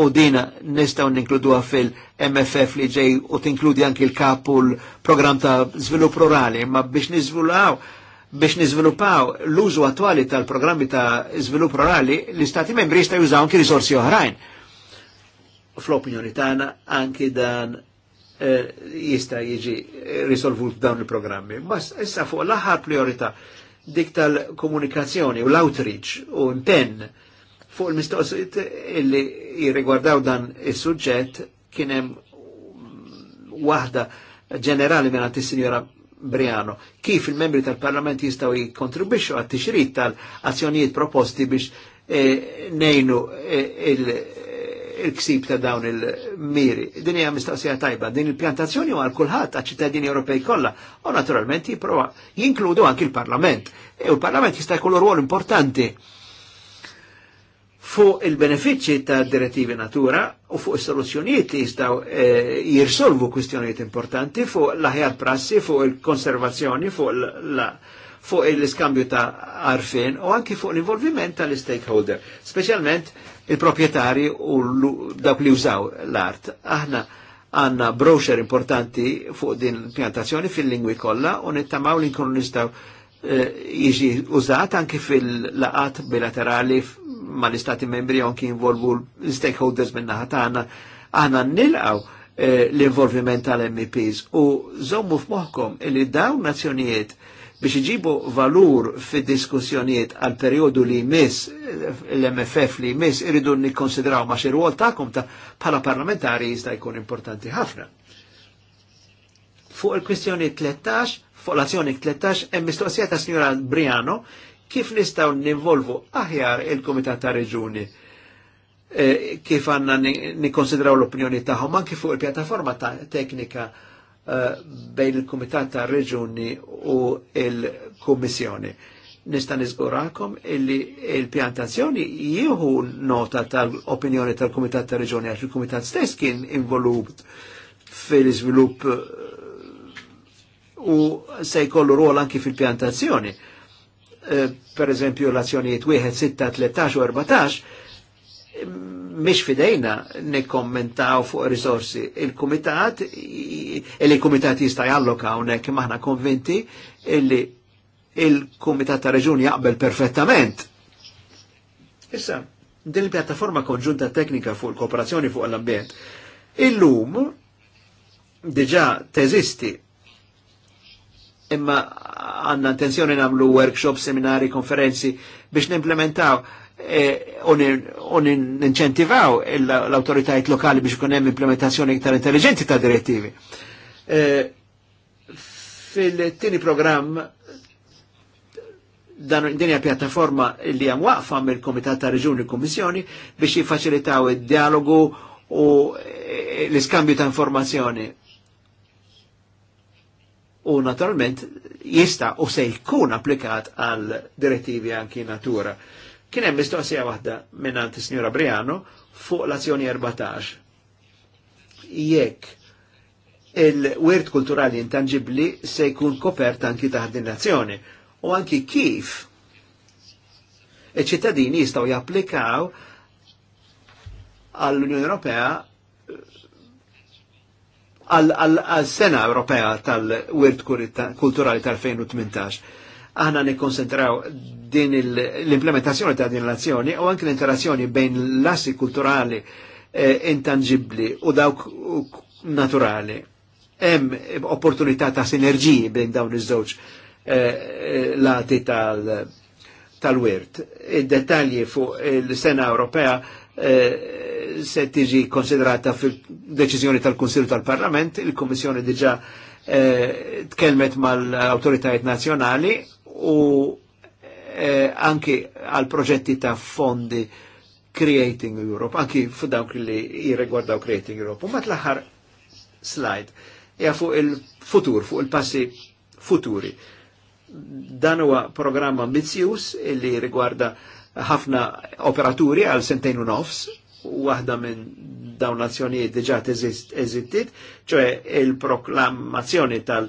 u dina nistgħu ninkluduha fil-MFF li ġej u tinkludi anki l-kapu l-program ta' Zvilupp rurali, ma biex nizvulaw biex nizviluppaw l-użu attuali tal-programmi ta' zvilup rurali, l-istati membri jista' jużaw anki risorsi oħrajn. Fl-opinjoni tagħna anki dan Eh, jista jiġi risolvut dawn il-programmi. Mas issa fuq l-aħħar priorità dik tal-komunikazzjoni u l-outreach u n-ten fuq il mistoqsit illi jirrigwardaw dan is-suġġett kien hemm waħda ġenerali minn is-Sinjora Briano, kif il-membri tal-Parlament jistaw jikontribisġu għat-tixrid tal-azzjonijiet proposti biex eh, nejnu eh, il- il-ksib ta' dawn il-miri. Din hija mistaqsija tajba, din il-pjantazzjoni għal kulħadd għal ċittadini Ewropej kollha, u naturalment jipprova jinkludu anki l-Parlament. E l parlament jista' jkollu rwol importanti fuq il-benefiċċji ta' direttivi natura u fuq is-soluzzjonijiet li jistgħu e, jirsolvu kwistjonijiet importanti fuq l-aħjar prassi, fuq il-konservazzjoni, fuq la fuq l-iskambju ta' arfin u anki fuq l-involviment tal-stakeholder, specialment il-propietari u dawk li użaw l-art. Aħna għanna brochure importanti fuq din l-pjantazzjoni fil-lingwi kollha u nittamaw li nkunu nistgħu eh, jiġi użat anki fil-laqat bilaterali ma l-istati membri anki involvu l-stakeholders minna ħatana aħna nilqaw eh, l-involviment tal-MEPs u zommu f'moħkom li dawn nazzjonijiet biex iġibu valur fid diskussjonijiet għal periodu li jmiss l-MFF li jmiss irridu nikkonsidraw ma xir rwol tagħkom ta' bħala parlamentari jista' jkun importanti ħafna. Fuq il-kwistjoni 13, fuq l-azzjoni 13, hemm mistoqsija ta' Signora Briano kif nistgħu ninvolvu aħjar il-Kumitat ta' Reġuni eh, kif għanna nikonsidraw l-opinjoni tagħhom anki fuq il-pjattaforma teknika Eh, bejn il-Kumitat ta' Reġuni u il-Kummissjoni. Nista' niżgurakom illi il-pjantazzjoni jieħu nota tal-opinjoni tal-Kumitat ta' Reġuni għax il-Kumitat stess kien involut fil-iżvilupp eh, u se jkollu ruol anki fil-pjantazzjoni. Eh, per eżempju, l-azzjonijiet 1, 6, 13 u 14 mish fidejna nekkommentaw fuq risorsi. Il-komitat, il-komitat jista jalloka unek maħna konvinti illi il-komitat ta' reġuni jaqbel perfettament. Issa, din il-pjattaforma konġunta teknika fuq il-kooperazzjoni fuq l-ambjent. Il-lum diġa teżisti imma għanna intenzjoni namlu workshop, seminari, konferenzi biex nimplementaw Eh, un-incentivaw l autoritajt lokali biex kunem hemm implementazzjoni iktar intelligenti ta' direttivi. Eh, fil-tini programm dan dinja pjattaforma li hemm waqfa mill-Komitat ta' Reġuni Kummissjoni biex jiffaċilitaw id-dialogu u eh, l-iskambju ta' informazzjoni. U naturalment jista' u se jkun applikat għal direttivi anki natura. Kien hemm mistoqsija waħda minnant is-Sinjura Briano fuq l-azzjoni 14. Jekk il-wirt kulturali intangibli se jkun kopert anki taħt din l-azzjoni u anki kif iċ-ċittadini jistgħu japplikaw għall-Unjoni Ewropea għal-sena Ewropea tal-wirt kulturali tal-2018 aħna nikkonsentraw din l-implementazzjoni ta' din l-azzjoni u anke l-interazzjoni bejn l-assi kulturali eh, intangibli u dawk naturali. Hemm opportunità ta' sinerġiji bejn dawn iż-żewġ eh, lati tal- tal-wirt. Id-detalji fuq il-sena Ewropea eh, se tiġi konsiderata fil-deċiżjoni tal-Kunsil tal-Parlament, il-Kommissjoni diġa eh, tkelmet mal-autoritajiet nazjonali u eh, anki għal proġetti ta' fondi Creating Europe, anki f'dawk li jirregwardaw Creating Europe. U mat l-aħħar slide, ja fuq il-futur, fuq il-passi futuri. Dan huwa programm ambizzjuż li rigwarda ħafna operaturi għal sentejn u nofs, waħda minn dawn azzjonijiet diġà eżittit, ċoe il-proklamazzjoni tal-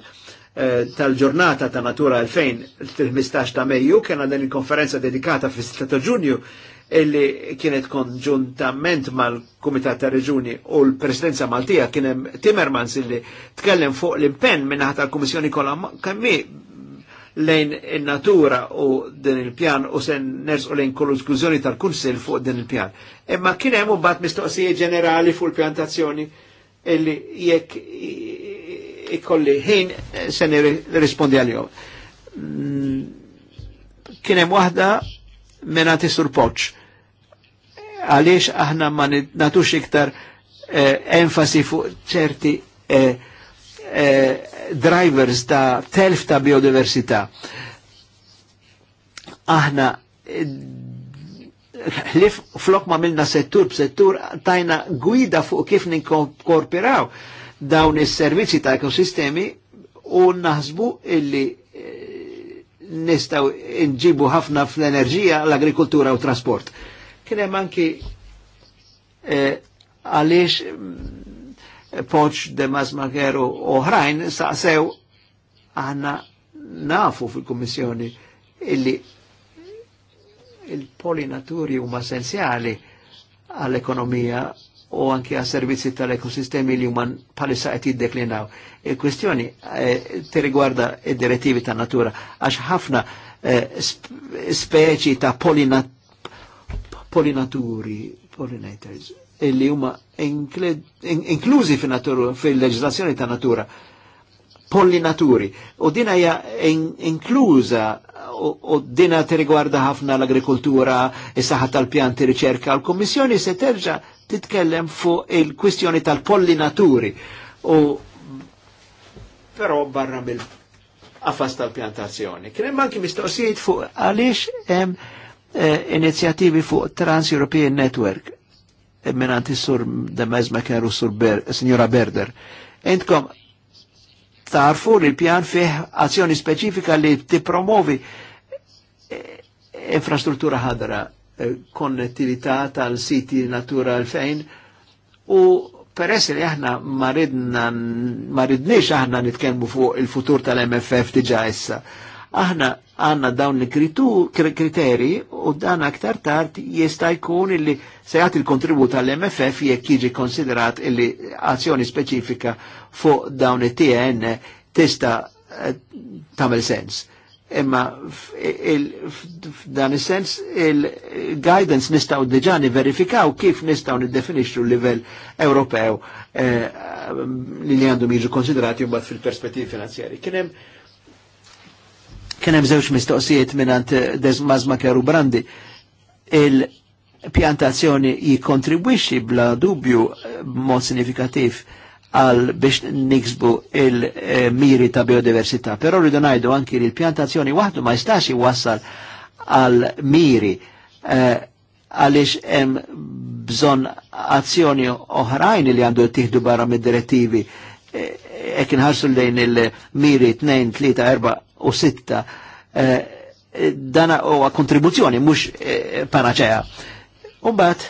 Eh, tal-ġurnata ta' natura 2015 ta' Mejju kena din il-konferenza dedikata fis 3 ġunju illi kienet konġuntament mal-Kumitat ta' Reġuni u l-Presidenza Maltija kienem Timmermans illi tkellem fuq l-impenn minnaħat tal-Kummissjoni kollha kammi lejn in-natura u din il-pjan u sen ners u lejn kollu diskużjoni tal-Kunsil fuq din il-pjan. Imma kien hemm mbagħad mistoqsijiet ġenerali fuq il-pjantazzjoni illi jekk ikolli ħin eh, se nirrispondi għal-jom. Mm, kienem wahda menati poċ. Għalix aħna ma natux iktar eh, enfasi fuq ċerti eh, drivers ta' telf ta' biodiversità. Aħna flok ma milna settur b'settur tajna gwida fuq kif ninkorporaw dawn is-servizzi ta' ekosistemi u naħsbu illi eh, nistaw nġibu ħafna fl-enerġija, l agrikultura u trasport. Kienem anki eh, għaliex mm, poċ de mazmakeru oħrajn saqsew għanna nafu fil-Kommissjoni illi il-polinaturi huma essenzjali għall-ekonomija u anki għas servizzi tal-ekosistemi li juman palissa qed jiddeklinaw. Il-kwestjoni e, eh, riguarda id-direttivi ta' natura għax ħafna e, speċi ta' polina, polinaturi, pollinators, li juma inklużi fil-leġislazzjoni ta' natura pollinaturi. U din hija inkluża u dina ti riguarda ħafna l agrikultura is-saħħa tal-pjanti riċerka. L-Kommissjoni se terġa' titkellem fuq il-kwistjoni tal-pollinaturi u però barra mill affas tal-pjantazzjoni. Kien hemm anki mistoqsijiet fuq għaliex hemm eh, inizjattivi fuq Trans-European Network eh, minnant is-sur Demezma Keru sur Ber, Signora Berder. Entkom tarfu li pjan fih azzjoni speċifika li ti promovi infrastruttura ħadra, eh, konnettività tal-siti natura l-fejn u peress li aħna maridna maridniex aħna nitkelmu fuq il-futur tal-MFF diġa issa. Aħna għanna dawn il-kriteri u dan aktar tard jista' jkun illi se jagħti l-kontribut tal-MFF jekk jiġi konsiderat illi azzjoni speċifika fuq dawn it-TN tista' eh, tagħmel sens imma f'dan is-sens il-guidance nistgħu diġà verifikaw kif nistgħu niddefinixxu l-livell Ewropew eh, li li għandhom jiġu konsiderati mbagħad fil-perspettivi finanzjari. Kien hemm kien żewġ mistoqsijiet mingħand eh, Desmazma Keru Brandi il-pjantazzjoni jikkontribwixxi bla dubju eh, mod sinifikattiv għal biex niksbu il-miri ta' biodiversità. Però rridu najdu anki li l-pjantazzjoni waħdu ma jistax wassal għal miri eh, għaliex hemm bżonn azzjoni oħrajn li għandu tiħdu barra mid-direttivi jekk eh, inħarsu lejn il-miri 2, 3, 4 u 6 eh, dana huwa kontribuzzjoni mhux eh, panaċea. Umbat,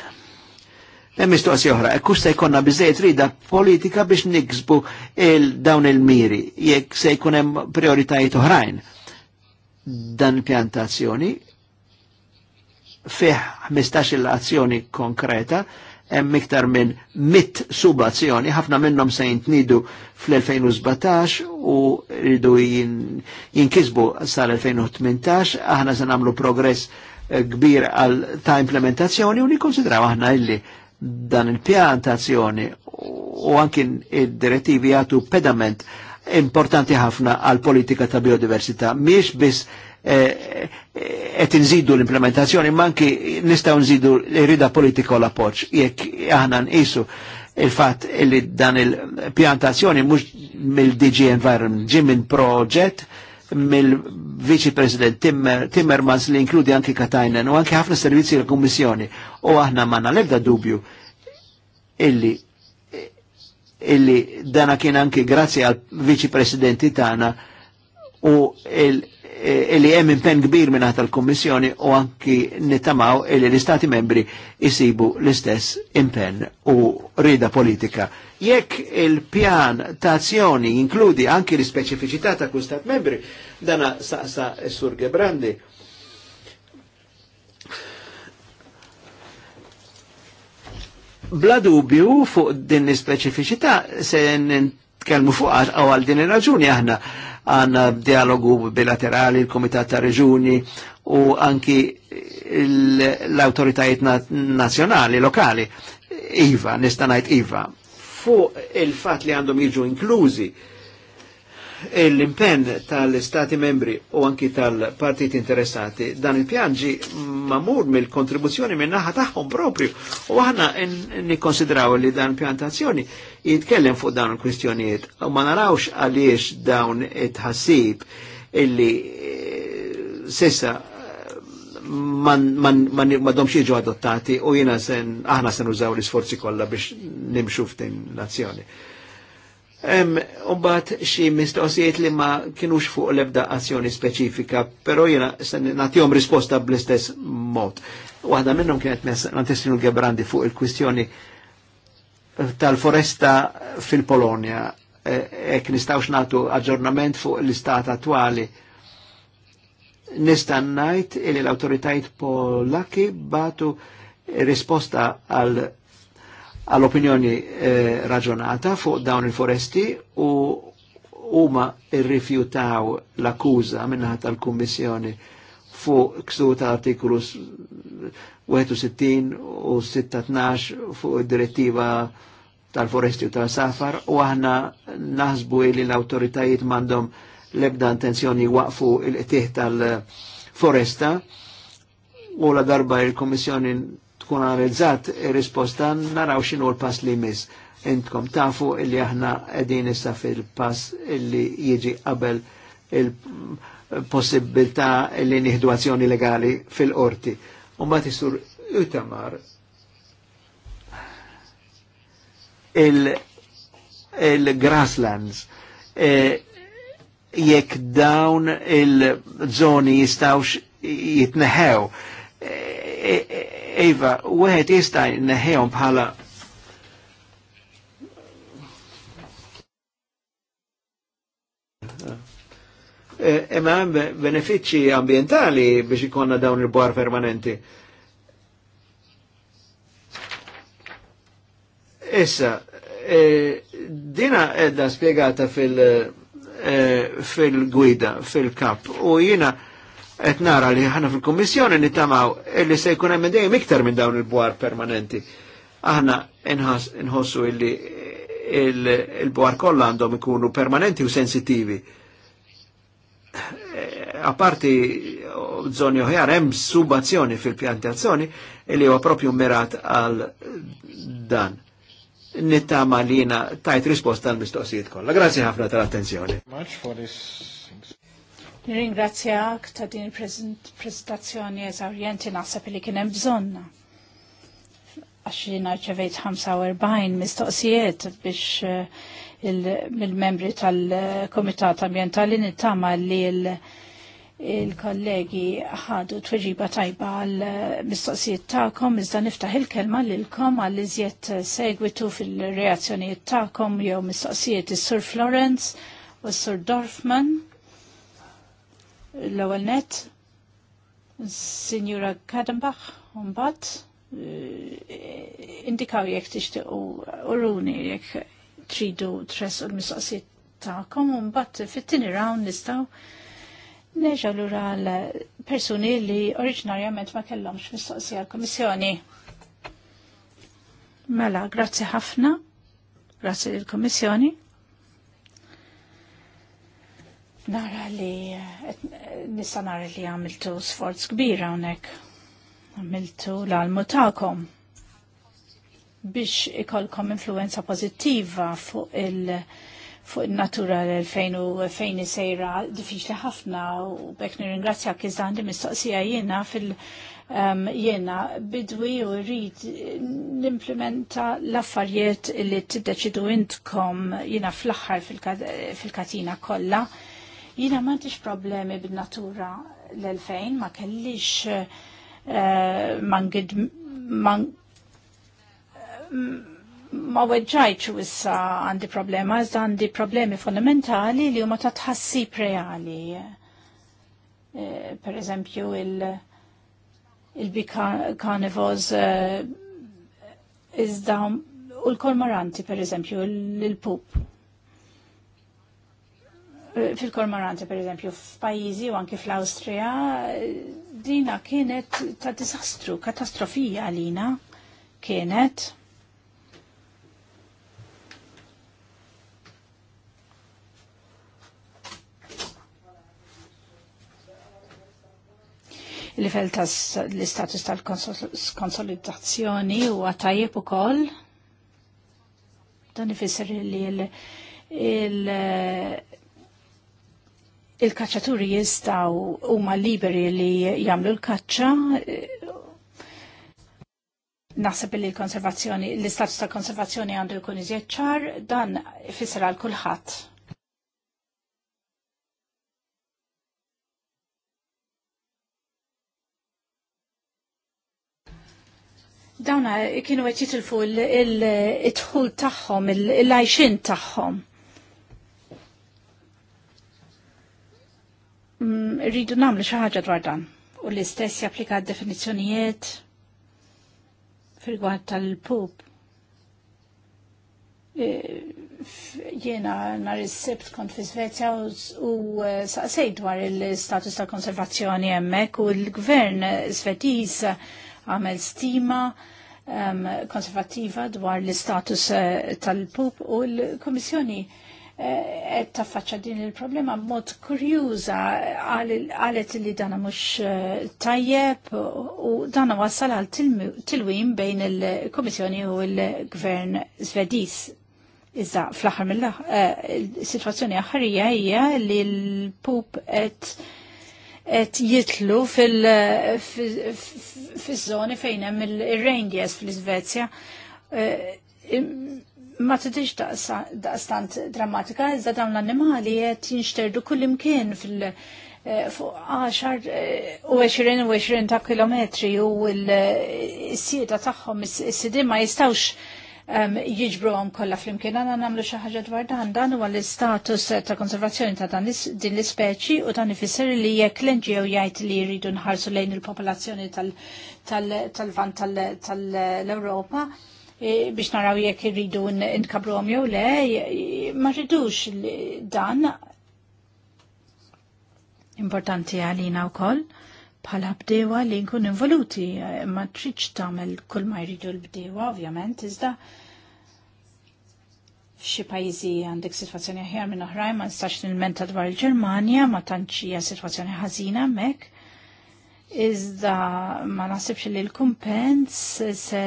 Hemm mistoqsija oħra, hekk se jkollna biżejjed rida politika biex niksbu il dawn il-miri jekk se jkun hemm prioritajiet oħrajn. Dan pjantazzjoni fih 15-il azzjoni konkreta hemm iktar minn mit subazzjoni, ħafna minnhom se jintnidu fl-2017 u rridu jinkisbu sal-2018, aħna se nagħmlu progress eh, kbir għal ta' implementazzjoni u nikkonsidraw aħna illi dan il-pjan ta' azzjoni u anki id-direttivi għatu pedament importanti ħafna għal politika ta' biodiversità. Miex biss qed eh, inżidu eh, l-implementazzjoni, ma anki nistgħu nżidu l-irida politika u l-appoġġ jekk aħna nqisu il-fatt li dan il-pjantazzjoni mhux mill-DG Environment ġi minn proġett mill-Viċi President Timmer, Timmermans li inkludi anki Katajnen u anki ħafna servizzi l kummissjoni u aħna manna lebda dubju illi illi dana kien anki grazzi għal viċi presidenti tana u il li hemm impenn kbir minn tal-Kummissjoni u anki nittamaw li l-Istati membri isibu l-istess impenn u rida politika. Jekk il-pjan ta' azzjoni inkludi anki l-speċifiċità ta' kull Stat membri, dana saqsa s-Sur Gebrandi, bla dubju fuq din l-speċifiċità se nitkellmu fuq għal din ir-raġuni aħna għanna dialogu bilaterali, il-Komitat ta' Reġuni u anki l-autoritajiet nazjonali, lokali. Iva, nistanajt Iva. Fuq il-fat li għandhom jiġu inklużi l-impenn tal-Stati membri u anki tal-partit interessati, dan il-pjanġi mamur mill-kontribuzzjoni minnaħa taħħom propju. U għana nikonsidraw li dan pjantazzjoni jitkellem fuq dawn il-kwistjonijiet. U ma narawx għaliex dawn it-ħassib illi eh, sissa ma domx jiġu adottati u jina sen, aħna sen użaw l-isforzi kollha biex nimxu f'din l-azzjoni. Umbat xi mistoqsijiet li ma kienux fuq l-ebda azzjoni speċifika, però jina sen natjom risposta bl-istess mod. Waħda minnhom kienet nantestinu l-gebrandi fuq il-kwistjoni tal-foresta fil polonia e, Ek nistawx natu aġġornament fuq l-istat attuali. Nista' ngħid il l autoritajt Polaki batu risposta għal għall-opinjoni eh, raġonata fuq dawn il-foresti u huma irrifjutaw l-akkuża minnaħat tal-Kummissjoni fuq ksu tal-artiklu 61 u 612 fuq id-direttiva tal-foresti u tal-safar u aħna naħsbu li l-autoritajiet mandom lebda intenzjoni waqfu il-qtih tal-foresta u la darba il-Komissjoni tkun analizzat il-risposta naraw xinu l-pass li mis. Intkom tafu li aħna edin issa fil-pass li jiġi qabel il-possibilità li nihdu azzjoni legali fil-qorti u ma tisur utamar il-grasslands il e, jekk dawn il-żoni jistawx jitneħew. Iva, e, u e, għed jista jitneħewm bħala Eh, imma e, ambientali biex ikonna dawn il-bar permanenti. Issa, eh, dina edda spiegata fil- eh, fil-gwida, fil-kap. U jina et nara li ħana fil-Kummissjoni nitamaw illi se jkun hemm dejjem iktar minn dawn il-bwar permanenti. Aħna nħossu illi il-bwar kollha għandhom ikunu permanenti u sensitivi. Eh, a zoni oħjar hemm subazzjoni fil-pjantazzjoni li huwa propju mirat għal dan. Nittama li jina tajt risposta għal mistoqsijiet kollha. Grazzi ħafna tal-attenzjoni. Nirringrazzjak ta' din il-prezentazzjoni eżawrjenti naħseb li kien hemm bżonna. Għax jina ċevejt 45 mistoqsijiet biex eh, mill-membri tal-Komitat Ambientali nittama li l- il-kollegi ħadu tweġiba tajba għal mistoqsijiet ta'kom, iżda niftaħ il-kelma lilkom għal iżjed segwitu fil-reazzjonijiet ta'kom jew mistoqsijiet is-Sur Florence u s-Sur Dorfman. L-ewwel net, Sinjura Kadenbach, mbagħad eh, indikaw jekk tixtiequ runi jekk tridu tressu l-mistoqsijiet tagħkom u mbagħad fit-tieni round nistgħu neġa' lura l-persuni li oriġinarjament ma kellhomx mistoqsija l komissjoni Mela, grazzi ħafna. Grazzi l komissjoni Nara li, nista nara li għamiltu sforz kbira unek. Għamiltu l-almu ta'kom biex ikolkom influenza pozittiva fuq il- fuq il-natura l-2000 u fejn sejra diffiċli ħafna u bekk nirringrazzjak iżda għandi mistoqsija jiena fil- um, jiena bidwi u rrid l-implementa l-affarijiet li tiddeċidu intkom jiena fl-aħħar fil-katina kollha. Jiena m'għandix problemi bin-natura l-2000 ma kellix uh, man ma weġġajċ issa għandi problema, iżda għandi problemi fondamentali li huma ta' tħassib reali. Eh, per eżempju, il-bikarnivors eh, iżda u l-kormoranti, per eżempju, il-pup. Eh, fil-kormoranti, per eżempju, f'pajjiżi u anki fl-Awstrija, dina kienet ta' disastru, katastrofija għalina kienet il-livell l istatus tal-konsolidazzjoni u għatajib u koll. Dan ifisser li il-kacċaturi il, jistaw u ma liberi li jamlu l-kacċa Naħseb li l-konservazzjoni, l-istatus tal konservazzjoni għandu jkun iżjed ċar, dan ifisser għal kulħadd Dawna kienu għet jitilfu il-tħul taħħom, il-lajxin taħħom. Mm, rridu namlu xaħġa dwar dan. U l-istess japplika definizjonijiet fil-gwad tal-pub. E, Jena nar is-sebt kont fi Svezja u e, saqsej dwar il-status tal-konservazzjoni hemmhekk u l-gvern Svediż għamel stima um, konservativa dwar l-istatus uh, eh, tal-pup u l-Komissjoni eh, qed uh, taffaċċa din il-problema b'mod kurjuża qalet li dana mhux eh, tajjeb u dana wassal għal tilwim bejn il-Komissjoni u l-Gvern Svediż. Iżda fl-aħħar mill-aħħar, uh, il-sitwazzjoni aħħarija hija li l-pup qed qed jitlu fil-żoni fejn hemm ir fil fl-Iżvezja. Eh, ma tidix daqstant drammatika, iżda dawn l-annimali qed jinxterdu kullimkien fil- eh, fuq 10 eh, u 20 u 20 ta' kilometri u l-sieda tagħhom is sidi ma jistawx għom kollha flimkien għana nagħmlu xi ħaġa dwar dan dan huwa l-istatus ta' konservazzjoni ta' dan din l speċi u dan ifisser li jekk l-NGO jgħid li jridu nħarsu lejn il-popolazzjoni tal-van tal-Ewropa e, biex naraw jekk irridu għom jew le, e, ma rridux dan importanti għalina wkoll bħala bdewa li nkun involuti, eh, ma triċ tamel kull ma jridu l-bdewa, ovvjament, iżda f'xi pajjiżi għandek sitwazzjoni ħjar minn oħrajn ma nistax nil-menta dwar il-Ġermanja, ma tantx hija sitwazzjoni ħażina hemmhekk. Iżda ma naħsibx li l-kumpens se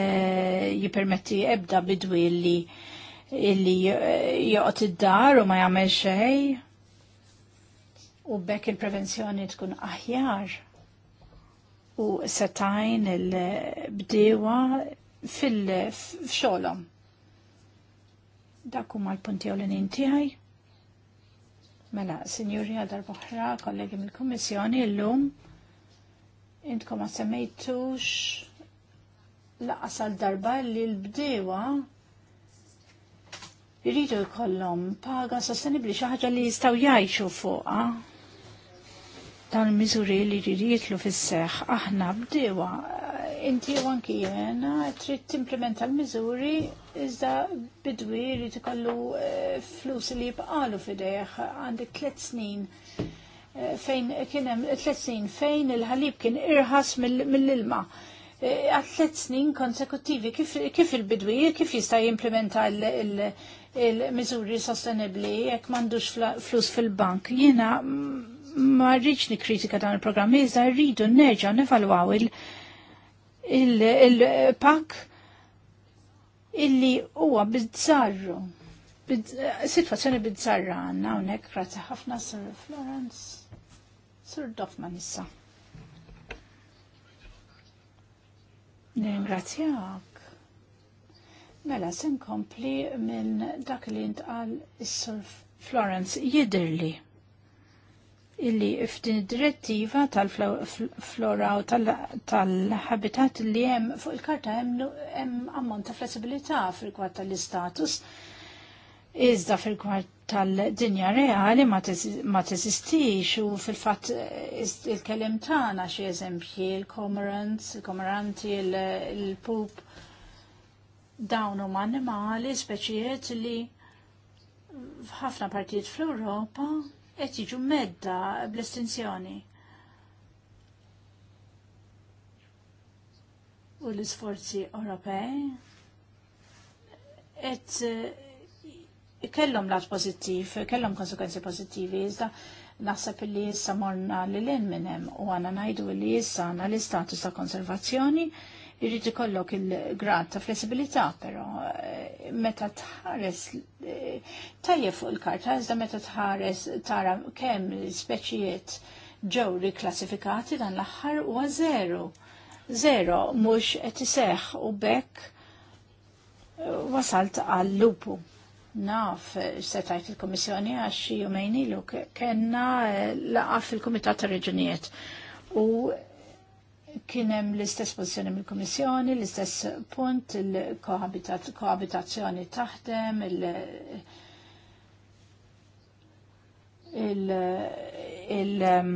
jipermetti ebda bidwi li illi joqgħod id-dar u ma jagħmel xejn u bekk il-prevenzjoni tkun aħjar u setajn il-bdewa fil-xolom. Dak huma l-punti u l-nin tiegħi. Mela, signori għadar boħra, kollegi mill-Kummissjoni, l-lum intkom ma semmejtux laqas darba li l-bdewa jridu jkollhom paga sostenibbli xi ħaġa li jistgħu jgħixu fuqha dawn il-miżuri li jridu jitlu fis seħħ aħna bdewa inti u anki jena trid timplementa l-miżuri iżda bidwi li tikollu eh, flus li jibqalu f'idejh għandek tliet snin eh, fejn kien hemm tliet snin fejn il-ħalib kien irħas mill-ilma. Eh, għal tliet snin konsekuttivi kif il-bidwi kif jista' jimplementa l-miżuri sostenibbli jekk m'għandux flus fil-bank. Jiena mm, ma rridx nikkritika dan il-programm, iżda rridu nerġa' nevalwaw il-pak illi huwa bizzarru. Situazzjoni bizzarra għanna unek, grazzi ħafna Sir Florence, Sir Doffman issa. Ningrazzjak. Mela, sen kompli minn dak li intqal is-Sir Florence jidirli illi f'din id-direttiva tal-flora u tal-habitat li hemm fuq il-karta hemm ammont ta' flessibilità fil-kwad tal-istatus. Iżda fil-kwad tal-dinja reali ma teżistix u fil-fatt il-kelem tagħna xi eżempji il comorants il comoranti il-pup dawn huma annimali speċijiet li f'ħafna partijiet fl-Ewropa qed jiġu medda bl-estinzjoni. U l-isforzi Ewropej qed eh, kellhom lat pożittiv, kellhom konsekwenzi pożittivi, iżda naħseb li issa morna li l-in minnem u għana najdu li issa għana l-istatus ta' konservazzjoni Irrid ikollok il-grad ta' flessibilità, però eh, meta tħares eh, tajjeb fuq il-karta, iżda meta tħares tara kemm speċijiet ġew riklassifikati dan l-aħħar huwa zero. Zero mhux qed iseħħ u bekk eh, wasalt għal-lupu naf setajt il-Komissjoni għax jumejn ilu kena laqaf fil-Komitat ta' Reġunijiet. U kienem l-istess pozizjoni mill-Komissjoni, l-istess punt, il-koabitazzjoni taħdem, um,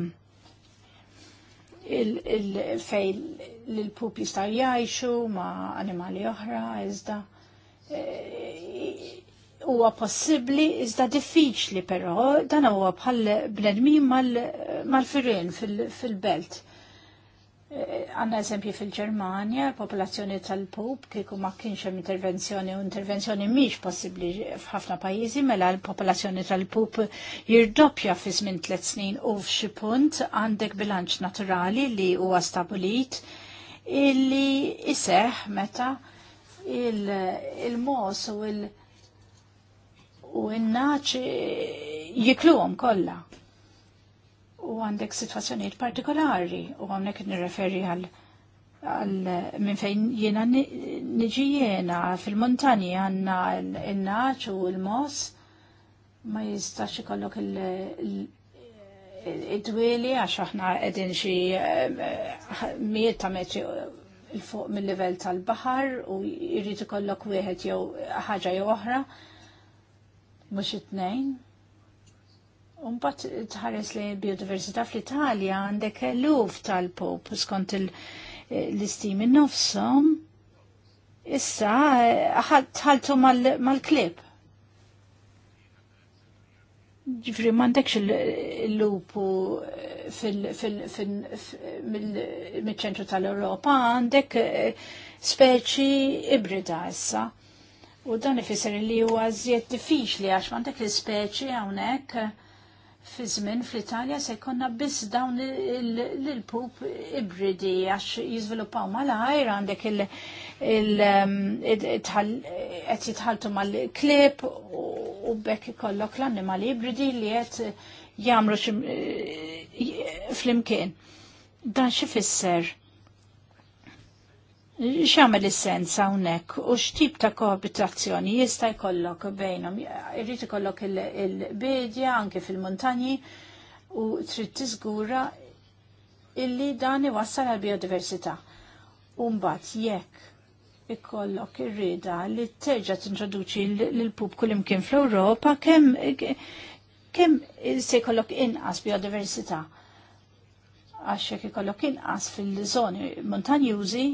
il- fej l-pup jistaw jajxu ma animali oħra, iżda eh, huwa possibbli iżda diffiċli però dan huwa bħal bnedmin mal-firin fil-belt għanna eżempju fil ġermania popolazzjoni tal pup kieku ma kienx hemm intervenzjoni u intervenzjoni mhix possibbli f'ħafna pajjiżi, mela l-popolazzjoni tal pup jirdoppja fi żmien tliet snin u f'xi punt għandek bilanċ naturali li huwa stabilit illi iseħ meta il-mos il u il- naċ jikluhom kollha u għandek situazzjoniet partikolari u għamnek nirreferi għal għal minn fejn jena niġi jena fil-montani għanna il-naċ u il-mos ma jistax ikollok il-dwili għax aħna għedin xi eh, miet ta' metri il-fuq mill-level tal-bahar u jrid ikollok wieħed jew ħaġa jew oħra mhux it-tnejn Umbat tħares li biodiversità fl-Italja għandek eluf tal-pop skont l-istimi nofsom. Issa, tħaltu mal-klib. Ġifri, mandekx l lupu fil ċentru tal-Europa, għandek eh, speċi ibrida issa. U dan ifisser li huwa żjed diffiċli għax mandek l-speċi hawnhekk fi żmien fl-Italja se jkollna biss dawn l pup ibridi għax jiżviluppaw malajr għandek il- um, qed jitħaltu mal-klib u bekk ikollok l-annimali ibridi li qed jagħmlu flimkien. Dan xi fisser? xamel is-sens hawnhekk u x'tip ta' koabitazzjoni jista' jkollok bejnhom. Irrid ikollok il-bidja anke fil-muntanji u trid tiżgura illi dan iwassal għal biodiversità. U mbagħad jekk ikollok ir-rieda li terġa' tintroduċi lill-pub kulimkien fl-Ewropa kemm se jkollok inqas biodiversità għax jekk ikollok inqas fil-żoni montanjużi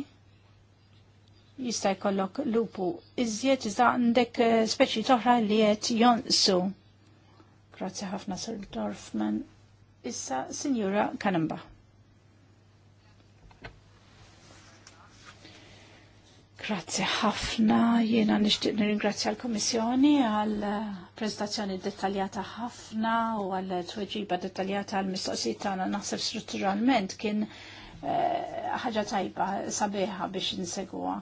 jista' jkollok lupu iżjed iżda għandek eh, speċi toħra li qed jonqsu. Grazzi ħafna Sir Dorfman. Issa Sinjura Kanemba. Grazzi ħafna, jiena nixtieq nirringrazzja l-Komissjoni għal eh, prezentazzjoni dettaljata ħafna u għal tweġiba dettaljata għal mistoqsijiet tagħna naħseb strutturalment kien eh, ħaġa tajba sabiħa biex nsegwa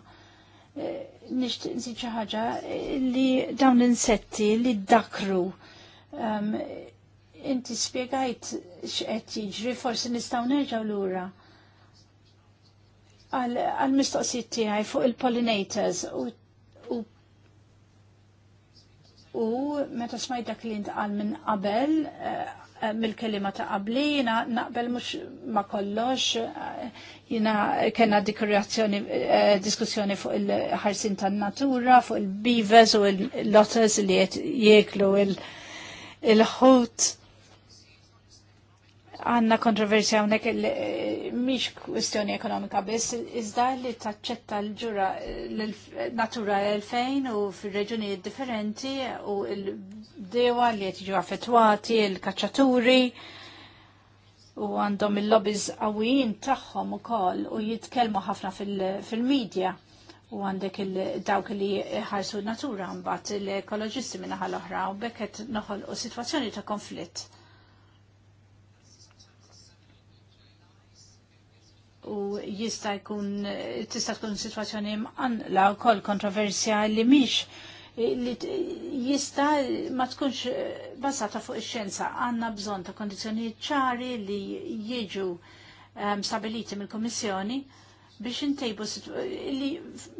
Eh, nixtieq nżid ħaġa eh, li dawn l-insetti li ddakru ehm, inti spiegajt x'qed jiġri forsi nistgħu nerġgħu lura għal mistoqsijiet tiegħi fuq il-pollinators u u meta smajt dak li intqal minn qabel eh, mill-kelima ta' qabli jina naqbel mux ma kollox jina kena dikurazzjoni eh, diskussjoni fuq il-ħarsin tan natura fuq il-bives u il-lotters li jieklu il-ħut għanna kontroversja għonek eh, miex kwestjoni ekonomika biss, iżda li taċċetta l-ġura natura l 2000 u fil-reġuni differenti u l-dewa li jtiġu affettwati, l kacċaturi u għandhom il-lobbies għawijin taħħom u koll u jitkelmu ħafna fil-medja u għandek il-dawk li ħarsu natura mbagħad l-ekoloġisti minna l oħra u bekket noħol u situazzjoni ta' konflitt u jista' jkun tista' tkun sitwazzjoni mqanla wkoll kontroversja li mhix li jista ma tkunx basata fuq ix-xjenza għandna bżonn ta' kondizzjonijiet ċari li jiġu um, stabiliti mill-Kummissjoni biex intejbu li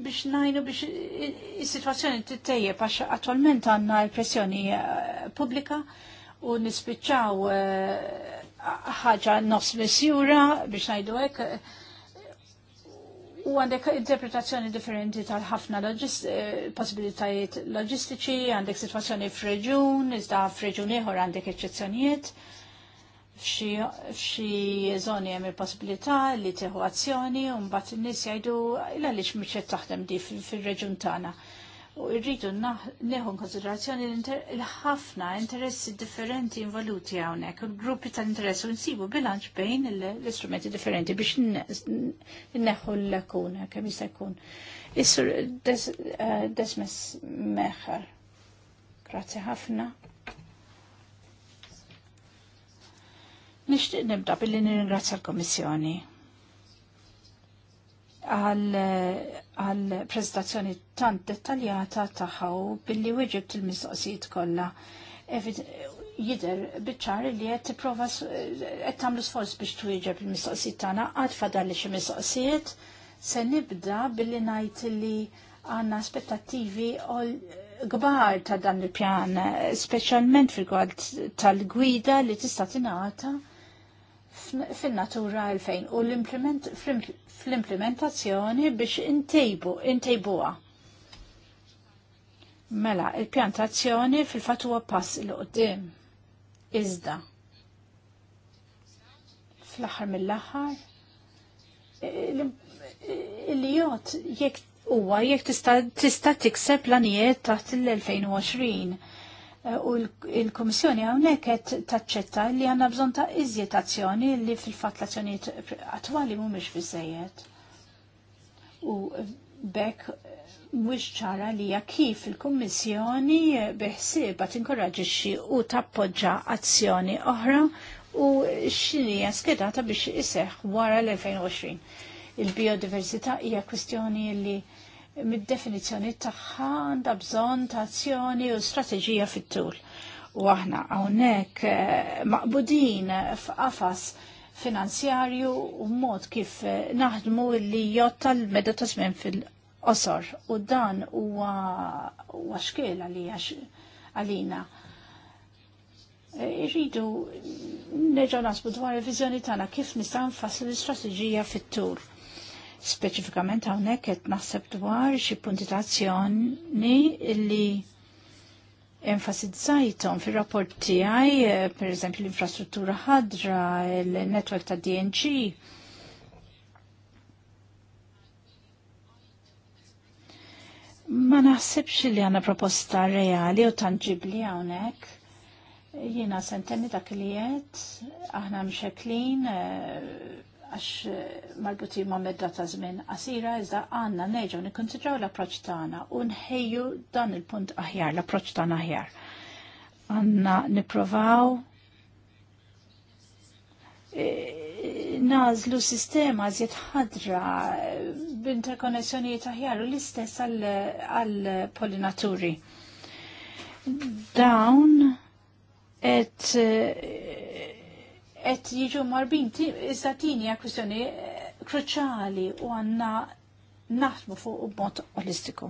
biex najnu biex is-sitwazzjoni tittejjeb għax attualment għandna l-pressjoni pubblika u nispiċċaw uh, ħaġa nofs misjura biex najdu hekk u għandek interpretazzjoni differenti tal-ħafna eh, possibilitajiet loġistiċi, għandek situazzjoni f'reġun, iżda f'reġun ieħor għandek eċċezzjonijiet. F'xi żoni hemm il-possibilità li teħu azzjoni u mbagħad in-nies jgħidu għaliex mhix taħdem di fir-reġun tagħna u rridu neħu konsiderazzjoni l-ħafna interessi differenti involuti hawnhekk u l-gruppi tal-interess u nsibu bilanċ bejn l-istrumenti differenti biex neħu l-lakuna kemm jista' jkun. is eh, desmes meħar. Grazzi ħafna. Nixtieq nibda billi nirringrazzja l-Kommissjoni għal prezentazzjoni tant dettaljata tagħha billi wieġibt il-mistoqsijiet kollha. Jider biċċar li qed tipprova qed tagħmlu sforz biex twieġeb il-mistoqsijiet tagħna għad fadalli xi mistoqsijiet se nibda billi ngħid li għandna aspettattivi gbar ta' dan il-pjan, eh, specialment fil tal-gwida li tista' tingħata fin-natura għalfejn u fl-implementazzjoni biex intejbu, intejbuha. Mela, il-pjantazzjoni fil fatwa pass il qoddim Iżda. Fl-aħħar mill-aħħar, il jot jekk huwa jekk tista' tikseb l-anijiet taħt l-2020 Eh, u l-Komissjoni hawnhekk qed taċċetta li għandna bżonn ta' iżjed azzjoni li fil-fatt l-azzjonijiet attwali mhumiex biżejjed. U bekk mhux ċara li hija kif il-Kummissjoni biħsiebha tinkoraġixxi u tappoġġa azzjoni oħra u xini skedata biex iseħħ wara l-2020. Il-biodiversità hija kwistjoni li mid-definizzjoni tagħha għandha bżonn ta' azzjoni u strateġija fit-tul. U aħna hawnhekk eh, maqbudin f'qafas finanzjarju u mod kif eh, naħdmu li jotta l-meda ta' żmien fil-qosor. U dan huwa xkiel għalina. Eh, irridu neġa' nasbu dwar il-viżjoni tagħna kif nista' nfasslu l-istrateġija fit-tul Speċifikament hawnhekk qed naħseb dwar xi punti ta' azzjoni li enfasizzajtom fir-rapport tiegħi, eh, pereżempju l-infrastruttura ħadra, il-netwerk ta' DNG. Ma naħsibx li għana proposta reali u tangibli għawnek. Jena sentenni dak li jett, aħna mxeklin, uh, għax eh, marbuti ma' medda ta' żmien qasira iżda għandna neġu nikonsidraw l-approċċ tagħna u nħejju dan il-punt aħjar, l-approċċ tagħna aħjar. Għanna nipprovaw eh, nażlu sistema żiet ħadra eh, b'interkonnessjonijiet aħjar u l-istess għall-pollinaturi. Dawn et qed jiġu marbin issa tini hija kwistjoni eh, kruċjali u għandna naħdmu fuq b'mod olistiku.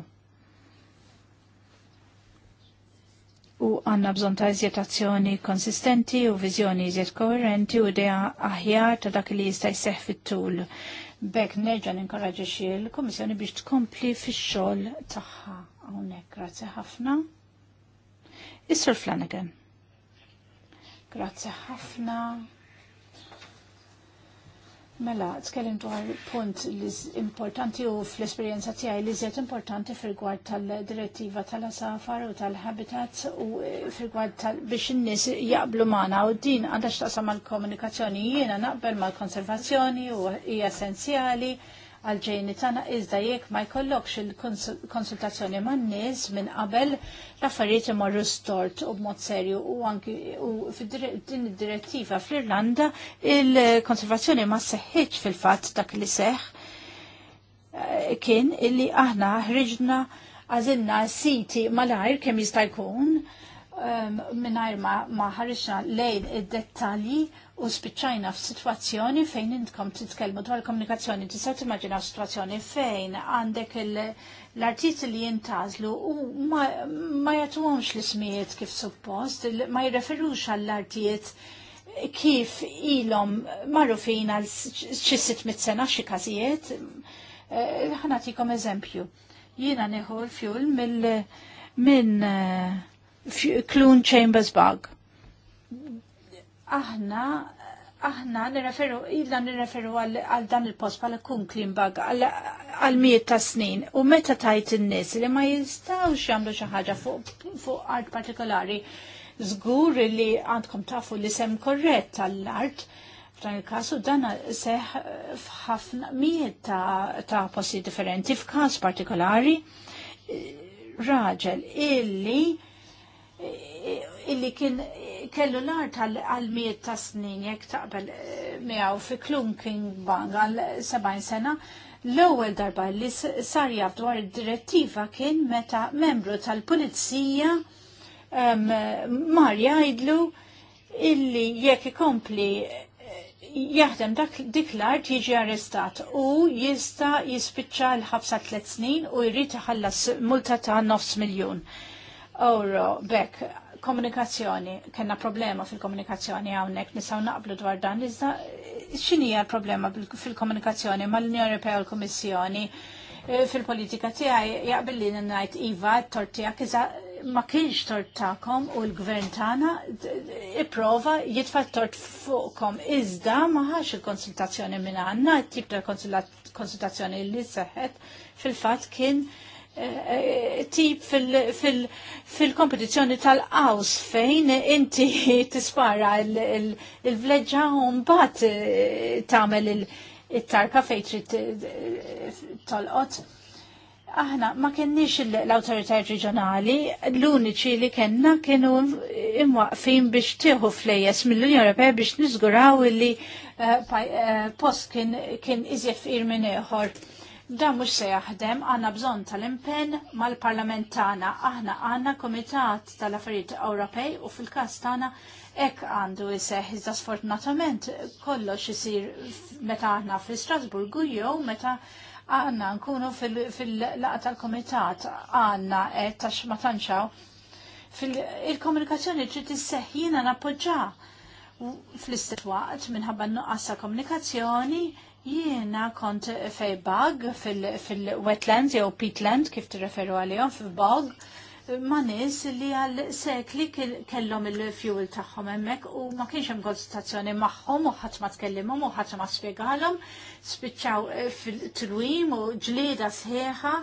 U għanna bżon ta' eżjetazzjoni konsistenti u viżjoni iżjed koherenti u idea aħjar ta' dak li jista' jseħħ fit-tul. Bek nerġa' inkoraġi l komissjoni biex tkompli fix-xogħol tagħha hawnhekk. Grazzi ħafna. Issur Flanagan. Grazzi ħafna, Mela, tkellim dwar punt li importanti u fl-esperienza tiegħi li żiet importanti fil-gwad tal-direttiva tal-asafar u tal-habitat u eh, fil-gwad biex in-nies jaqblu magħna u din għandha x'taqsam mal-komunikazzjoni jiena naqbel mal-konservazzjoni u hija essenzjali għal-ġejni tagħna iżda jekk ma jkollokx il-konsultazzjoni man nies minn qabel l-affarijiet imorru stort u b'mod serju u anki u din id-direttiva fl-Irlanda il-konservazzjoni ma seħħitx fil-fatt dak li seħħ eh, kien illi aħna ħriġna għazinna siti malajr kemm jista' jkun um, ma, ma lejn id-dettalji u spiċċajna f'sitwazzjoni fejn intkom titkellmu dwar komunikazzjoni tista' timmaġina f'sitwazzjoni fejn għandek l-artisti li jintazlu u ma jagħtuhomx l-ismijiet kif suppost, ma jirreferux għall-artijiet kif ilhom marrufin għal xi mit sena xi każijiet. Eh, Ħanatikom eżempju. Jiena neħu l-fjul mill minn eh, Clune Chambers Bug aħna aħna nirreferu, illa nirreferu għal dan il-post pala kun klimbag għal miet ta' snin. U meta tajt in-nies li ma jistawx jagħmlu xi ħaġa fuq art partikolari, żgur li għandkom tafu li sem korrett tal-art, f'dan il-każ u dan seħ f'ħafna miet ta', ta posti differenti f'każ partikolari eh, raġel illi illi kien kellu l-art tal miet ta' snin jek taqbel eh, miegħu fi Klunking Bang għal 70 sena. L-ewwel darba li sar jaf dwar id-direttiva kien meta membru tal-Pulizija Marja mar jgħidlu illi jekk ikompli eh, jaħdem dak dik l-art jiġi arrestat u jista jispiċċa l-ħabsa tliet snin u jrid iħallas multa ta' nofs miljun. Oro, bekk komunikazzjoni, kena problema fil-komunikazzjoni għawnek, nisaw naqblu dwar dan, iżda xinija l-problema fil-komunikazzjoni mal-Unjoni Europea u l-Kommissjoni e, fil-politika tiegħi jaqbel n ngħid iva t kiza ma kienx tort u l-gvern tagħna ipprova jitfa' tort fuqkom iżda ma ħax il-konsultazzjoni minn għandna, tibda ta' konsultazzjoni li seħħet fil-fatt kien tip fil-kompetizjoni tal-qaws fejn inti tispara il-vleġġa u mbagħad tagħmel il eh, tarka fejn trid eh, tolqot. Aħna ma kennix l-awtoritajiet reġjonali, l-uniċi li kellna kienu imwaqfin biex tieħu flejes mill-Unjoni Ewropea biex niżguraw li eh, post kien iżjef ir minn ieħor Dan mhux se jaħdem, għandna bżonn tal-impenn mal-Parlament tagħna. Aħna għandna Kumitat tal-Affarijiet Ewropej u fil-każ tagħna hekk għandu jseħ iżda sfortunatament kollox isir meta aħna fi Strasburgu jew meta għanna nkunu fil-laqa tal-komitat għanna tax ma tanċaw fil-komunikazzjoni trid isseħħina nappoġġa fl-istess waqt minħabba nuqqas ta' komunikazzjoni Jiena kont fej bag fil-wetlands jew peatland kif tirreferu għalihom fil-bog ma' nies li għal sekli kellhom il-fuel tagħhom hemmhekk u ma kienx hemm konsultazzjoni magħhom u ħadd ma tkellimhom u ħadd ma spjegalhom spiċċaw eh, fil twim u ġlieda sħiħa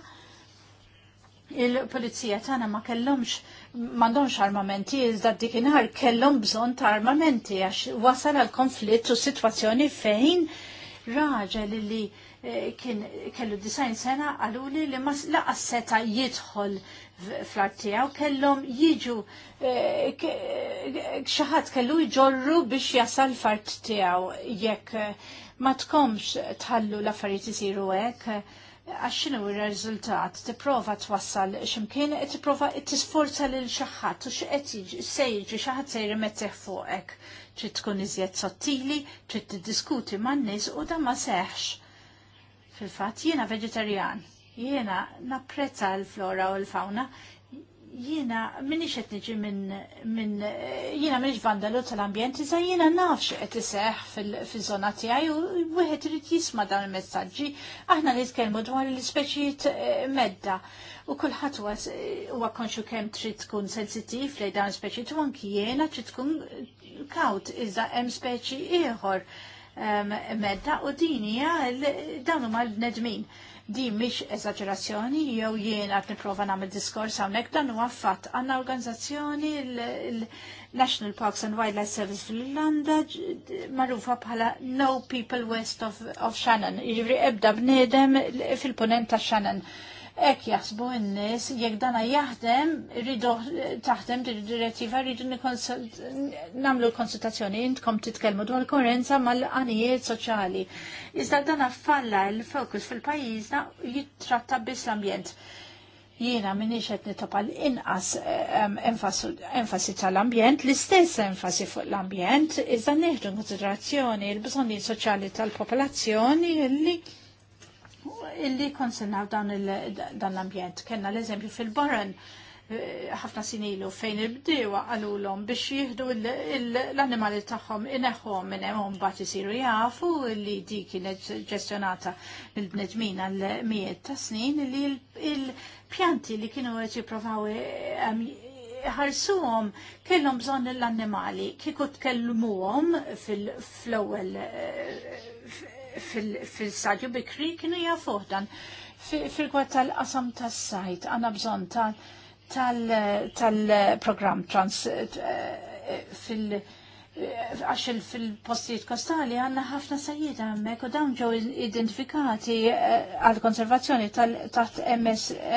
il-polizija tagħna ma kellhomx m'għandhomx armamenti iżda dikinhar kellhom bżonn ta' armamenti għax wasal għal konflitt u sitwazzjoni fejn raġel li kien kellu design sena għalu li li ma laqas seta jidħol fl-artijaw kellhom jiġu eh, eh, xaħat kellu jġorru biex jasal fart tijaw jekk eh, ma tkomx tħallu l-affarijiet isiru hekk għaxinu il-rezultat, t-prova t-wassal ximkien, t-prova t-sforza l-xaħat, u xieqet sejġ, xaħat sejri metteħ fuqek, ċit tkun iżjed sottili, ċit t-diskuti man u da ma seħx. Fil-fat, jiena vegetarian, jiena napprezza l-flora u l-fauna, Jiena minix qed niġi minn min, jiena minix vandalu tal-ambjent, iza jina nafx qed iseħħ fil-żona tiegħi u wieħed irid jisma' dawn il-messaġġi. Aħna nitkellmu dwar l-ispeċijiet eh, medda u kulħadd huwa konxu kemm trid tkun sensittiv lejn dawn l-ispeċijiet u anki jiena trid tkun kawt iżda hemm speċi ieħor ehm, medda u din hija dawn huma l-nedmin. Di mhix eżaġerazzjoni jew jien qed nipprova nagħmel diskors hawnhekk dan huwa fatt. Għandna organizzazzjoni l-National Parks and Wildlife Service fl-Irlanda magħrufa bħala No People West of, of Shannon, jiġri ebda bniedem fil-punent Shannon ek jaħsbu n-nis, jek dana jaħdem, rridu taħdem di direttiva, rridu namlu konsultazzjoni, intkom titkelmu dwar korrenza mal-għanijiet soċjali. Iżda dana falla il-fokus fil-pajizna jittratta bis l-ambjent. Jiena minix qed nitopal inqas enfasi tal-ambjent, l-istess enfasi fuq l-ambjent, iżda neħdu konsiderazzjoni l-bżonni soċjali tal-popolazzjoni li illi konsennaw dan l-ambjent. Kenna l-eżempju fil-Borren eh, ħafna sinilu fejn il-bdewa għalulom biex jihdu l-animali tagħhom ineħħom minn hemm mbagħad isiru jafu li di kienet ġestjonata mill-bnedmin għal mijiet ta' snin li l-pjanti li kienu għet jippruvaw ehm, ħarsuhom kellhom bżonn l-annimali kieku tkellmuhom fil flowel eh, fil-stadju bikri kienu jafuħ dan. Fil-gwa tal-qasam tas-sajt, għana bżon tal-program trans fil- għax fil-postijiet kostali għanna ħafna sajjida għammek u dawn ġew identifikati eh, għal-konservazzjoni tal-tħt taħt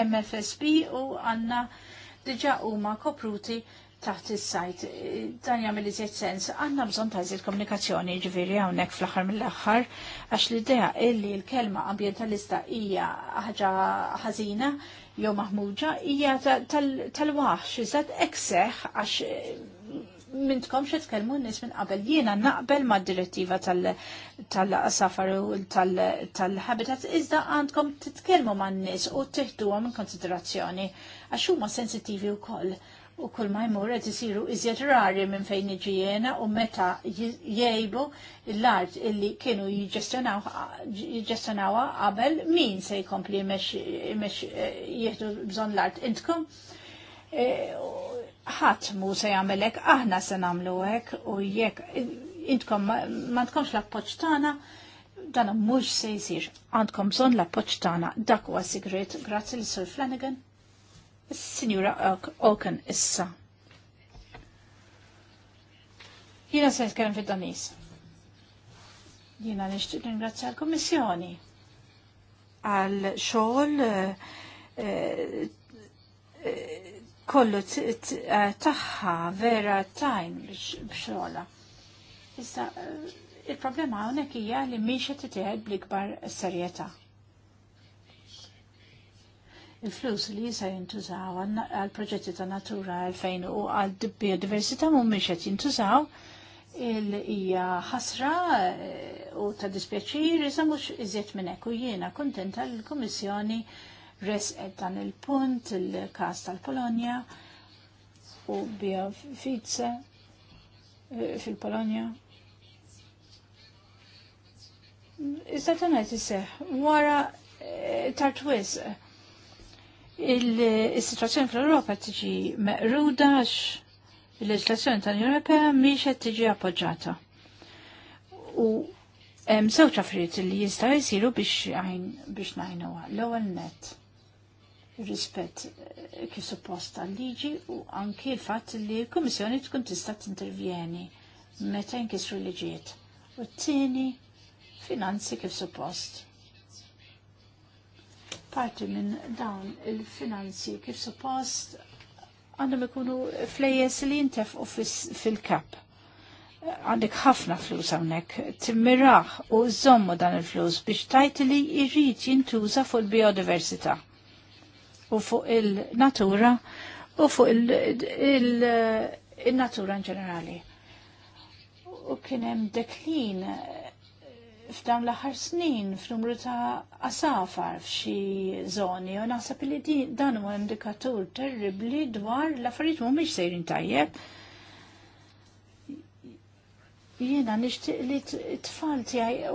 MFSB u għanna diġa huma kopruti taħt il-sajt, dan jagħmel iżjed sens. Għandna bżonn ta' iżjed komunikazzjoni ġifieri hawnhekk fl-aħħar mill-aħħar għax l-idea illi l-kelma ambjentalista hija ħaġa ħażina jew maħmuġa hija tal-waħx, iżad ekseħ għax eh, mintkom xe tkellmu n-nis minn qabel jiena naqbel ma' direttiva tal-safar u tal-habitat, iżda għandkom titkellmu ma' n-nis u tiħdu għom konsiderazzjoni għax huma sensitivi u koll u kull ma jmur qed isiru iżjed rari minn fejn iġi jena u meta jgħibu l-art illi kienu jġestjonawa qabel min se jkompli mex eh, jieħdu bżonn l-art intkom. Eh, ħadd mu se jagħmelek, aħna se nagħmlu hekk u jekk intkom ma tkomx l-appoġġ tagħna dan mhux se jsir. Għandkom bżonn l-appoġġ tagħna. Dak huwa sigret. Grazzi l-Sur Flanagan. Signora Oken issa. Jina se jitkellem fid-Danis. Jina nixtieq ringrazzja l-Kummissjoni għal xogħol eh, eh, kollu eh, tagħha vera tajn b'xogħla. Issa il-problema hawnhekk hija li mhix qed titieħed bl-ikbar serjetà il-flus li jisa jintużaw għal proġetti ta' natura għalfejn u għal biodiversità mhumiex qed jintużaw il-ija ħasra eh, u ta' dispjaċir jisa mhux iżjed minn hekk u jiena kuntenta l kummissjoni resqet dan il-punt il-każ tal-Polonja u bija Fize eh, fil-Polonja. Iżda dan qed iseħħ wara eh, tartwiż il-situazzjoni fl-Europa tiġi meqruda għax il-leġislazzjoni tal-Ewropea miex qed tiġi appoġġata. U hemm żewġ affarijiet li jista' jsiru biex biex ngħinuha. L-ewwel net rispett kif supposta l liġi u anki l-fatt li l-Kummissjoni tkun tista' tintervjeni meta jinkisru liġijiet. U t-tieni finanzi kif suppost parti minn dawn il-finanzi kif suppost għandhom ikunu flejjes li jintef u fil-kap. Għandek ħafna flus għawnek, timmiraħ u zommu dan il-flus biex tajt li jirrit jintuża fuq il-biodiversita u fuq il-natura u fuq il-natura in ġenerali. U kienem deklin f'dawn l-aħħar snin f'numru ta' asafar f'xi zoni u naħseb li dan huwa indikatur terribli dwar l-affarijiet mhumiex sejrin tajjeb. Jiena nixtieq li t-tfal tiegħi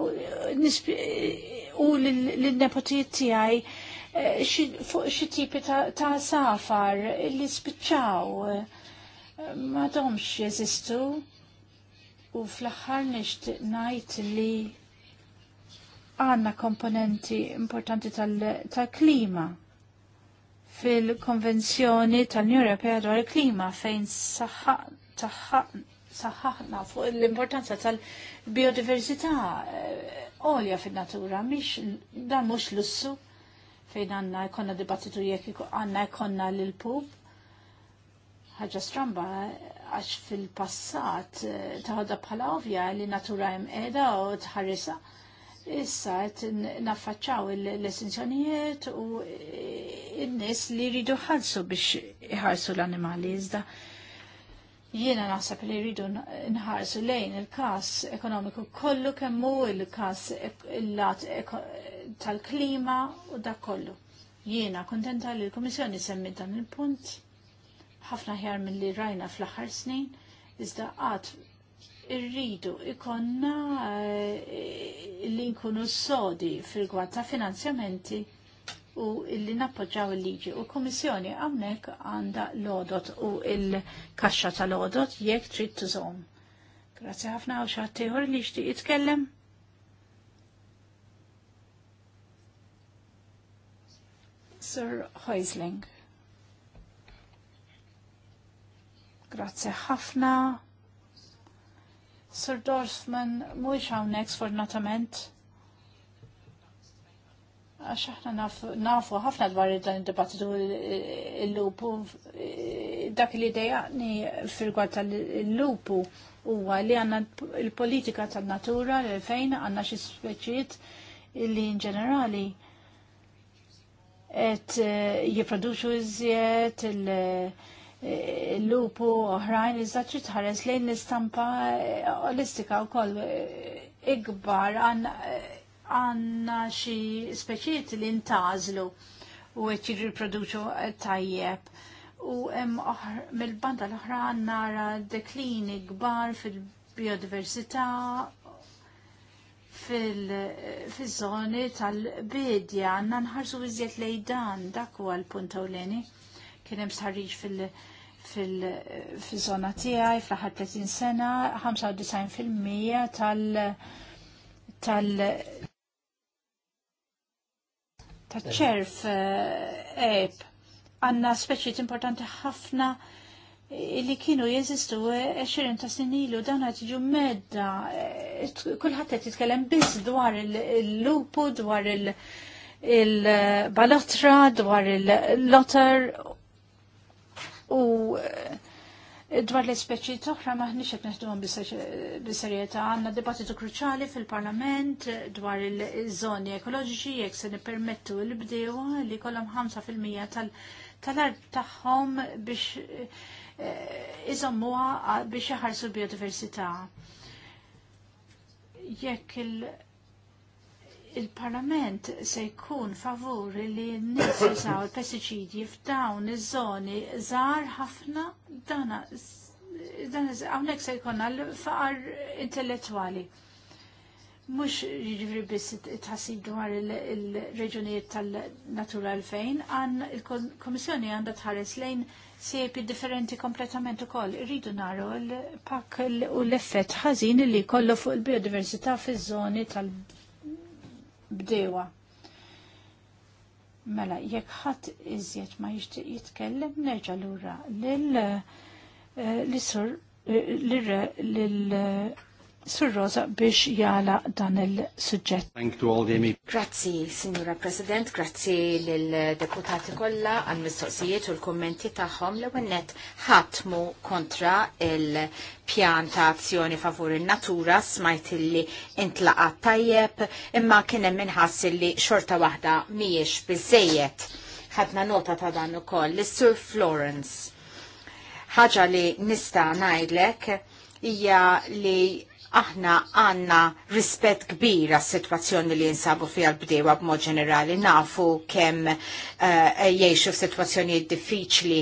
u l-nepotijiet tiegħi eh, fuq xi tipi ta' asafar li spiċċaw eh, ma domx jeżistu u fl aħħar nixtieq ngħid li għanna komponenti importanti tal-klima tal klima fil tal-Unjoni Europea dwar il-klima fejn saħħaħna fuq l-importanza tal-biodiversità għolja eh, fil-natura, miex dan mux lussu fejn għanna jkonna dibattitu jekk għanna jkonna l-pub. ħaġa stramba, eh, għax fil-passat eh, taħda bħala ovja li natura jem edha u tħarrisa issa qed naffaċċaw l essenzjonijiet u n-nies li jridu ħalsu biex iħarsu l-annimali iżda. Jiena naħseb li jridu nħarsu lejn il-każ ekonomiku kollu kemmu il-każ il-lat tal-klima u dak kollu. Jiena kontenta li l komissjoni semmi dan il-punt ħafna ħjar mill-li rajna fl-aħħar snin iżda għad irridu ikonna eh, li nkunu sodi fil-gwad ta' finanzjamenti u li nappoġġaw il-liġi u l-Kummissjoni hawnhekk għandha l-odot u l-kaxxa l odot jekk trid tużom. Grazzi ħafna u xattiħor li xti jitkellem. Sir Heisling. Grazzi ħafna. Sir Dorfman mhuwiex hawnhekk sfortunatament. Għax aħna nafu ħafna dwar dan id-dibattitu l-lupu dak li dejaqni fil-gwad tal-lupu huwa li għandna il-politika tan-natura l fejn għandna xi speċijiet li in ġenerali et jiproduċu iżjed il- l lupu oħrajn iżda trid tħares lejn l-istampa eh, olistika wkoll eh, ikbar għandna eh, xi speċiet li ntażlu u qed riproduċu tajjeb. U mill-banda l-oħra nara deklin kbar fil-biodiversità fil zoni tal-bidja għandna nħarsu iżjed lejn dan dak huwa l-punt ewleni kien hemm sħarriġ fil-żona tiegħi fl-aħħar 30 sena 95% tal tal tal-ċerf eb eh, għanna speċiet importanti ħafna li kienu jeżistu 20 eh, ta' snin ilu dan qed jiġu medda. Eh, kulħadd qed jitkellem biss dwar il-lupu, dwar il balotra dwar il-lotter U eh, dwar l-speċi toħra maħniċ qed neħduhom bis-serjetà għandna dibattitu kruċali fil-Parlament dwar il-żoni ekoloġiċi jekk se nippermettu l-bdewa li kollhom 5% tal-art tagħhom biex eh, iżommuha biex iħarsu biodiversità. Jekk il- il-Parlament se jkun favur li n-nies jużaw il-pestiċidi f'dawn iż-żoni żgħar ħafna dana dan hawnhekk se jkollna l-faqar intellettwali. Mhux jiġri biss tħassib dwar il-reġunijiet tal-natura l-fejn, għan il kummissjoni għandha tħares lejn sepi differenti kompletament ukoll. Irridu naru l-pak u l-effett ħażin li kollu fuq il-biodiversità fiż-żoni tal- bdewa. Mela, jekk ħadd iżjed ma jixtieq jitkellem, nerġa' lura lil l-isur eh, lil eh, Sur Rosa biex jala dan il sujġet Thank to all the MEP. Grazzi, Signora President, grazzi l-deputati kolla għal mistoqsijiet u l-kommenti taħħom l għennet ħatmu kontra il-pjan ta' azzjoni favur il-natura smajt illi intlaqat tajjeb imma kienem minħas illi xorta wahda miex bizzejiet. ħadna nota ta' dan ukoll l-Sur Florence. ħaġa li nista' ngħidlek hija li aħna għanna rispett kbir għas situazzjoni li jinsabu fija l-bdewa b'mod ġenerali, nafu kemm uh, jiexu situazzjoni diffiċli.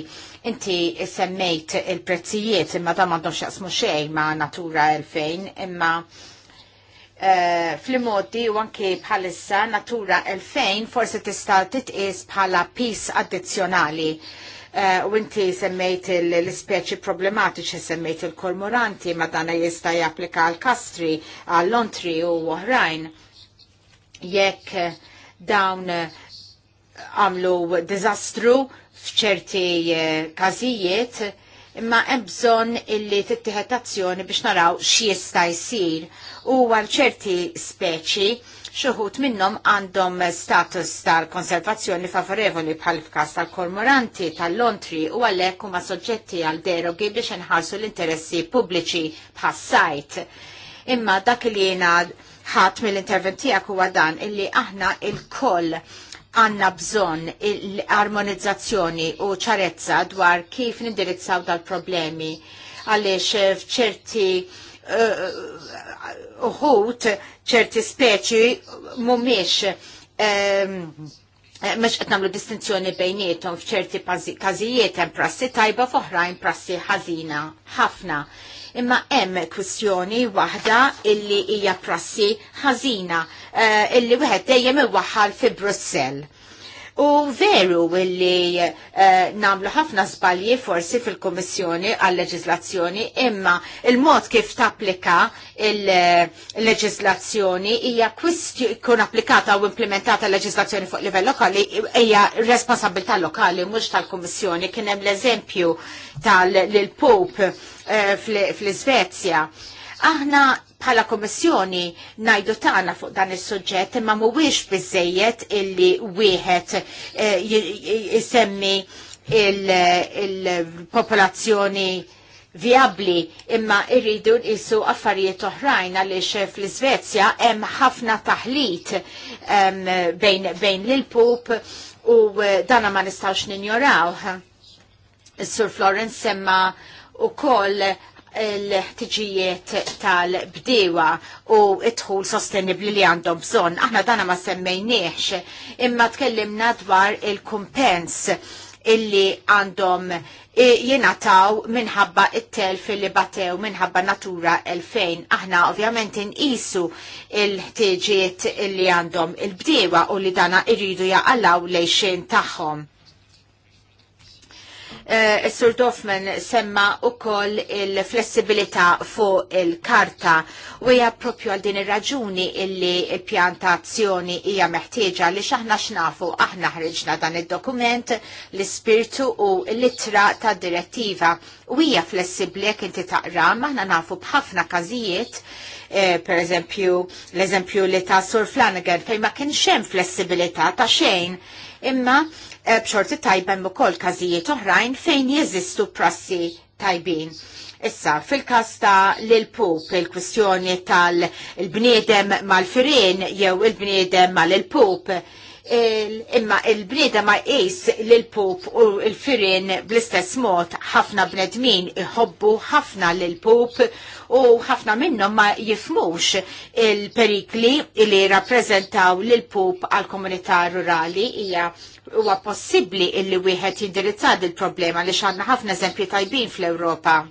Inti semmejt il-prezzijiet imma da m'għandhom xaqsmu xejn ma' natura 2000 imma uh, fl-modi u anki bħalissa natura 2000 forsi tista' titqis bħala pis addizzjonali Eh, u inti semmejt l-speċi problematiċi semmejt il-kormoranti ma dana jista japplika għal-kastri, għal-lontri u oħrajn. Jekk eh, dawn eh, għamlu dizastru fċerti kazijiet, imma hemm bżonn illi tittieħed azzjoni biex naraw x'jista' jsir. U għal ċerti speċi xuħut minnom għandhom status tal-konservazzjoni favorevoli bħal f'kas tal-kormoranti, tal-lontri u għalhekk huma soġġetti għal derogi biex inħarsu l-interessi pubbliċi bħas-sajt. Imma dak li jena ħadd mill-intervent tiegħek huwa dan illi aħna il-koll għanna bżon l-armonizzazzjoni u ċarezza dwar kif nindirizzaw dal-problemi għaliex eh, fċerti eh, uħut, uh, ċerti speċi mumiex um, ehm, eh, mux qed nagħmlu distinzjoni bejnietom f'ċerti każijiet hemm prassi tajba f'oħrajn prassi ħażina ħafna. Imma hemm kwistjoni waħda illi hija prassi ħażina uh, illi wieħed dejjem iwaħħal fi Brussell. U veru illi uh, namlu ħafna zbalji forsi fil-Komissjoni għal-leġislazzjoni imma il-mod kif tapplika il-leġislazzjoni hija kun applikata u implementata leġislazzjoni fuq livell lokali hija responsabilità lokali mhux tal-Komissjoni kien hemm l-eżempju tal-Pope Eh, fl-Svezja. Aħna bħala kommissjoni najdu tagħna fuq dan is-suġġett imma mhuwiex biżejjed illi wieħed eh, isemmi il-popolazzjoni viabli imma irridu nqisu affarijiet oħrajn għaliex fl-Iżvezja hemm ħafna taħlit bejn, bejn l-pup u eh, dana ma nistgħux ninjorawh. Is-Sur Florence semma u koll l-ħtiġijiet tal-bdewa u id-dħul sostenibli li għandhom bżon. Aħna dana ma semmejniex, imma tkellimna dwar il-kumpens illi għandhom jenataw minħabba it-telf li batew minħabba natura 2000. Aħna ovvjament inqisu il-ħtiġiet illi għandhom il-bdewa u li dana irridu jaqallaw lejxin tagħhom Eh, Sur Doffman semma u koll il-flessibilità fuq il-karta u hija propju għal din ir-raġuni illi pjantazzjoni hija meħtieġa li xaħna xnafu aħna ħriġna dan id-dokument l-ispirtu u l-ittra ta' direttiva u hija flessibbli jekk inti taqra maħna nafu b'ħafna każijiet eh, per eżempju, l-eżempju li ta' Sur Flanagan, fej ma kienx hemm flessibilità ta' xejn. Imma Eh, b'xorti tajben mu ukoll każijiet oħrajn fejn jeżistu prassi tajbin. Issa, fil il-kwistjoni tal-bniedem ta' l-pup, il-kwistjoni tal-bniedem mal-firin jew il-bniedem mal-pup, il bniedem mal il pup imma il-brida ma jis l-pup u l-firin bl-istess mod ħafna bnedmin iħobbu ħafna l-pup u ħafna minnhom ma jifmux il-perikli li rappreżentaw l-pup għal-komunità rurali hija huwa possibbli illi wieħed jindirizzad il-problema li xanna ħafna eżempji tajbin fl-Ewropa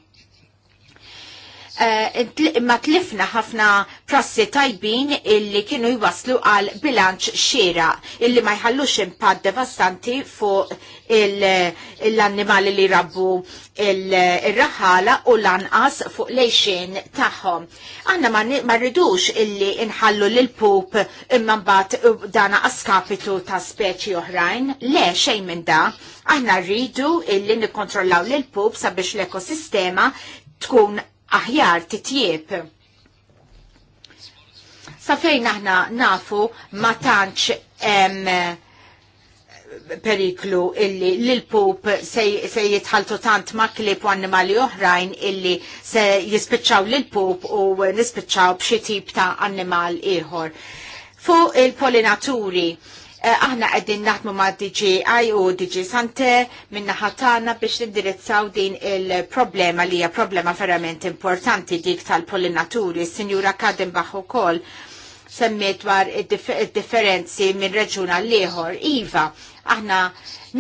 Eh, ma tlifna ħafna prassi tajbin illi kienu jwaslu għal bilanċ xira illi ma jħallux impatt devastanti fuq l-annimali li rabbu il-raħala u l-anqas fuq lejxin tagħhom. Għanna ma rridux illi inħallu l-pup imma mbagħad dana askapitu ta' speċi oħrajn, le xejn minn da. Aħna rridu illi nikkontrollaw l-pup sabiex l-ekosistema tkun aħjar titjieb. Sa fejn aħna nafu ma tantx eh, periklu illi l-pup se jitħaltu tant ma klib u annimali oħrajn illi se jispiċċaw l-pup u nispiċċaw b'xi tip ta' annimal ieħor. Fuq il-pollinaturi, Eh, aħna qegħdin naħdmu ma' I u DJ Sante minna ħatana biex nindirizzaw din il-problema li hija problema verament importanti dik tal-pollinaturi. Sinjura Kadenbach ukoll semmiet dwar id-differenzi minn reġun għal liħor Iva, aħna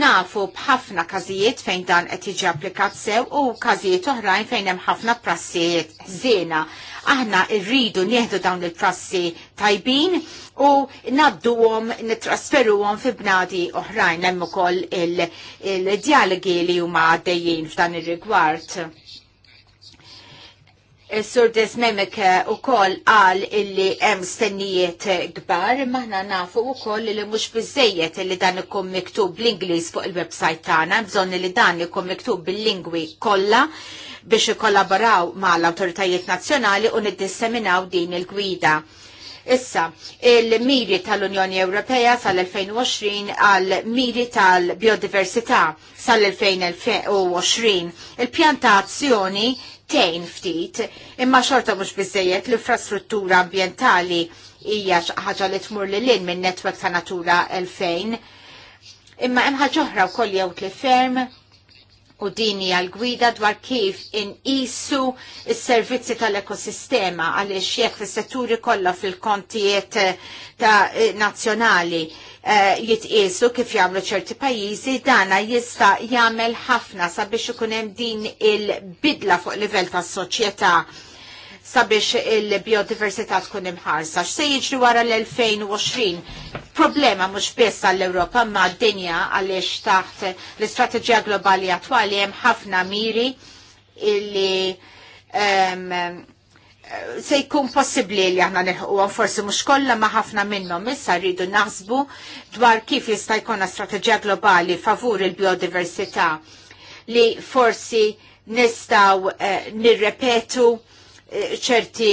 nafu bħafna każijiet fejn dan qed jiġi applikat sew u każijiet oħrajn fejn hemm ħafna prassijiet żiena. Aħna rridu nieħdu dawn il-prassi tajbin u nitrasferu nitrasferuhom fi bnadi oħrajn hemm ukoll il-dialogi li huma għaddejjin f'dan ir-rigward. Sur memek eh, u koll għal illi hemm stennijiet gbar, maħna nafu u koll li mux bizzejiet illi dan ikun miktub bl-Inglis fuq il-websajt tagħna, bżonn li dan ikun miktub bil-lingwi kollha biex ikollaboraw ma' l-autoritajiet nazzjonali u niddisseminaw din il-gwida. Issa, il-miri tal-Unjoni Ewropea sal-2020 għal miri tal-biodiversità sal-2020. Il-pjantazzjoni tejn ftit, imma xorta mhux biżejjed l-infrastruttura ambjentali hija ħaġa li tmur li lin minn netwerk ta' Natura 2000. Imma hemm u oħra wkoll jew ferm u dini għal-gwida dwar kif inqisu s-servizzi tal-ekosistema għaliex jekk fis-setturi kollha fil-kontijiet eh, ta' eh, nazzjonali eh, jitqisu kif jagħmlu ċerti pajjiżi dana jista' jagħmel ħafna sabiex ikun hemm din il-bidla fuq livell tas-soċjetà sabiex il-biodiversità tkun imħarsa. se jiġri wara l-2020? Problema mhux biss għall-Ewropa ma d-dinja għaliex taħt l-istrateġija globali attwali hemm ħafna miri illi um, se jkun possibli li aħna neħu għan forsi mux kolla ma ħafna minnom issa rridu naħsbu dwar kif jista' jkollna strateġija globali favur il-biodiversità li forsi nistaw uh, eh, nirrepetu ċerti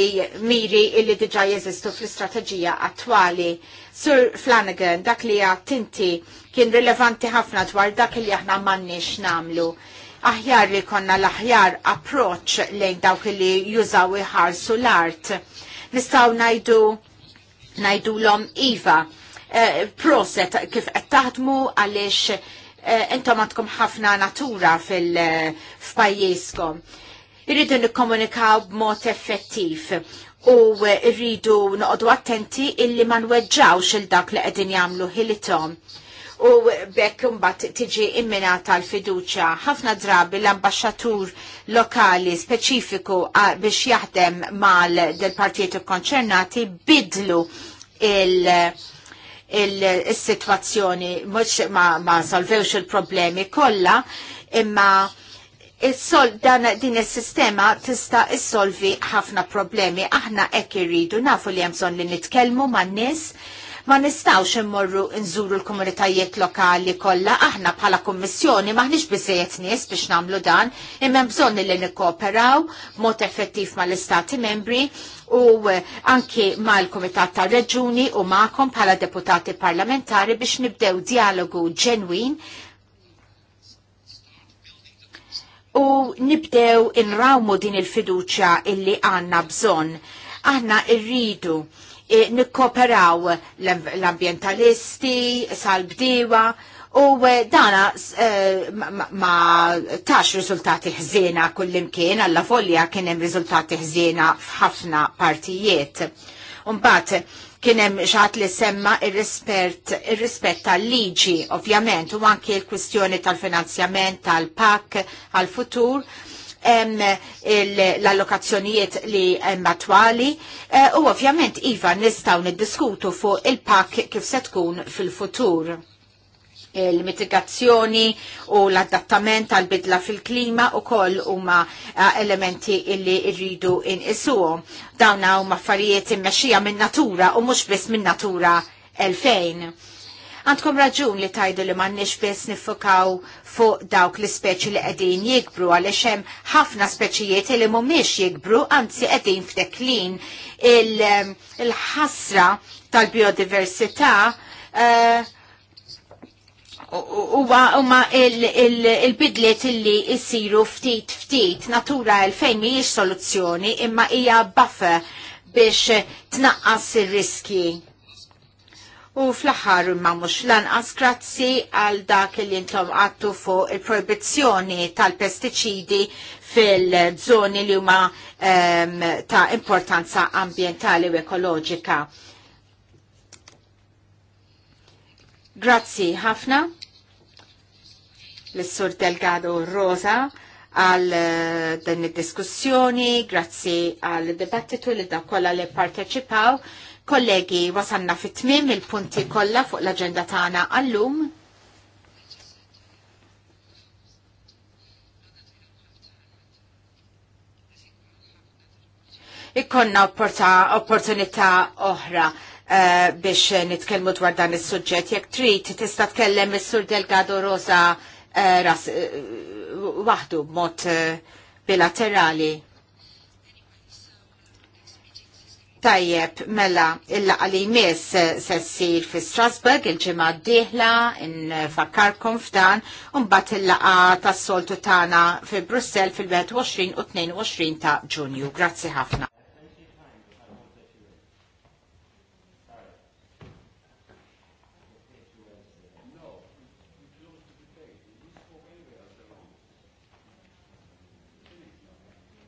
miri illi diġa jeżistu fl-istrateġija attwali. Sir Flanagan, dak li tinti kien rilevanti ħafna dwar dak li aħna mannix namlu. Aħjar li konna l-aħjar approach lejn dawk li jużaw iħarsu l-art. Nistaw najdu najdu l-om Iva. Eh, proset kif qed taħdmu għaliex eh, intom eh, għandkom ħafna natura fil-pajjiżkom. Eh, irridu nikkomunikaw b'mod effettiv u rridu noqogħdu attenti illi ma nweġġawx il dak li qegħdin jagħmlu ħilithom. U bekk imbagħad tiġi imminata l-fiduċja. Ħafna drabi l-ambaxxatur lokali speċifiku biex jaħdem mal del partijiet ikkonċernati bidlu il- il-situazzjoni, ma, ma solvewx il-problemi kolla, imma Is-sol dan din is-sistema tista' issolvi ħafna problemi. Aħna hekk irridu nafu li hemm bżonn li nitkellmu man-nies ma nistawx immorru nżuru l-komunitajiet lokali kollha aħna bħala kummissjoni maħniex biżejjed nies biex nagħmlu dan, imma bżonn li nikkooperaw mod effettiv mal-istati membri u eh, anki mal-Kumitat ta' Reġuni u ma'kom bħala deputati parlamentari biex nibdew dialogu ġenwin u nibdew inrawmu din il-fiduċja illi għanna bżon. Aħna irridu e, nikkoperaw l-ambientalisti, sal-bdiwa, U e, dana e, ma, ma tax rizultati ħżiena kullimkien, alla folja kien hemm riżultati ħżiena f'ħafna partijiet. Umbat, kienem xaħat li semma il-rispett tal-liġi, ovvjament, u anki il-kwistjoni tal-finanzjament tal-pak għal-futur l-allokazzjonijiet li matwali eh, u ovvjament Iva nistaw niddiskutu fuq il-pak kif se tkun fil-futur il-mitigazzjoni u l-adattament għal bidla fil-klima u koll huma eh, elementi illi rridu inqisuhom. Dawna huma affarijiet immexxija minn natura u mhux biss minn natura elfejn. Għandkom raġun li tajdu li mannix biss nifokaw fuq dawk li speċi li qegħdin jikbru għaliex hemm ħafna speċijiet li mhumiex jikbru anzi qegħdin f'deklin eh, il-ħasra tal biodiversità uh, eh, huma il-bidliet illi jsiru ftit ftit natura l fejn mhijiex soluzzjoni imma hija buffer biex tnaqqas ir-riski. U fl-aħħar imma mhux lanqas grazzi għal dak li intom għattu fuq il-proibizzjoni tal-pestiċidi fil-żoni li huma ehm, ta' importanza ambientali u ekoloġika. Grazzi ħafna l-Sur Delgado Rosa għal eh, din id-diskussjoni, grazzi għal dibattitu li da kolla li parteċipaw. Kollegi, wasanna fit-tmim il-punti kolla fuq l-agenda tagħna għallum. Ikonna opportunità oħra eh, biex nitkellmu dwar dan is-suġġett. Jekk trid tista' tkellem is-Sur Delgado Rosa Eh, ras eh, waħdu b'mod eh, bilaterali. Tajjeb, mela, il-laqa li jmiss se ssir fi Strasburg il-ġimgħa d-dieħla nfakkarkom f'dan u mbagħad il-laqa tas-soltu tagħna fi Brussell fil-21 u 22 ta' Ġunju. Grazzi ħafna.